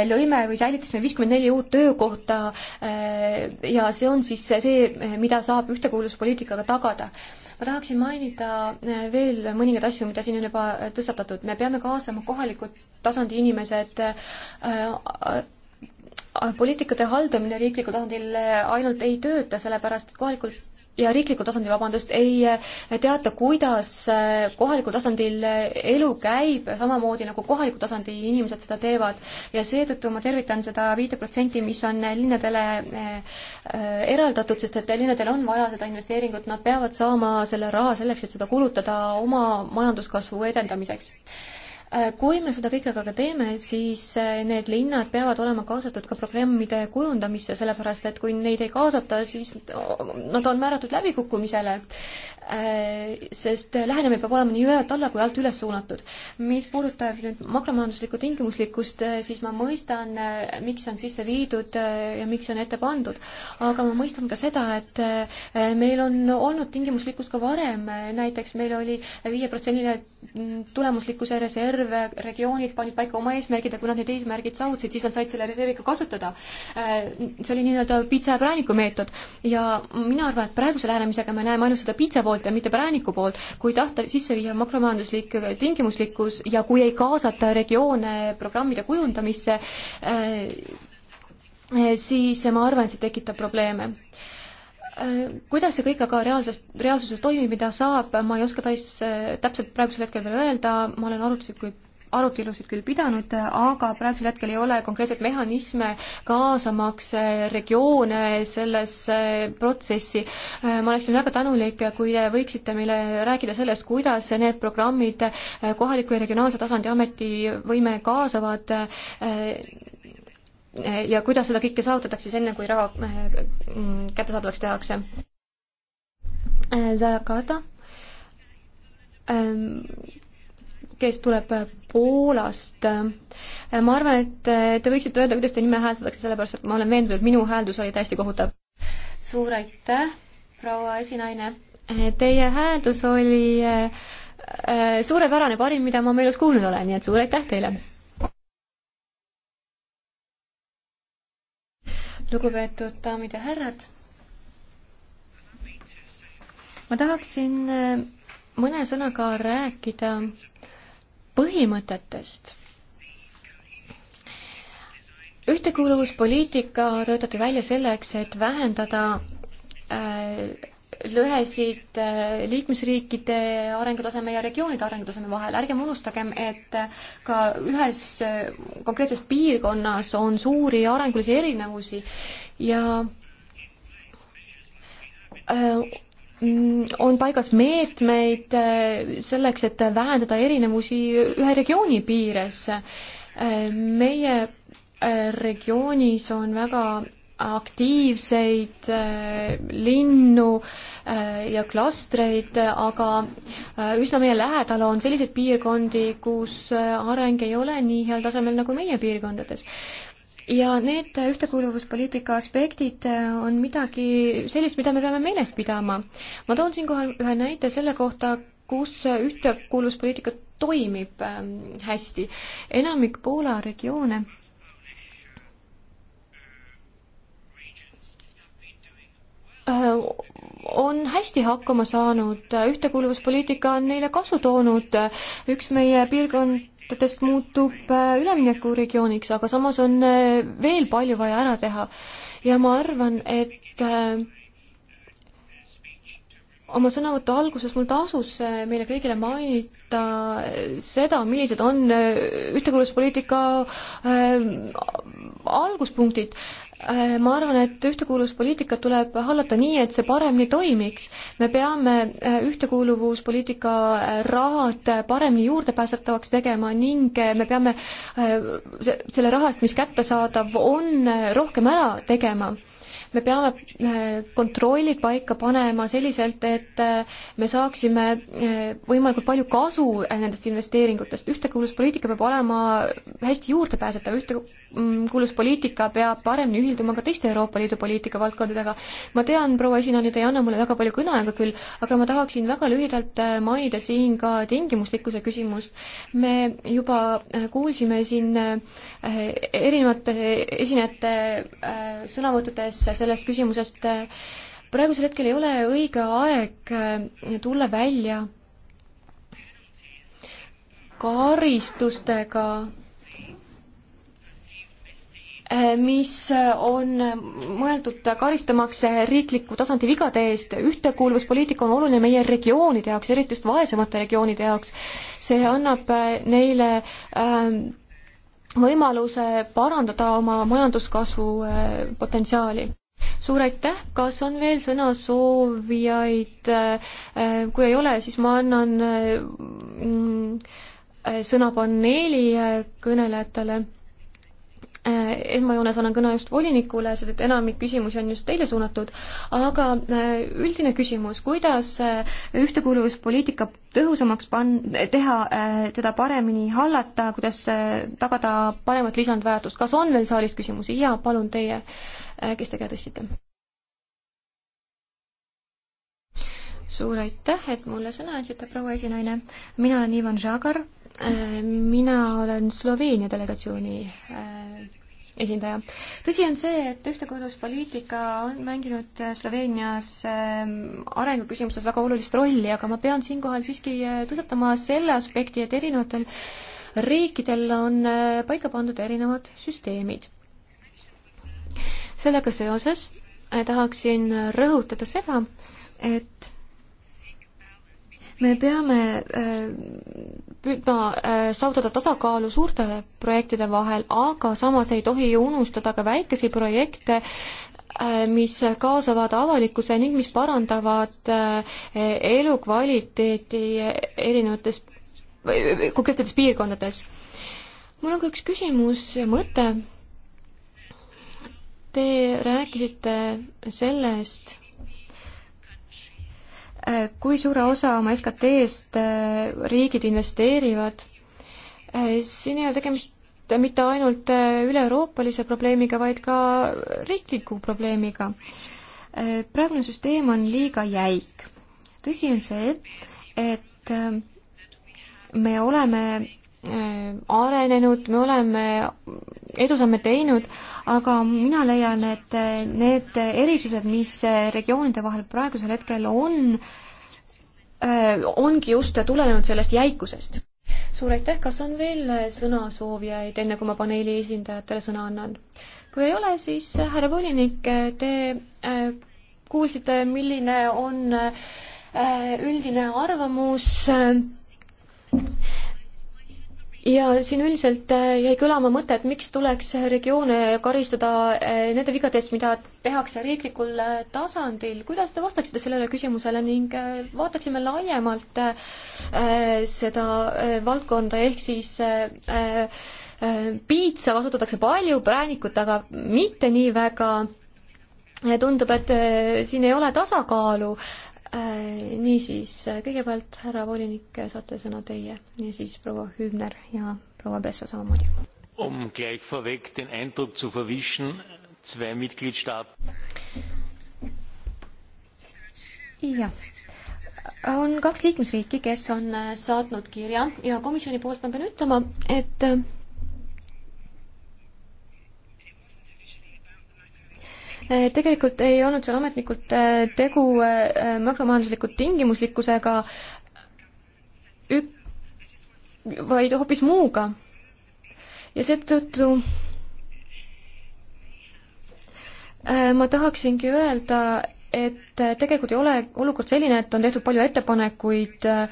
[SPEAKER 3] lõime või säilitasime viiskümmend neli uut töökohta ja see on siis see, mida saab ühtekuuluvuspoliitikaga tagada ma tahaksin mainida veel mõningaid asju, mida siin on juba tõstatatud, me peame kaasama kohaliku tasandi inimesed, Ah, poliitikate haldamine riiklikul tasandil eh, ainult ei tööta, sellepärast et kohalikul ja riiklikul tasandil, vabandust, ei eh, teata, kuidas eh, kohalikul tasandil elu käib, samamoodi nagu kohaliku tasandi inimesed seda teevad. ja seetõttu ma tervitan seda viite protsenti, mis on linnadele eraldatud, sest et linnadel on vaja seda investeeringut, nad peavad saama selle raha selleks, et seda kulutada oma majanduskasvu edendamiseks Äh, kui me seda kõike aga ka teeme, siis äh, need linnad peavad olema kaasatud ka programmide kujundamisse, sellepärast et kui neid ei kaasata, siis äh, nad on määratud läbikukkumisele. Sest lähenemine peab olema nii ülevalt alla kui alt üles suunatud. mis puudutab nüüd makromajanduslikku tingimuslikkust, siis ma mõistan, miks see on sisse viidud ja miks see on ette pandud. aga ma mõistan ka seda, et meil on olnud tingimuslikkus ka varem, näiteks meil oli viieprotsendiline mm, tulemuslikkuse reserv, reservregioonid panid paika oma eesmärgid ja kui nad need eesmärgid saavutasid, siis nad said selle reservi ka kasutada. Äh, see oli nii-öelda piitsa ja prääniku meetod ja mina arvan, et praeguse lähenemisega me näeme ainult seda piitsa poolt ja mitte prääniku poolt. kui tahta sisse viia makromajanduslik tingimuslikkus ja kui ei kaasata regioone programmide kujundamisse, äh, siis ma arvan, et see tekitab probleeme kuidas see kõik aga reaalses, reaalsuses toimib, mida saab, ma ei oska päris äh, täpselt praegusel hetkel veel öelda, ma olen arutlusi, kui arutelusid küll pidanud, aga praegusel hetkel ei ole konkreetseid mehhanisme kaasamaks äh, regioone sellesse äh, protsessi. ma oleksin väga tänulik, kui te võiksite meile rääkida sellest, kuidas need programmid kohaliku ja regionaalse tasandi ametivõime kaasavad ja kuidas seda kõike saavutatakse siis enne, kui raha mm, kättesaadavaks tehakse. Zagata, ähm, kes tuleb Poolast. Ähm, ma arvan, et te võiksite öelda, kuidas teie nime hääldatakse, sellepärast et ma olen veendunud, et minu hääldus oli täiesti kohutav. suur aitäh, proua esinaine. Teie hääldus oli äh, äh, suurepärane, parim, mida ma oma elus kuulnud olen, nii et suur aitäh teile lugupeetud daamid ja härrad. ma tahaksin eh, mõne sõnaga rääkida põhimõtetest. ühtekuuluvuspoliitika töötati välja selleks, et vähendada äh, lõhesid äh, liikmesriikide arengutaseme ja regioonide arengutaseme vahel, ärgem unustagem, et äh, ka ühes äh, konkreetses piirkonnas on suuri arengulisi erinevusi ja mm, on paigas meetmeid selleks, et vähendada erinevusi ühe regiooni piires. meie regioonis on väga aktiivseid äh, linnu äh, ja klastreid, aga äh, üsna meie lähedal on selliseid piirkondi, kus areng ei ole nii heal tasemel nagu meie piirkondades ja need ühtekuuluvuspoliitika aspektid on midagi sellist, mida me peame meeles pidama. ma toon siinkohal ühe näite selle kohta, kus ühtekuuluvuspoliitika toimib ähm, hästi. enamik Poola regioone Äh, on hästi hakkama saanud, ühtekuuluvuspoliitika on neile kasu toonud, üks meie piirkondadest muutub äh, üleminekuregiooniks, aga samas on äh, veel palju vaja ära teha. ja ma arvan, et oma sõnavõtu alguses mul tasus meile kõigile mainida seda, millised on ühtekuuluvuspoliitika alguspunktid. Äh, ma arvan, et ühtekuuluvuspoliitikat tuleb hallata nii, et see paremini toimiks. me peame äh, ühtekuuluvuspoliitika äh, rahad paremini juurdepääsetavaks tegema ning me peame selle raha eest, mis kättesaadav on, rohkem ära tegema me peame äh, kontrollid paika panema selliselt, et äh, me saaksime äh, võimalikult palju kasu nendest investeeringutest, ühtekuuluvuspoliitika peab olema hästi juurdepääsetav, ühtekuuluvuspoliitika peab paremini ühilduma ka teiste Euroopa Liidu poliitikavaldkondadega. ma tean, proua esinaine, te ei anna mulle väga palju kõneaega küll, aga ma tahaksin väga lühidalt mainida siin ka tingimuslikkuse küsimust. me juba kuulsime siin erinevate esinejate sõnavõttudes sellest küsimusest. praegusel hetkel ei ole õige aeg äh, tulla välja karistustega, äh, mis on mõeldud karistamaks riikliku tasandi vigade eest. ühtekuuluvuspoliitika on oluline meie regioonide jaoks, eriti just vaesemate regioonide jaoks. see annab äh, neile ähm, võimaluse parandada oma majanduskasvu potentsiaali suur aitäh, kas on veel sõnasoovijaid, äh, äh, kui ei ole, siis ma annan äh, mm, sõna paneeli kõnelejatele Äh, esmajoones annan kõne just volinikule, sest et enamik küsimusi on just teile suunatud, aga äh, üldine küsimus, kuidas äh, ühtekuuluvuspoliitika tõhusamaks pan-, teha, teda paremini hallata, kuidas tagada paremat lisandväärtust, kas on veel saalis küsimusi? jaa, palun teie, kes te käe tõstsite? suur aitäh, et mulle sõna andsite, proua esinaine, mina olen Ivan Žagar Äh, mina olen Sloveenia delegatsiooni äh, esindaja. tõsi on see, et ühtekorralduspoliitika on mänginud äh, Sloveenias arenguküsimustes väga olulist rolli, aga ma pean siinkohal siiski tõstatama selle aspekti, et erinevatel riikidel on paika pandud erinevad süsteemid. sellega seoses tahaksin rõhutada seda, et me peame äh, püüdma äh, saavutada tasakaalu suurte projektide vahel, aga samas ei tohi unustada ka väikesi projekte, äh, mis kaasavad avalikkuse ning mis parandavad elukvaliteeti erinevates, konkreetsetes piirkondades. mul on ka üks küsimus ja mõte. Te rääkisite sellest kui suure osa oma SKT-st äh, riigid investeerivad. Äh, siin ei ole tegemist mitte ainult äh, üle-euroopalise probleemiga, vaid ka riikliku probleemiga. praegune süsteem on liiga jäik. tõsi on see, et me oleme Äh, arenenud, me oleme edusamme teinud, aga mina leian, et äh, need erisused, mis äh, regioonide vahel praegusel hetkel on, ongi just tulenenud sellest jäikusest. suur aitäh, kas on veel sõnasoovijaid, enne kui ma paneeli esindajatele sõna annan? kui ei ole, siis härra volinik, te kuulsite, milline on üldine arvamus ja siin üldiselt äh, jäi kõlama mõte, et miks tuleks regioone karistada äh, nende vigadest, mida tehakse riiklikul äh, tasandil. kuidas te vastaksite sellele küsimusele ning vaataksime laiemalt seda valdkonda, ehk siis piitsa kasutatakse palju, präänikut aga mitte nii väga. tundub, et siin ei ole tasakaalu Äh, niisiis, äh, kõigepealt härra volinik, äh, saate sõna teie ja siis proua Hübner ja proua Bresso samamoodi.
[SPEAKER 1] Um gleich vorweg den Eindruck zu verwischen, zwei Mitgliedstaaten.
[SPEAKER 3] jah, on kaks liikmesriiki, kes on saatnud kirja ja komisjoni poolt ma pean ütlema, et Eh, tegelikult ei olnud seal ametnikult eh, tegu eh, makromajandusliku tingimuslikkusega, ük-, vaid hoopis muuga. ja seetõttu ma tahaksingi öelda, et tegelikult ei ole olukord selline, et on tehtud palju ettepanekuid äh,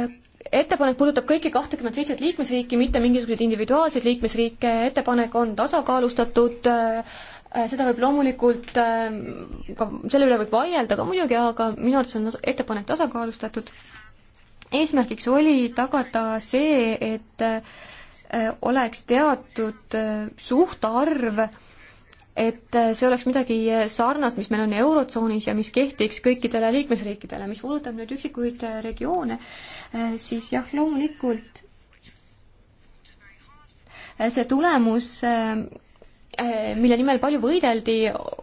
[SPEAKER 3] äh ettepanek puudutab kõiki kahtekümmet seitset liikmesriiki, mitte mingisuguseid individuaalseid liikmesriike, ettepanek on tasakaalustatud, äh, äh, seda võib loomulikult, äh, ka selle üle võib vaielda ka muidugi, aga minu arvates on ettepanek tasakaalustatud. eesmärgiks oli tagada see, et oleks teatud suhtarv et see oleks midagi sarnast, mis meil on Eurotsoonis ja mis kehtiks kõikidele liikmesriikidele. mis puudutab nüüd üksikuid regioone, siis jah, loomulikult see tulemus, mille nimel palju võideldi,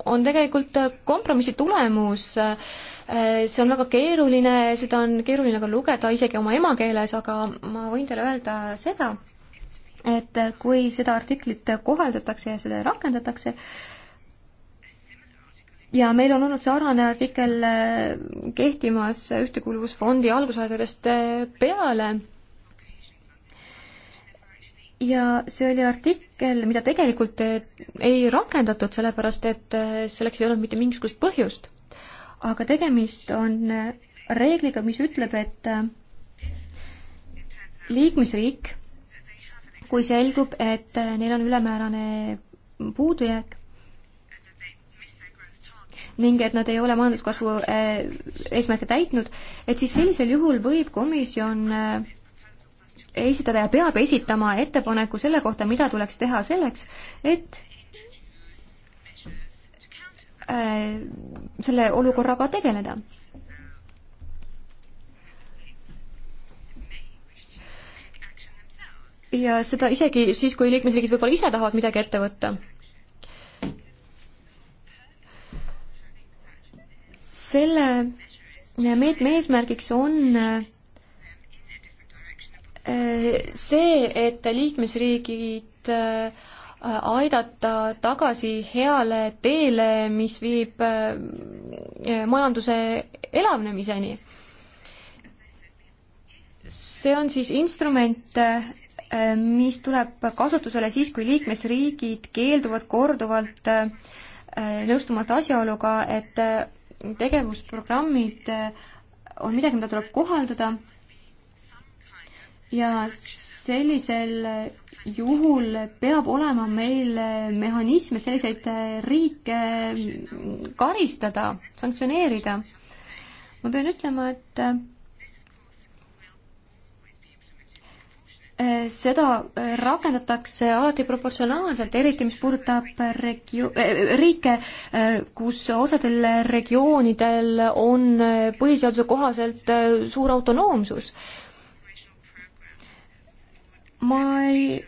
[SPEAKER 3] on tegelikult kompromissi tulemus. see on väga keeruline, seda on keeruline ka lugeda isegi oma emakeeles, aga ma võin teile öelda seda, et kui seda artiklit kohaldatakse ja seda rakendatakse, ja meil on olnud sarnane artikkel äh, kehtimas Ühtekuuluvusfondi algusaegadest äh, peale ja see oli artikkel, mida tegelikult äh, ei rakendatud, sellepärast et selleks ei olnud mitte mingisugust põhjust. aga tegemist on reegliga, mis ütleb, et liikmesriik kui selgub, et äh, neil on ülemäärane puudujääk ning et nad ei ole majanduskasvu äh, eesmärke täitnud, et siis sellisel juhul võib komisjon äh, esitada ja peab esitama ettepaneku selle kohta, mida tuleks teha selleks, et selle olukorraga tegeleda ja seda isegi siis, kui liikmesriigid võib-olla ise tahavad midagi ette võtta. selle meetme eesmärgiks on äh, see, et liikmesriigid äh, aidata tagasi heale teele, mis viib äh, majanduse elavnemiseni see on siis instrument, mis tuleb kasutusele siis, kui liikmesriigid keelduvad korduvalt äh, nõustumast asjaoluga, et äh, tegevusprogrammid äh, on midagi, mida tuleb kohaldada ja sellisel juhul peab olema meil mehhanism, et selliseid riike karistada, sanktsioneerida. ma pean ütlema, et seda rakendatakse alati proportsionaalselt, eriti mis puudutab regio-, eh, riike, eh, kus osadel regioonidel on põhiseaduse kohaselt eh, suur autonoomsus. ma ei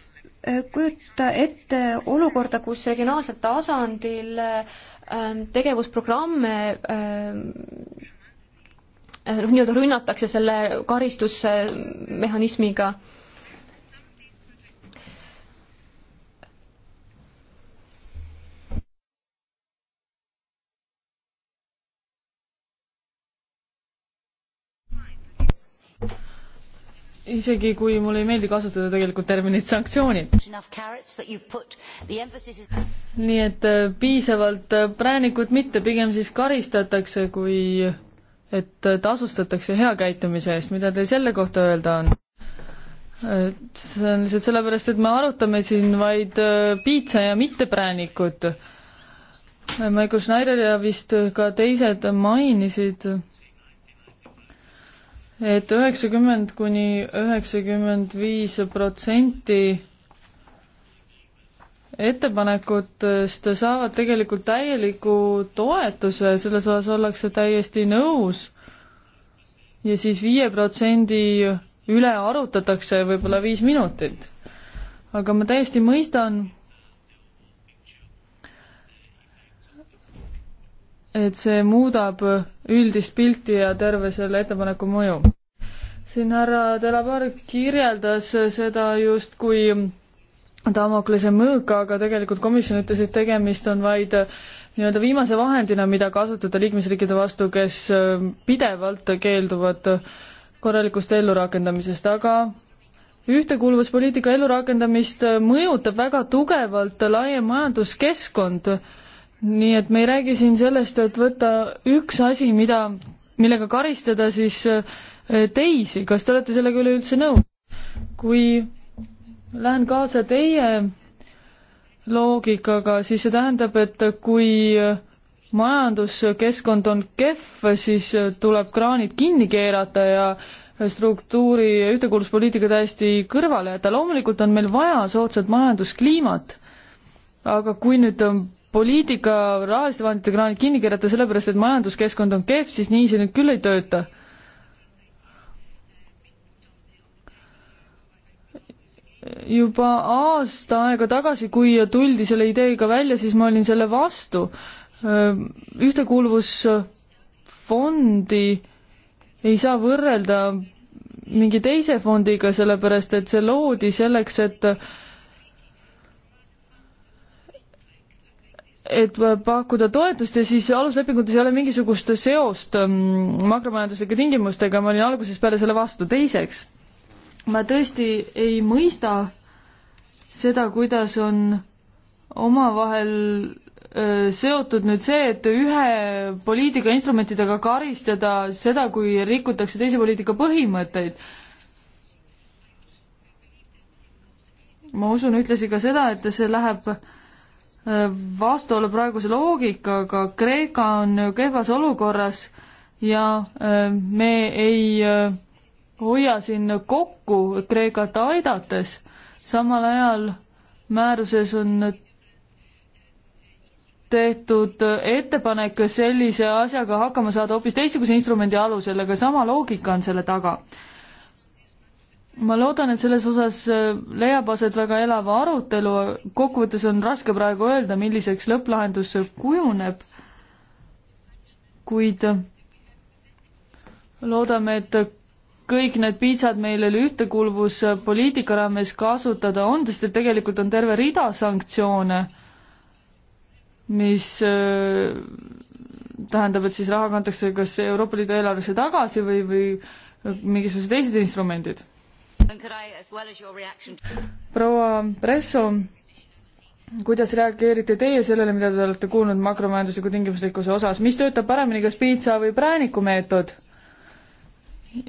[SPEAKER 3] kujuta ette olukorda, kus regionaalsel tasandil tegevusprogramme noh, nii-öelda rünnatakse selle karistusmehhanismiga äh,
[SPEAKER 4] isegi kui mulle ei meeldi kasutada tegelikult terminit sanktsioonid. nii et äh, piisavalt äh, präänikut mitte, pigem siis karistatakse, kui et äh, tasustatakse hea käitumise eest, mida teil selle kohta öelda on? see on lihtsalt sellepärast, et me arutame siin vaid piitsa ja mittepräännikut. Michael Schneider ja vist ka teised mainisid et üheksakümmend kuni üheksakümmend viis protsenti ettepanekutest saavad tegelikult täieliku toetuse, selles osas ollakse täiesti nõus. ja siis viie protsendi üle arutatakse võib-olla viis minutit. aga ma täiesti mõistan et see muudab üldist pilti ja terve selle ettepaneku mõju. siin härra Delabar kirjeldas seda justkui Damoklese mõõka, aga tegelikult komisjon ütles, et tegemist on vaid nii-öelda viimase vahendina, mida kasutada liikmesriikide vastu, kes äh, pidevalt keelduvad korralikust ellurakendamisest, aga ühtekuuluvuspoliitika ellurakendamist äh, mõjutab väga tugevalt laiem majanduskeskkond nii et me ei räägi siin sellest, et võtta üks asi, mida, millega karistada siis eh, teisi, kas te olete sellega üleüldse nõus? kui lähen kaasa teie loogikaga, siis see tähendab, et kui majanduskeskkond on kehv, siis tuleb kraanid kinni keerata ja struktuuri ja ühtekuuluvuspoliitika täiesti kõrvale jätta. loomulikult on meil vaja soodsat majanduskliimat, aga kui nüüd poliitika rahaliste vahendite kraanid kinni keerata, sellepärast et majanduskeskkond on kehv, siis nii see nüüd küll ei tööta. juba aasta aega tagasi, kui tuldi selle ideega välja, siis ma olin selle vastu. ühtekuuluvusfondi ei saa võrrelda mingi teise fondiga, sellepärast et see loodi selleks, et et pakkuda toetust ja siis aluslepingutes ei ole mingisugust seost ähm, makromajanduslike tingimustega, ma olin algusest peale selle vastu. teiseks, ma tõesti ei mõista seda, kuidas on omavahel äh, seotud nüüd see, et ühe poliitika instrumentidega karistada seda, kui rikutakse teise poliitika põhimõtteid ma usun ühtlasi ka seda, et see läheb vastuolu praeguse loogikaga, Kreeka on kehvas olukorras ja äh, me ei äh, hoia siin kokku Kreekat aidates, samal ajal määruses on tehtud ettepanek sellise asjaga hakkama saada hoopis teistsuguse instrumendi alusel, aga sama loogika on selle taga ma loodan, et selles osas äh, leiab aset väga elava arutelu, kokkuvõttes on raske praegu öelda, milliseks lõpplahendus kujuneb, kuid äh, loodame, et kõik need piitsad meil oli ühtekuuluvuspoliitika äh, raames kasutada on, sest et tegelikult on terve rida sanktsioone, mis äh, tähendab, et siis raha kantakse kas Euroopa Liidu eelarvesse tagasi või, või mingisugused teised instrumendid proua Presso, kuidas reageerite teie sellele, mida te olete kuulnud makromajandusliku tingimuslikkuse osas, mis töötab paremini, kas piitsa või prääniku meetod?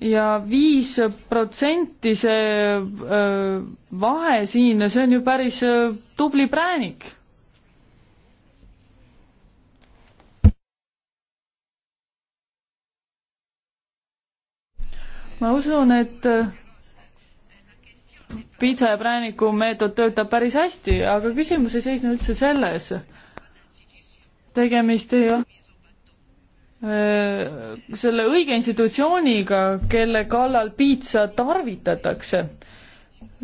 [SPEAKER 4] ja viis protsenti see öö, vahe siin, see on ju päris öö, tubli präänik ma usun, et piitsa ja prääniku meetod töötab päris hästi, aga küsimus ei seisne üldse selles. tegemist ei ole äh, selle õige institutsiooniga, kelle kallal piitsa tarvitatakse.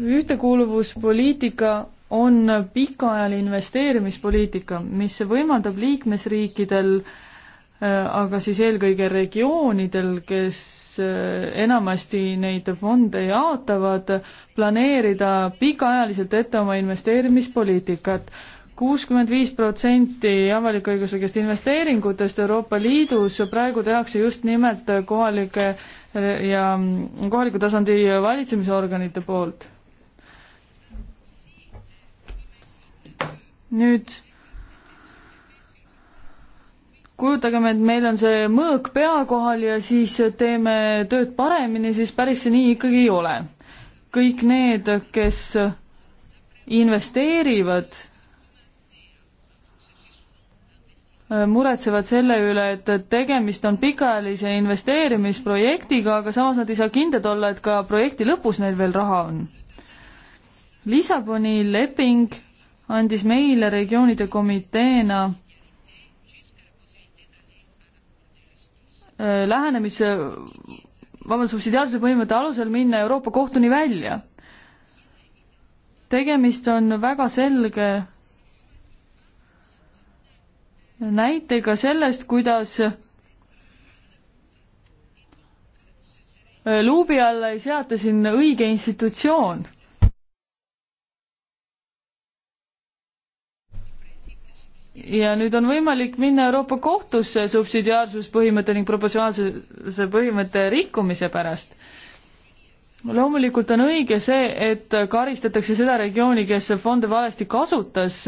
[SPEAKER 4] ühtekuuluvuspoliitika on pikaajaline investeerimispoliitika, mis võimaldab liikmesriikidel, äh, aga siis eelkõige regioonidel, kes Äh, enamasti neid fonde jaotavad, planeerida pikaajaliselt ette oma investeerimispoliitikat. kuuskümmend viis protsenti avalik-õiguslikest investeeringutest Euroopa Liidus praegu tehakse just nimelt kohalike äh, ja kohaliku tasandi valitsemisorganite poolt. nüüd kujutagem, et meil on see mõõk pea kohal ja siis teeme tööd paremini, siis päris see nii ikkagi ei ole. kõik need, kes investeerivad, äh, muretsevad selle üle, et tegemist on pikaajalise investeerimisprojektiga, aga samas nad ei saa kindlad olla, et ka projekti lõpus neil veel raha on. Lissaboni leping andis meile regioonide komiteena Äh, lähenemise, vabandust, subsidiaarsuse põhimõtte alusel minna Euroopa Kohtuni välja. tegemist on väga selge näitega sellest, kuidas äh, luubi alla ei seata siin õige institutsioon ja nüüd on võimalik minna Euroopa kohtusse subsidiaarsuspõhimõtte ning proportsionaalsuse põhimõtte rikkumise pärast. loomulikult on õige see, et karistatakse seda regiooni, kes fonde valesti kasutas,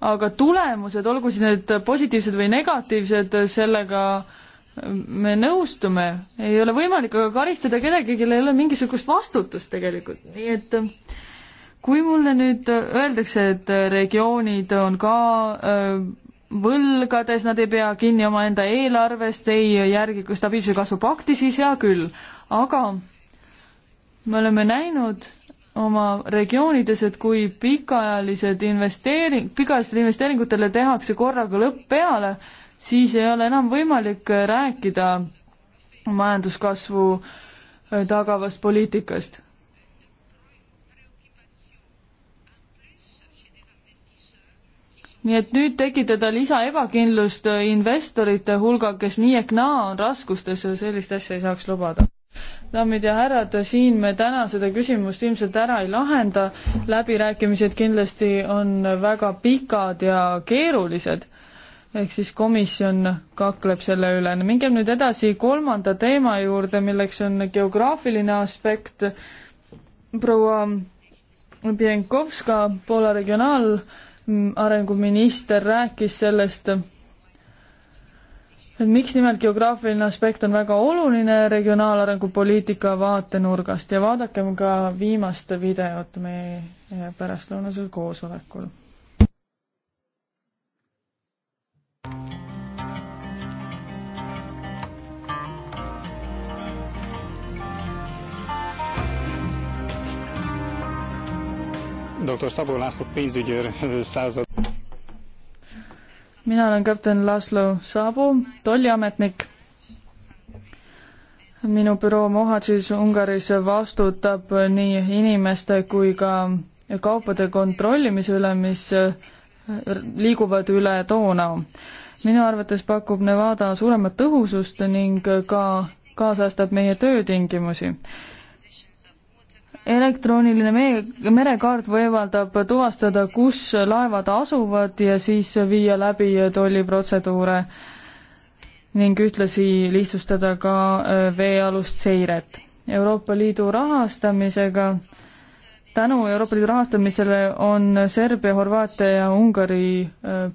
[SPEAKER 4] aga tulemused, olgu siis need positiivsed või negatiivsed, sellega me nõustume, ei ole võimalik aga karistada kedagi, kellel ei ole mingisugust vastutust tegelikult, nii et kui mulle nüüd öeldakse, et regioonid on ka äh, võlgades, nad ei pea kinni omaenda eelarvest, ei järgi stabiilsuse kasvu pakti, siis hea küll, aga me oleme näinud oma regioonides, et kui pikaajalised investeering, pikaajalistele investeeringutele tehakse korraga lõpp peale, siis ei ole enam võimalik rääkida majanduskasvu tagavast poliitikast nii et nüüd tekitada lisa ebakindlust äh, investorite hulga, kes nii ehk naa on raskustes, sellist asja ei saaks lubada. daamid ja härrad, siin me täna seda küsimust ilmselt ära ei lahenda, läbirääkimised kindlasti on väga pikad ja keerulised, ehk siis komisjon kakleb selle üle. mingem nüüd edasi kolmanda teema juurde, milleks on geograafiline aspekt, proua Pienkovska, Poola regionaal- arenguminister rääkis sellest, et miks nimelt geograafiline aspekt on väga oluline regionaalarengu poliitika vaatenurgast ja vaadakem ka viimast videot meie pärastlõunasel koosolekul.
[SPEAKER 1] Dr. Szabó László pénzügyőr század.
[SPEAKER 4] mina olen kapten Laslo Sabo, tolliametnik. minu büroo Mohatšis Ungaris vastutab nii inimeste kui ka kaupade kontrollimise üle, mis äh, liiguvad üle Donau. minu arvates pakub Nevada suuremat tõhusust ning ka kaasajastab meie töötingimusi elektrooniline me-, merekaart võimaldab tuvastada, kus laevad asuvad ja siis viia läbi tolliprotseduure ning ühtlasi lihtsustada ka äh, veealust seiret. Euroopa Liidu rahastamisega, tänu Euroopa Liidu rahastamisele on Serbia, Horvaatia ja Ungari äh,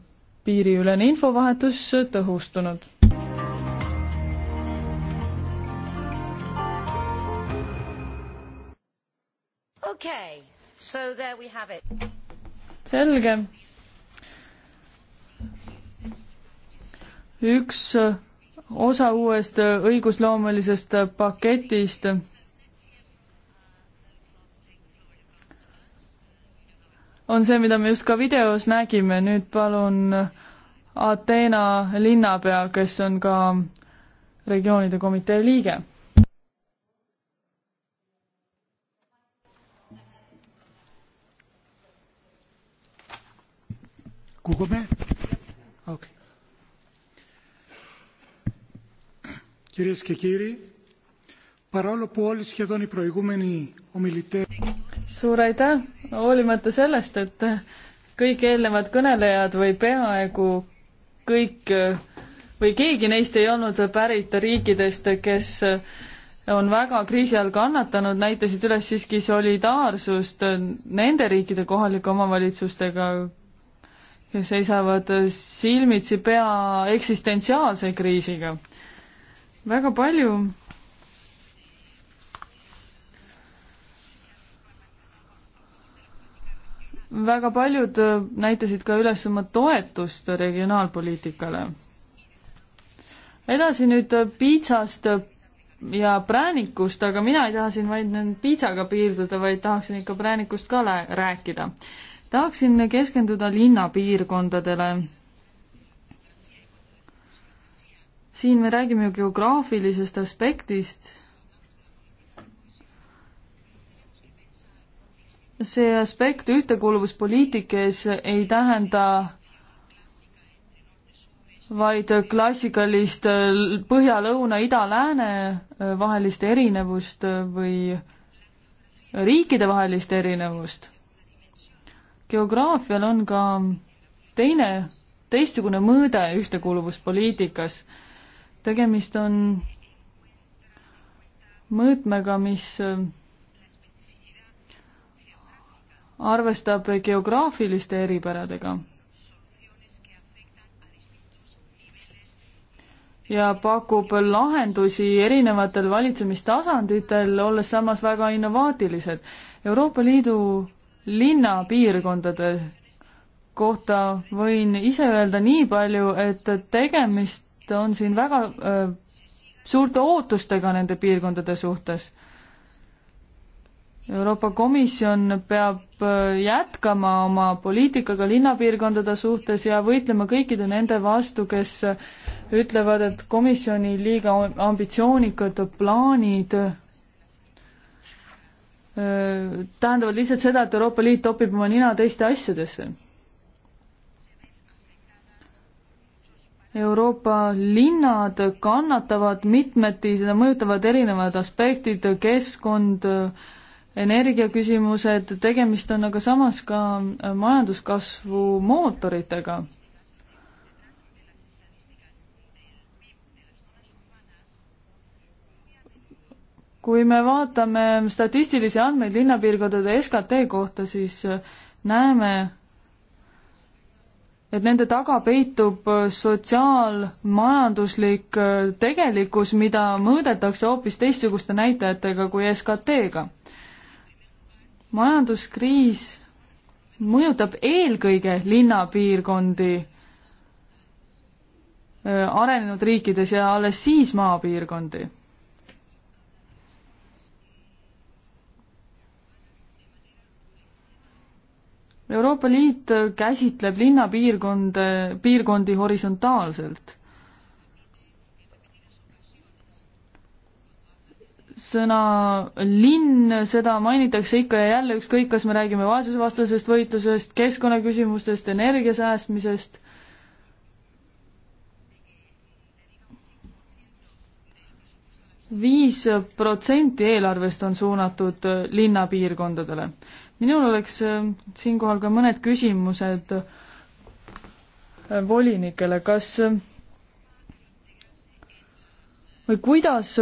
[SPEAKER 4] piiriülene infovahetus tõhustunud
[SPEAKER 1] Okay, so there we have it.
[SPEAKER 4] selge. üks äh, osa uuest äh, õigusloomelisest äh, paketist. on see, mida me just ka videos nägime, nüüd palun Ateena linnapea, kes on ka regioonide komitee liige
[SPEAKER 1] Ακούγομαι. Okay. Κυρίες και κύριοι,
[SPEAKER 4] παρόλο που όλοι σχεδόν οι προηγούμενοι ομιλητές... Suur aitäh, hoolimata sellest, et kõik eelnevad kõnelejad või peaaegu kõik või keegi neist ei olnud pärit riikidest, kes on väga kriisi all kannatanud, näitasid üles siiski solidaarsust nende riikide kohalike omavalitsustega, seisavad silmitsi pea eksistentsiaalse kriisiga. väga palju väga paljud näitasid ka üles oma toetust regionaalpoliitikale. edasi nüüd piitsast ja präänikust, aga mina ei taha siin vaid piitsaga piirduda, vaid tahaksin ikka präänikust ka rääkida tahaksin keskenduda linnapiirkondadele. siin me räägime ju geograafilisest aspektist. see aspekt ühtekuuluvuspoliitikas ei tähenda vaid klassikalist põhja-lõuna, ida-lääne vahelist erinevust või riikidevahelist erinevust geograafial on ka teine, teistsugune mõõde ühtekuuluvuspoliitikas. tegemist on mõõtmega, mis äh, arvestab geograafiliste eripäradega ja pakub lahendusi erinevatel valitsemistasanditel, olles samas väga innovaatilised. Euroopa Liidu linnapiirkondade kohta võin ise öelda nii palju, et tegemist on siin väga äh, suurte ootustega nende piirkondade suhtes. Euroopa Komisjon peab äh, jätkama oma poliitikaga linnapiirkondade suhtes ja võitlema kõikide nende vastu, kes ütlevad, et komisjoni liiga ambitsioonikad plaanid tähendavad lihtsalt seda, et Euroopa Liit topib oma nina teiste asjadesse. Euroopa linnad kannatavad mitmeti, seda mõjutavad erinevad aspektid, keskkond, energiaküsimused, tegemist on aga samas ka majanduskasvu mootoritega kui me vaatame statistilisi andmeid linnapiirkondade SKT kohta, siis äh, näeme, et nende taga peitub äh, sotsiaalmajanduslik äh, tegelikkus, mida mõõdetakse hoopis teistsuguste näitajatega kui SKT-ga. majanduskriis mõjutab eelkõige linnapiirkondi arenenud riikides ja alles siis maapiirkondi Euroopa Liit käsitleb linnapiirkonda, piirkondi horisontaalselt. sõna linn, seda mainitakse ikka ja jälle, ükskõik, kas me räägime vaesusevastasest võitlusest, keskkonnaküsimustest, energia säästmisest, viis protsenti eelarvest on suunatud linnapiirkondadele minul oleks ähm, siinkohal ka mõned küsimused äh, volinikele, kas ähm, või kuidas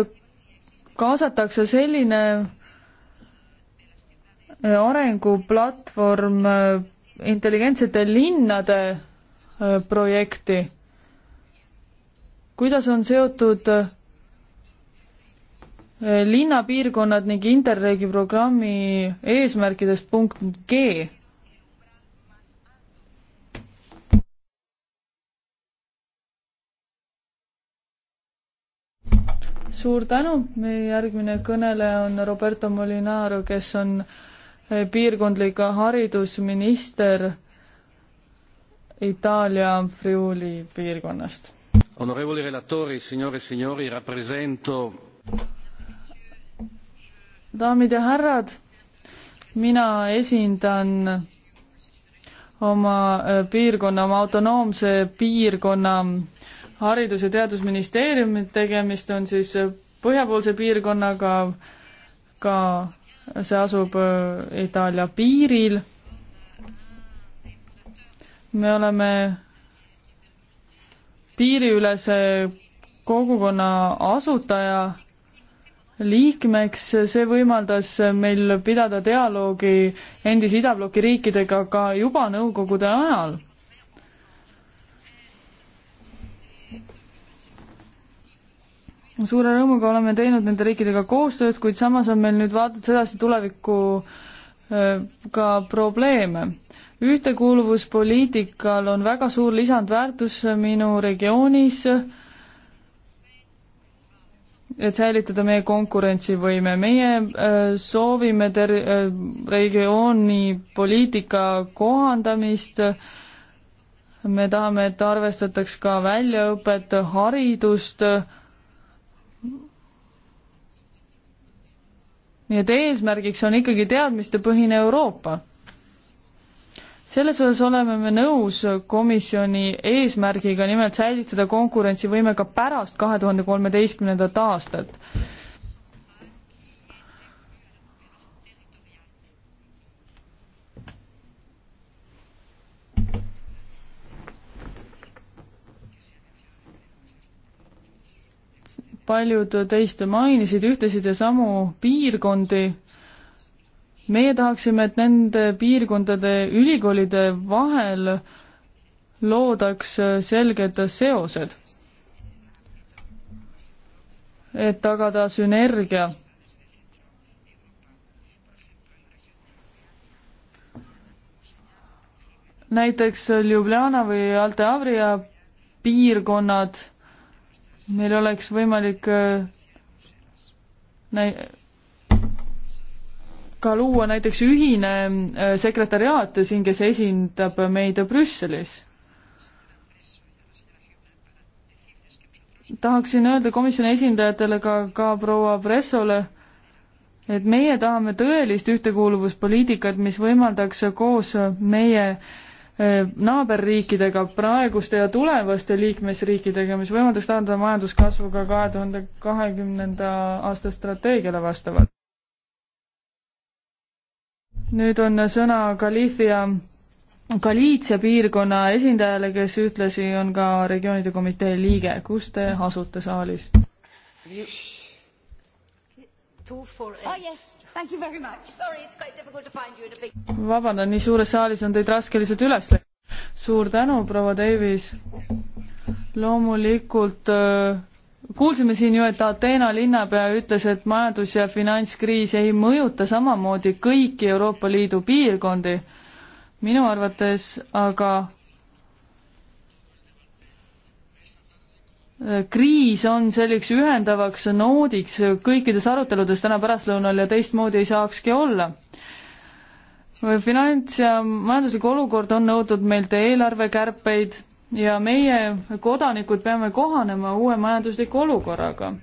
[SPEAKER 4] kaasatakse selline äh, arenguplatvorm äh, intelligentsete linnade projekti, kuidas on seotud Äh, linnapiirkonnad ning Interregi programmi eesmärkides punkt G. suur tänu, meie järgmine kõneleja on Roberto Molinaro, kes on äh, piirkondlik haridusminister Itaalia Friuli piirkonnast.
[SPEAKER 1] Onorevoli relatori, signore, e signori, rappresento
[SPEAKER 4] daamid ja härrad, mina esindan oma äh, piirkonna, oma autonoomse piirkonna haridus- ja teadusministeeriumi, tegemist on siis äh, põhjapoolse piirkonnaga, ka see asub äh, Itaalia piiril. me oleme piiriülese kogukonna asutaja liikmeks, see võimaldas meil pidada dialoogi endise idabloki riikidega ka juba nõukogude ajal. suure rõõmuga oleme teinud nende riikidega koostööd, kuid samas on meil nüüd vaadates edasi tulevikku äh, ka probleeme. ühtekuuluvuspoliitikal on väga suur lisandväärtus minu regioonis äh, et säilitada meie konkurentsivõime. meie äh, soovime ter-, äh, regiooni poliitika kohandamist, me tahame, et arvestataks ka väljaõpet, haridust, nii et eesmärgiks on ikkagi teadmistepõhine Euroopa selles osas oleme me nõus komisjoni eesmärgiga nimelt säilitada konkurentsivõime ka pärast kahe tuhande kolmeteistkümnendat aastat. paljud teist mainisid ühtesid ja samu piirkondi meie tahaksime, et nende piirkondade ülikoolide vahel loodaks selged seosed, et tagada sünergia näiteks Ljubljana või Alte Avria piirkonnad, meil oleks võimalik äh, näi-, ka luua näiteks ühine äh, sekretäriaat siin, kes esindab meid Brüsselis. tahaksin öelda komisjoni esindajatele ka, ka proua Pressole, et meie tahame tõelist ühtekuuluvuspoliitikat, mis võimaldaks koos meie äh, naaberriikidega, praeguste ja tulevaste liikmesriikidega, mis võimaldaks taandada majanduskasvuga kahe tuhande kahekümnenda aasta strateegiale vastavalt nüüd on sõna Galithia, Galiitsia piirkonna esindajale, kes ühtlasi on ka regioonide komitee liige. kus te asute saalis? Oh, vabandan, nii suures saalis on teid raske lihtsalt üles leida. suur tänu, proua Davis. loomulikult äh, kuulsime siin ju, et Ateena linnapea ütles, et majandus- ja finantskriis ei mõjuta samamoodi kõiki Euroopa Liidu piirkondi. minu arvates aga kriis on selliseks ühendavaks noodiks kõikides aruteludes täna pärastlõunal ja teistmoodi ei saakski olla finants- ja majanduslik olukord on nõudnud meilt eelarvekärpeid ja meie kodanikud peame kohanema uue majandusliku olukorraga.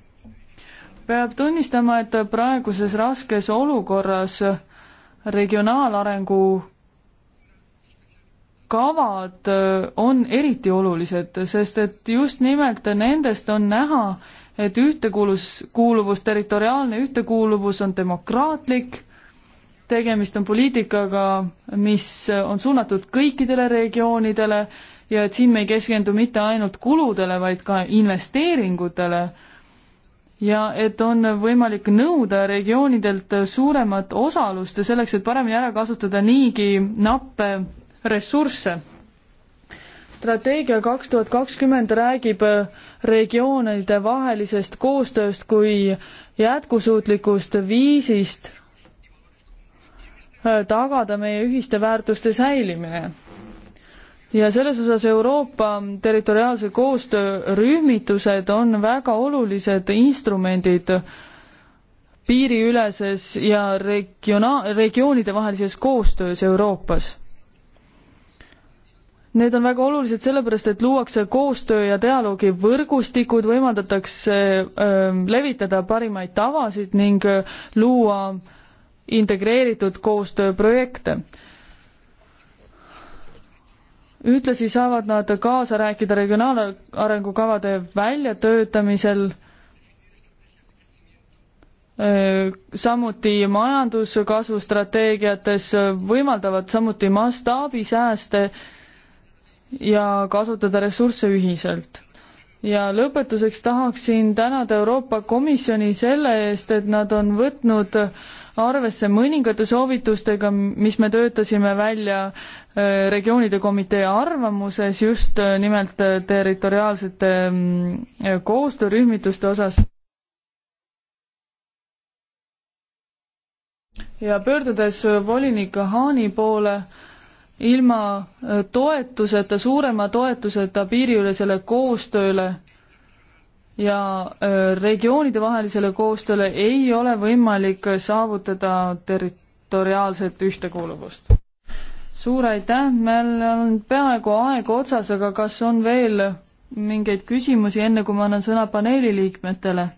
[SPEAKER 4] peab tunnistama, et praeguses raskes olukorras regionaalarengu kavad äh, on eriti olulised, sest et just nimelt nendest on näha, et ühtekuuluvus, kuuluvus, territoriaalne ühtekuuluvus on demokraatlik, tegemist on poliitikaga, mis on suunatud kõikidele regioonidele ja et siin me ei keskendu mitte ainult kuludele, vaid ka investeeringutele ja et on võimalik nõuda regioonidelt suuremat osalust ja selleks, et paremini ära kasutada niigi nappe ressursse. strateegia kaks tuhat kakskümmend räägib regioonide vahelisest koostööst kui jätkusuutlikust viisist tagada meie ühiste väärtuste säilimine ja selles osas Euroopa territoriaalse koostöö rühmitused on väga olulised instrumendid piiriüleses ja regiona-, regioonidevahelises koostöös Euroopas. Need on väga olulised sellepärast, et luuakse koostöö ja dialoogi võrgustikud, võimaldatakse äh, levitada parimaid tavasid ning äh, luua integreeritud koostööprojekte ühtlasi saavad nad kaasa rääkida regionaalarengukavade väljatöötamisel, samuti majanduskasvu strateegiates võimaldavad samuti mastaabisääste ja kasutada ressursse ühiselt ja lõpetuseks tahaksin tänada Euroopa Komisjoni selle eest, et nad on võtnud arvesse mõningate soovitustega, mis me töötasime välja äh, regioonide komitee arvamuses just äh, nimelt äh, territoriaalsete mm, koostöörühmituste osas. ja pöördudes volinik Haani poole, ilma äh, toetuseta, suurema toetuseta piiriülesele koostööle ja äh, regioonide vahelisele koostööle ei ole võimalik saavutada territoriaalset ühtekuuluvust. suur aitäh, meil on peaaegu aeg otsas, aga kas on veel mingeid küsimusi, enne kui ma annan sõna paneeli liikmetele?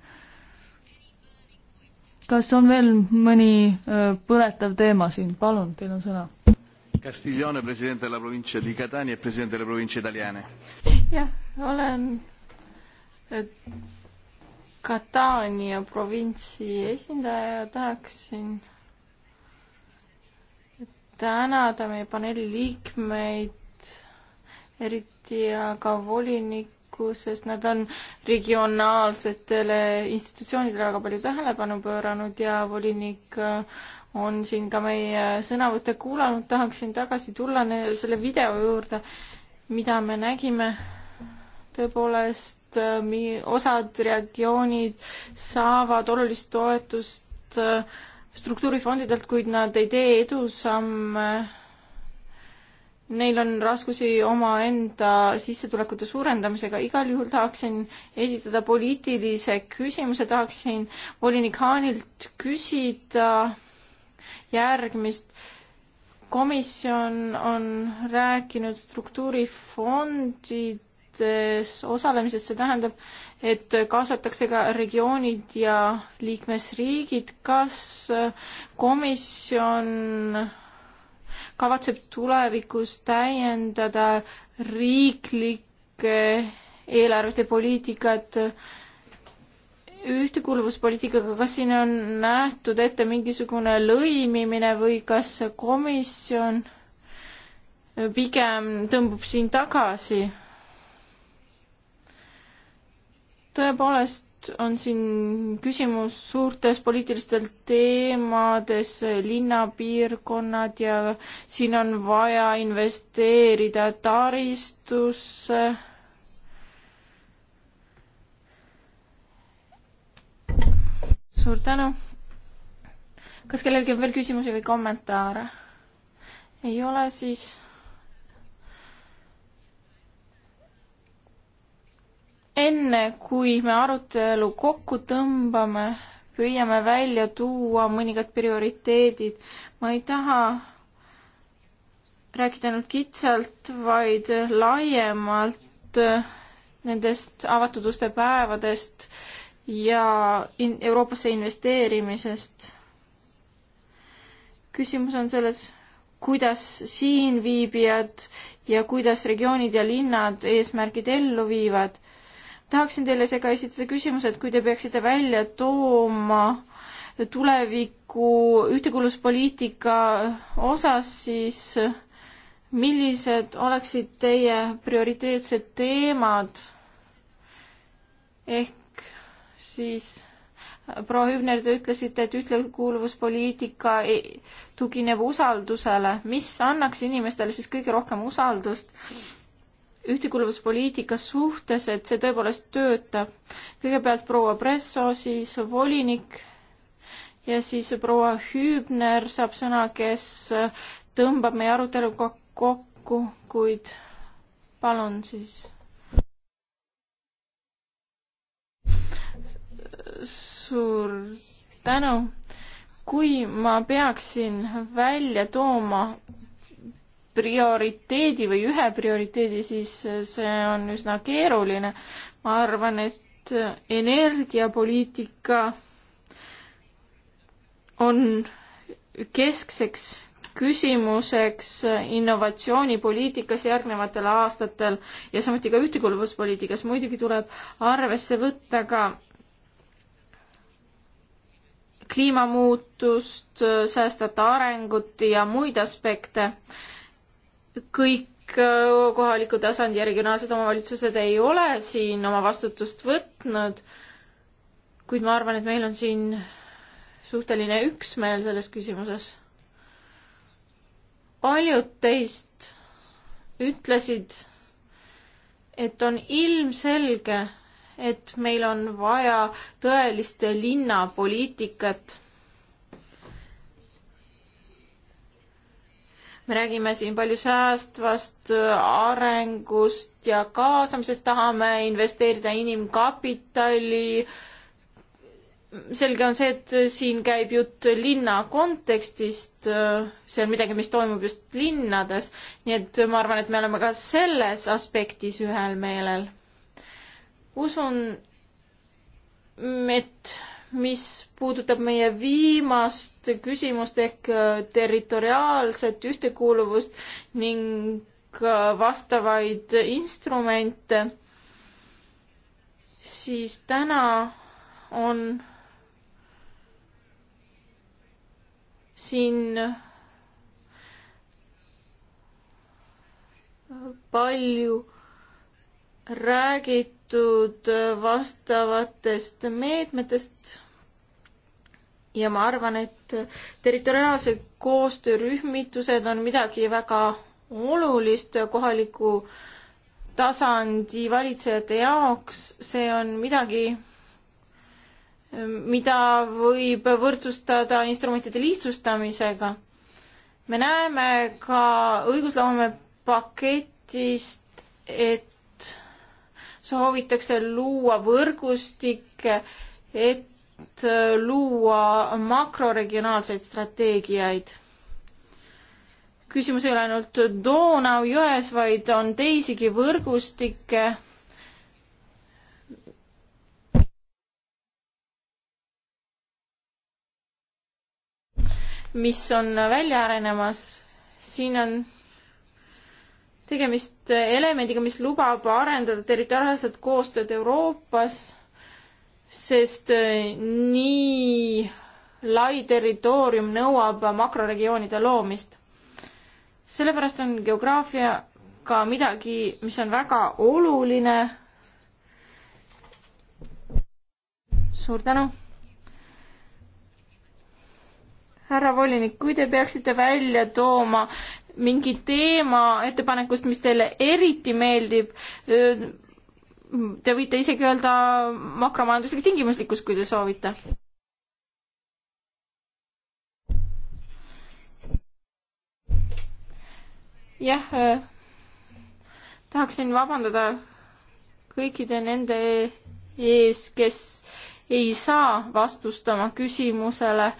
[SPEAKER 4] kas on veel mõni äh, põletav teema siin, palun, teil on sõna Castiglione, president della provincia di Catania e president delle province italiane. jah,
[SPEAKER 2] olen Kataania eh, provintsi esindaja ja tahaksin tänada meie paneeli liikmeid, eriti aga volinikku, sest nad on regionaalsetele institutsioonidele väga palju tähelepanu pööranud ja volinik äh, on siin ka meie sõnavõtte kuulanud, tahaksin tagasi tulla selle video juurde, mida me nägime. tõepoolest, äh, osad regioonid saavad olulist toetust äh, struktuurifondidelt, kuid nad ei tee edusamme neil on raskusi omaenda sissetulekute suurendamisega, igal juhul tahaksin esitada poliitilise küsimuse, tahaksin volinik Haanilt küsida, järgmist. komisjon on rääkinud struktuurifondides osalemisest, see tähendab, et kaasatakse ka regioonid ja liikmesriigid. kas komisjon kavatseb tulevikus täiendada riiklikke eelarvete poliitikat äh, ühtekuuluvuspoliitikaga, kas siin on nähtud ette mingisugune lõimimine või kas komisjon pigem tõmbub siin tagasi? tõepoolest on siin küsimus suurtes poliitilistel teemades, linnapiirkonnad ja siin on vaja investeerida taristusse suur tänu. kas kellelgi on veel küsimusi või kommentaare? ei ole, siis enne, kui me arutelu kokku tõmbame, püüame välja tuua mõningad prioriteedid. ma ei taha rääkida ainult kitsalt, vaid laiemalt nendest avatud uste päevadest ja in Euroopasse investeerimisest. küsimus on selles, kuidas siinviibijad ja kuidas regioonid ja linnad eesmärgid ellu viivad. tahaksin teile seega esitada küsimuse, et kui te peaksite välja tooma tuleviku ühtekuuluvuspoliitika osas, siis millised oleksid teie prioriteetsed teemad ehk siis proua Hübner, te ütlesite, et ühtekuuluvuspoliitika e-, tugineb usaldusele. mis annaks inimestele siis kõige rohkem usaldust ühtekuuluvuspoliitika suhtes, et see tõepoolest töötab? kõigepealt proua Presso, siis volinik ja siis proua Hübner saab sõna, kes tõmbab meie arutelu kokku, kuid palun siis suur tänu. kui ma peaksin välja tooma prioriteedi või ühe prioriteedi, siis see on üsna keeruline. ma arvan, et energiapoliitika on keskseks küsimuseks innovatsioonipoliitikas järgnevatel aastatel ja samuti ka ühtekuuluvuspoliitikas. muidugi tuleb arvesse võtta ka kliimamuutust, säästvat arengut ja muid aspekte. kõik kohaliku tasandi ja regionaalsed omavalitsused ei ole siin oma vastutust võtnud, kuid ma arvan, et meil on siin suhteline üksmeel selles küsimuses. paljud teist ütlesid, et on ilmselge, et meil on vaja tõelist linnapoliitikat. me räägime siin palju säästvast arengust ja kaasamisest, tahame investeerida inimkapitali. selge on see, et siin käib jutt linna kontekstist, see on midagi, mis toimub just linnades, nii et ma arvan, et me oleme ka selles aspektis ühel meelel usun, et mis puudutab meie viimast küsimust ehk äh, territoriaalset ühtekuuluvust ning äh, vastavaid instrumente, siis täna on siin palju räägitud räägitud äh, vastavatest meetmetest ja ma arvan, et territoriaalse koostöö rühmitused on midagi väga olulist kohaliku tasandi valitsejate jaoks, see on midagi, äh, mida võib võrdsustada instrumentide lihtsustamisega. me näeme ka õigusloome paketist, et soovitakse luua võrgustikke, et luua makroregionaalseid strateegiaid. küsimus ei ole ainult Donau jões, vaid on teisigi võrgustikke. mis on välja arenemas, siin on tegemist elemendiga, mis lubab arendada territoriaalset koostööd Euroopas, sest eh, nii lai territoorium nõuab makroregioonide loomist. sellepärast on geograafia ka midagi, mis on väga oluline. suur tänu härra volinik, kui te peaksite välja tooma mingi teema ettepanekust, mis teile eriti meeldib. Te võite isegi öelda makromajanduslik tingimuslikkus, kui te soovite. jah, tahaksin vabandada kõikide nende ees, kes ei saa vastust oma küsimusele,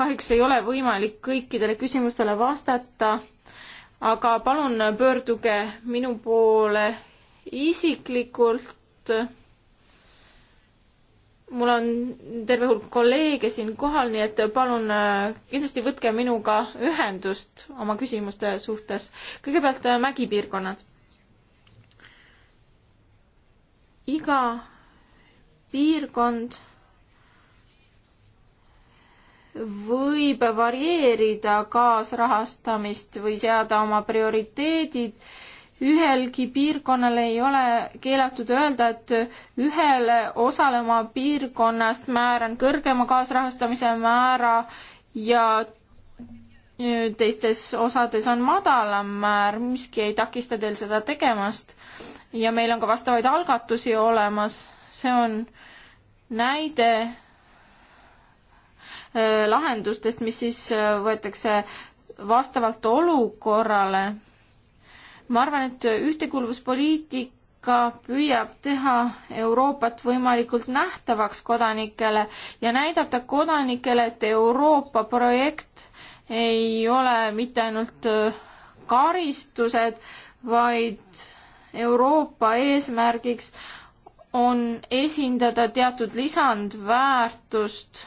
[SPEAKER 2] kahjuks ei ole võimalik kõikidele küsimustele vastata, aga palun pöörduge minu poole isiklikult. mul on terve hulk kolleege siin kohal, nii et palun äh, kindlasti võtke minuga ühendust oma küsimuste suhtes. kõigepealt äh, mägipiirkonnad. iga piirkond võib varieerida kaasrahastamist või seada oma prioriteedid. ühelgi piirkonnal ei ole keelatud öelda, et ühele osale oma piirkonnast määran kõrgema kaasrahastamise määra ja e, teistes osades on madalam määr, miski ei takista teil seda tegemast. ja meil on ka vastavaid algatusi olemas, see on näide Äh, lahendustest, mis siis äh, võetakse vastavalt olukorrale. ma arvan, et ühtekuuluvuspoliitika püüab teha Euroopat võimalikult nähtavaks kodanikele ja näidata kodanikele, et Euroopa projekt ei ole mitte ainult äh, karistused, vaid Euroopa eesmärgiks on esindada teatud lisandväärtust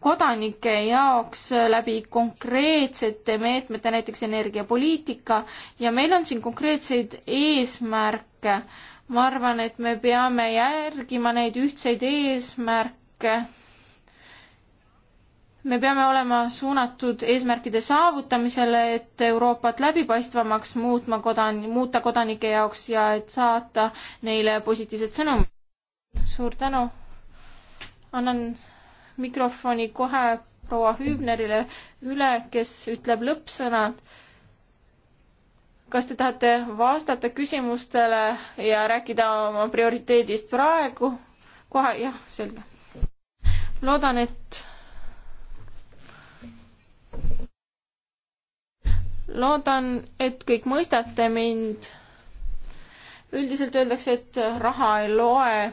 [SPEAKER 2] kodanike jaoks läbi konkreetsete meetmete, näiteks energiapoliitika ja meil on siin konkreetseid eesmärke. ma arvan, et me peame järgima neid ühtseid eesmärke. me peame olema suunatud eesmärkide saavutamisele, et Euroopat läbipaistvamaks muutma kodan-, muuta kodanike jaoks ja et saata neile positiivset sõnumit. suur tänu. annan mikrofoni kohe proua Hübnerile üle, kes ütleb lõppsõnad. kas te tahate vastata küsimustele ja rääkida oma prioriteedist praegu? kohe, jah, selge. loodan, et loodan, et kõik mõistate mind. üldiselt öeldakse, et raha ei loe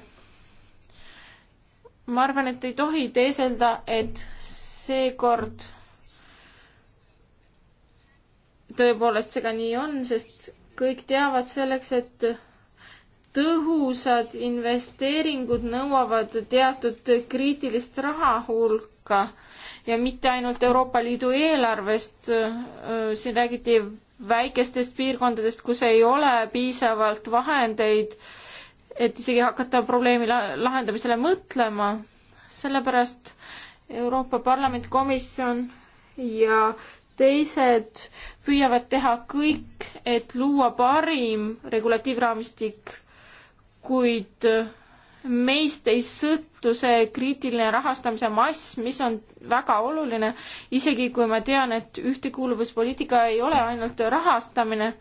[SPEAKER 2] ma arvan, et ei tohi teeselda, et seekord tõepoolest see ka nii on, sest kõik teavad selleks, et tõhusad investeeringud nõuavad teatud kriitilist raha hulka ja mitte ainult Euroopa Liidu eelarvest. siin räägiti väikestest piirkondadest, kus ei ole piisavalt vahendeid äh, et isegi hakata probleemi lahendamisele mõtlema, sellepärast Euroopa Parlamendi komisjon ja teised püüavad teha kõik, et luua parim regulatiivraamistik, kuid meist ei sõltu see kriitiline rahastamise mass, mis on väga oluline, isegi kui ma tean, et ühtekuuluvuspoliitika ei ole ainult rahastamine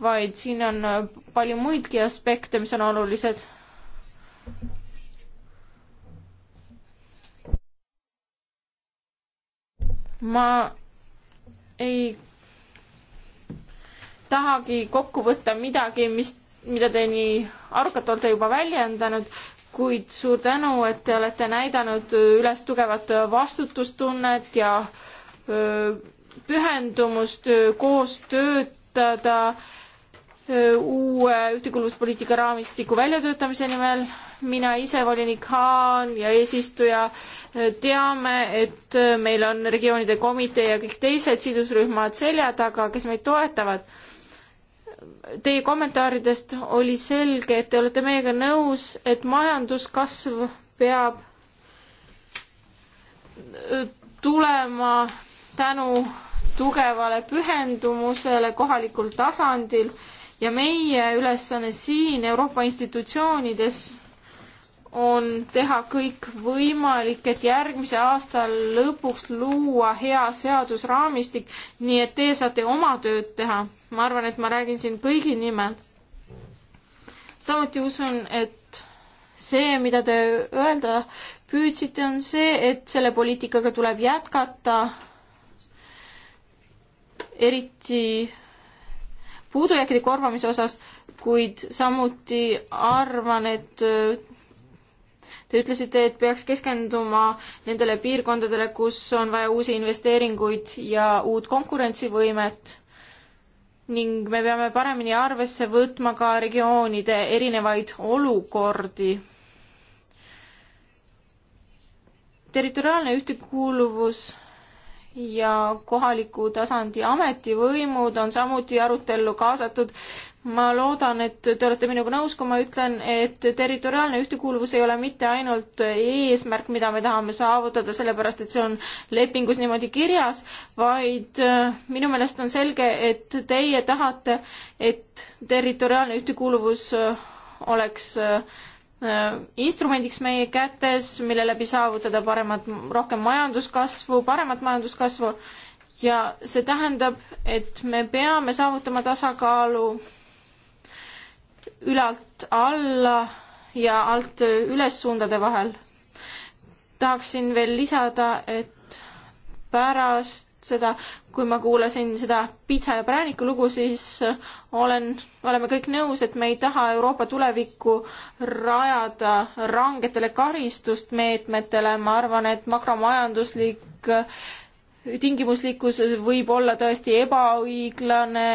[SPEAKER 2] vaid siin on äh, palju muidki aspekte, mis on olulised. ma ei tahagi kokku võtta midagi, mis, mida te nii arukalt olete juba väljendanud, kuid suur tänu, et te olete näidanud üles tugevat vastutustunnet ja öö, äh, pühendumust koos töötada uue ühtekuuluvuspoliitika raamistiku väljatöötamise nimel. mina ise, volinik Haan ja eesistuja teame, et meil on regioonide komitee ja kõik teised sidusrühmad selja taga, kes meid toetavad. Teie kommentaaridest oli selge, et te olete meiega nõus, et majanduskasv peab tulema tänu tugevale pühendumusele kohalikul tasandil ja meie ülesanne siin Euroopa institutsioonides on teha kõik võimalik, et järgmise aasta lõpuks luua hea seadusraamistik, nii et teie saate oma tööd teha. ma arvan, et ma räägin siin kõigi nimel. samuti usun, et see, mida te öelda püüdsite, on see, et selle poliitikaga tuleb jätkata, eriti puudujääkide korvamise osas, kuid samuti arvan, et äh, Te ütlesite, et peaks keskenduma nendele piirkondadele, kus on vaja uusi investeeringuid ja uut konkurentsivõimet ning me peame paremini arvesse võtma ka regioonide erinevaid olukordi. territoriaalne ühtekuuluvus ja kohaliku tasandi ametivõimud on samuti arutellu kaasatud. ma loodan, et te olete minuga nõus, kui ma ütlen, et territoriaalne ühtekuuluvus ei ole mitte ainult eesmärk, mida me tahame saavutada, sellepärast et see on lepingus niimoodi kirjas, vaid äh, minu meelest on selge, et teie tahate, et territoriaalne ühtekuuluvus äh, oleks äh, Äh, instrumendiks meie kätes, mille läbi saavutada paremat, rohkem majanduskasvu, paremat majanduskasvu ja see tähendab, et me peame saavutama tasakaalu ülalt alla ja alt üles suundade vahel. tahaksin veel lisada, et pärast seda, kui ma kuulasin seda piitsa ja prääniku lugu, siis äh, olen, oleme kõik nõus, et me ei taha Euroopa tulevikku rajada rangetele karistustmeetmetele, ma arvan, et makromajanduslik äh, tingimuslikkus võib olla tõesti ebaõiglane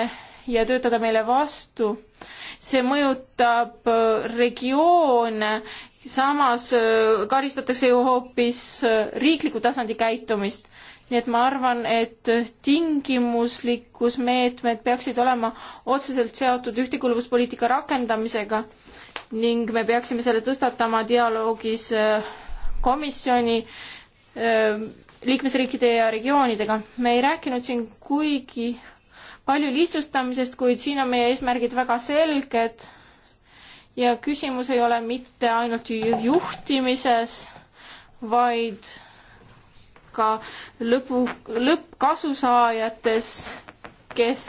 [SPEAKER 2] ja töötada meile vastu. see mõjutab äh, regioone, samas karistatakse ju hoopis riikliku tasandi käitumist nii et ma arvan, et tingimuslikkusmeetmed peaksid olema otseselt seotud ühtekuuluvuspoliitika rakendamisega ning me peaksime selle tõstatama dialoogis äh, komisjoni äh, liikmesriikide ja regioonidega. me ei rääkinud siin kuigi palju lihtsustamisest, kuid siin on meie eesmärgid väga selged ja küsimus ei ole mitte ainult juhtimises, vaid ka lõpu, lõppkasusaajates, kes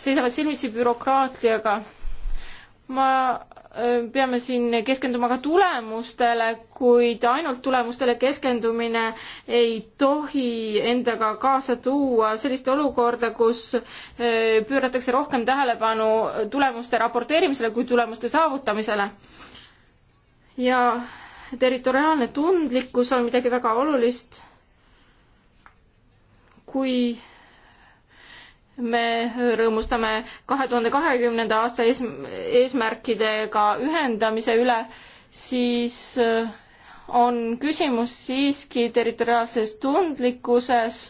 [SPEAKER 2] seisavad silmitsi bürokraatiaga. ma, peame siin keskenduma ka tulemustele, kuid ainult tulemustele keskendumine ei tohi endaga kaasa tuua sellist olukorda, kus pööratakse rohkem tähelepanu tulemuste raporteerimisele kui tulemuste saavutamisele. ja territoriaalne tundlikkus on midagi väga olulist kui me rõõmustame kahe tuhande kahekümnenda aasta ees, eesmärkidega ühendamise üle, siis äh, on küsimus siiski territoriaalses tundlikkuses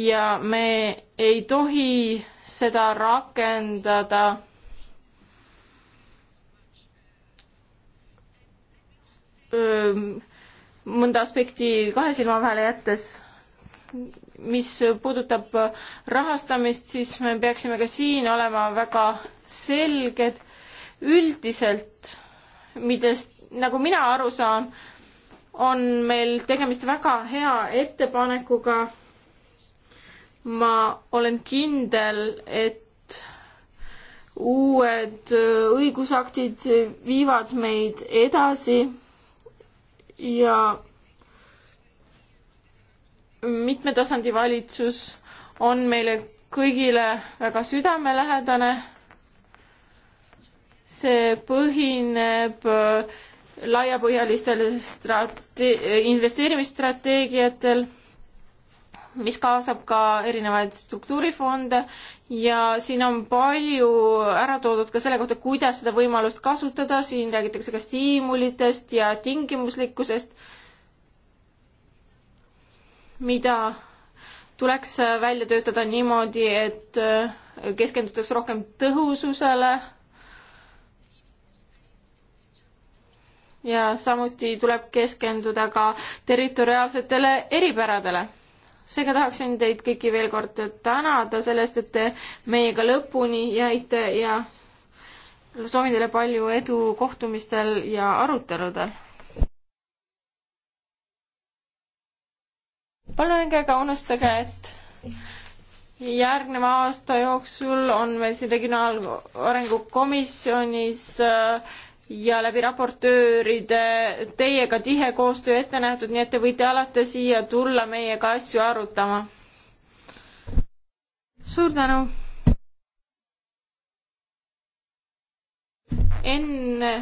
[SPEAKER 2] ja me ei tohi seda rakendada mõnda aspekti kahe silma vahele jättes mis puudutab rahastamist, siis me peaksime ka siin olema väga selged. üldiselt, millest, nagu mina aru saan, on meil tegemist väga hea ettepanekuga. ma olen kindel, et uued õigusaktid viivad meid edasi ja mitme tasandi valitsus on meile kõigile väga südamelähedane. see põhineb äh, laiapõhjalistel strate-, investeerimisstrateegiatel, mis kaasab ka erinevaid struktuurifonde ja siin on palju ära toodud ka selle kohta, kuidas seda võimalust kasutada, siin räägitakse ka stiimulitest ja tingimuslikkusest mida tuleks välja töötada niimoodi, et äh, keskendutaks rohkem tõhususele. ja samuti tuleb keskenduda ka territoriaalsetele eripäradele. seega tahaksin teid kõiki veel kord tänada sellest, et te meiega lõpuni jäite ja soovin teile palju edu kohtumistel ja aruteludel palun ärge ka unustage, et järgneva aasta jooksul on meil siin Regionaalarengu Komisjonis äh, ja läbi raportööride teiega tihe koostöö ette nähtud, nii et te võite alati siia tulla meiega asju arutama. suur tänu! enne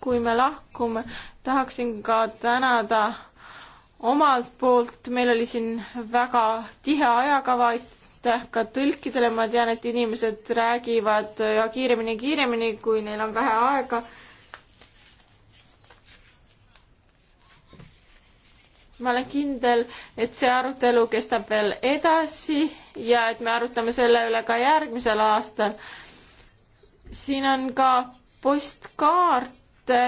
[SPEAKER 2] kui me lahkume, tahaksin ka tänada omalt poolt, meil oli siin väga tihe ajakava, aitäh ka tõlkidele, ma tean, et inimesed räägivad ja kiiremini ja kiiremini, kui neil on vähe aega. ma olen kindel, et see arutelu kestab veel edasi ja et me arutame selle üle ka järgmisel aastal. siin on ka postkaarte,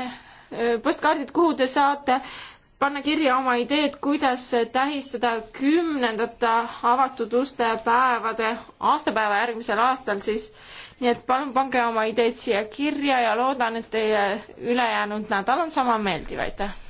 [SPEAKER 2] postkaardid, kuhu te saate äh, panna kirja oma ideed, kuidas tähistada kümnendat avatud uste päevade aastapäeva järgmisel aastal siis. nii et palun pange oma ideed siia kirja ja loodan, et teie ülejäänud nädal on sama meeldiv, aitäh!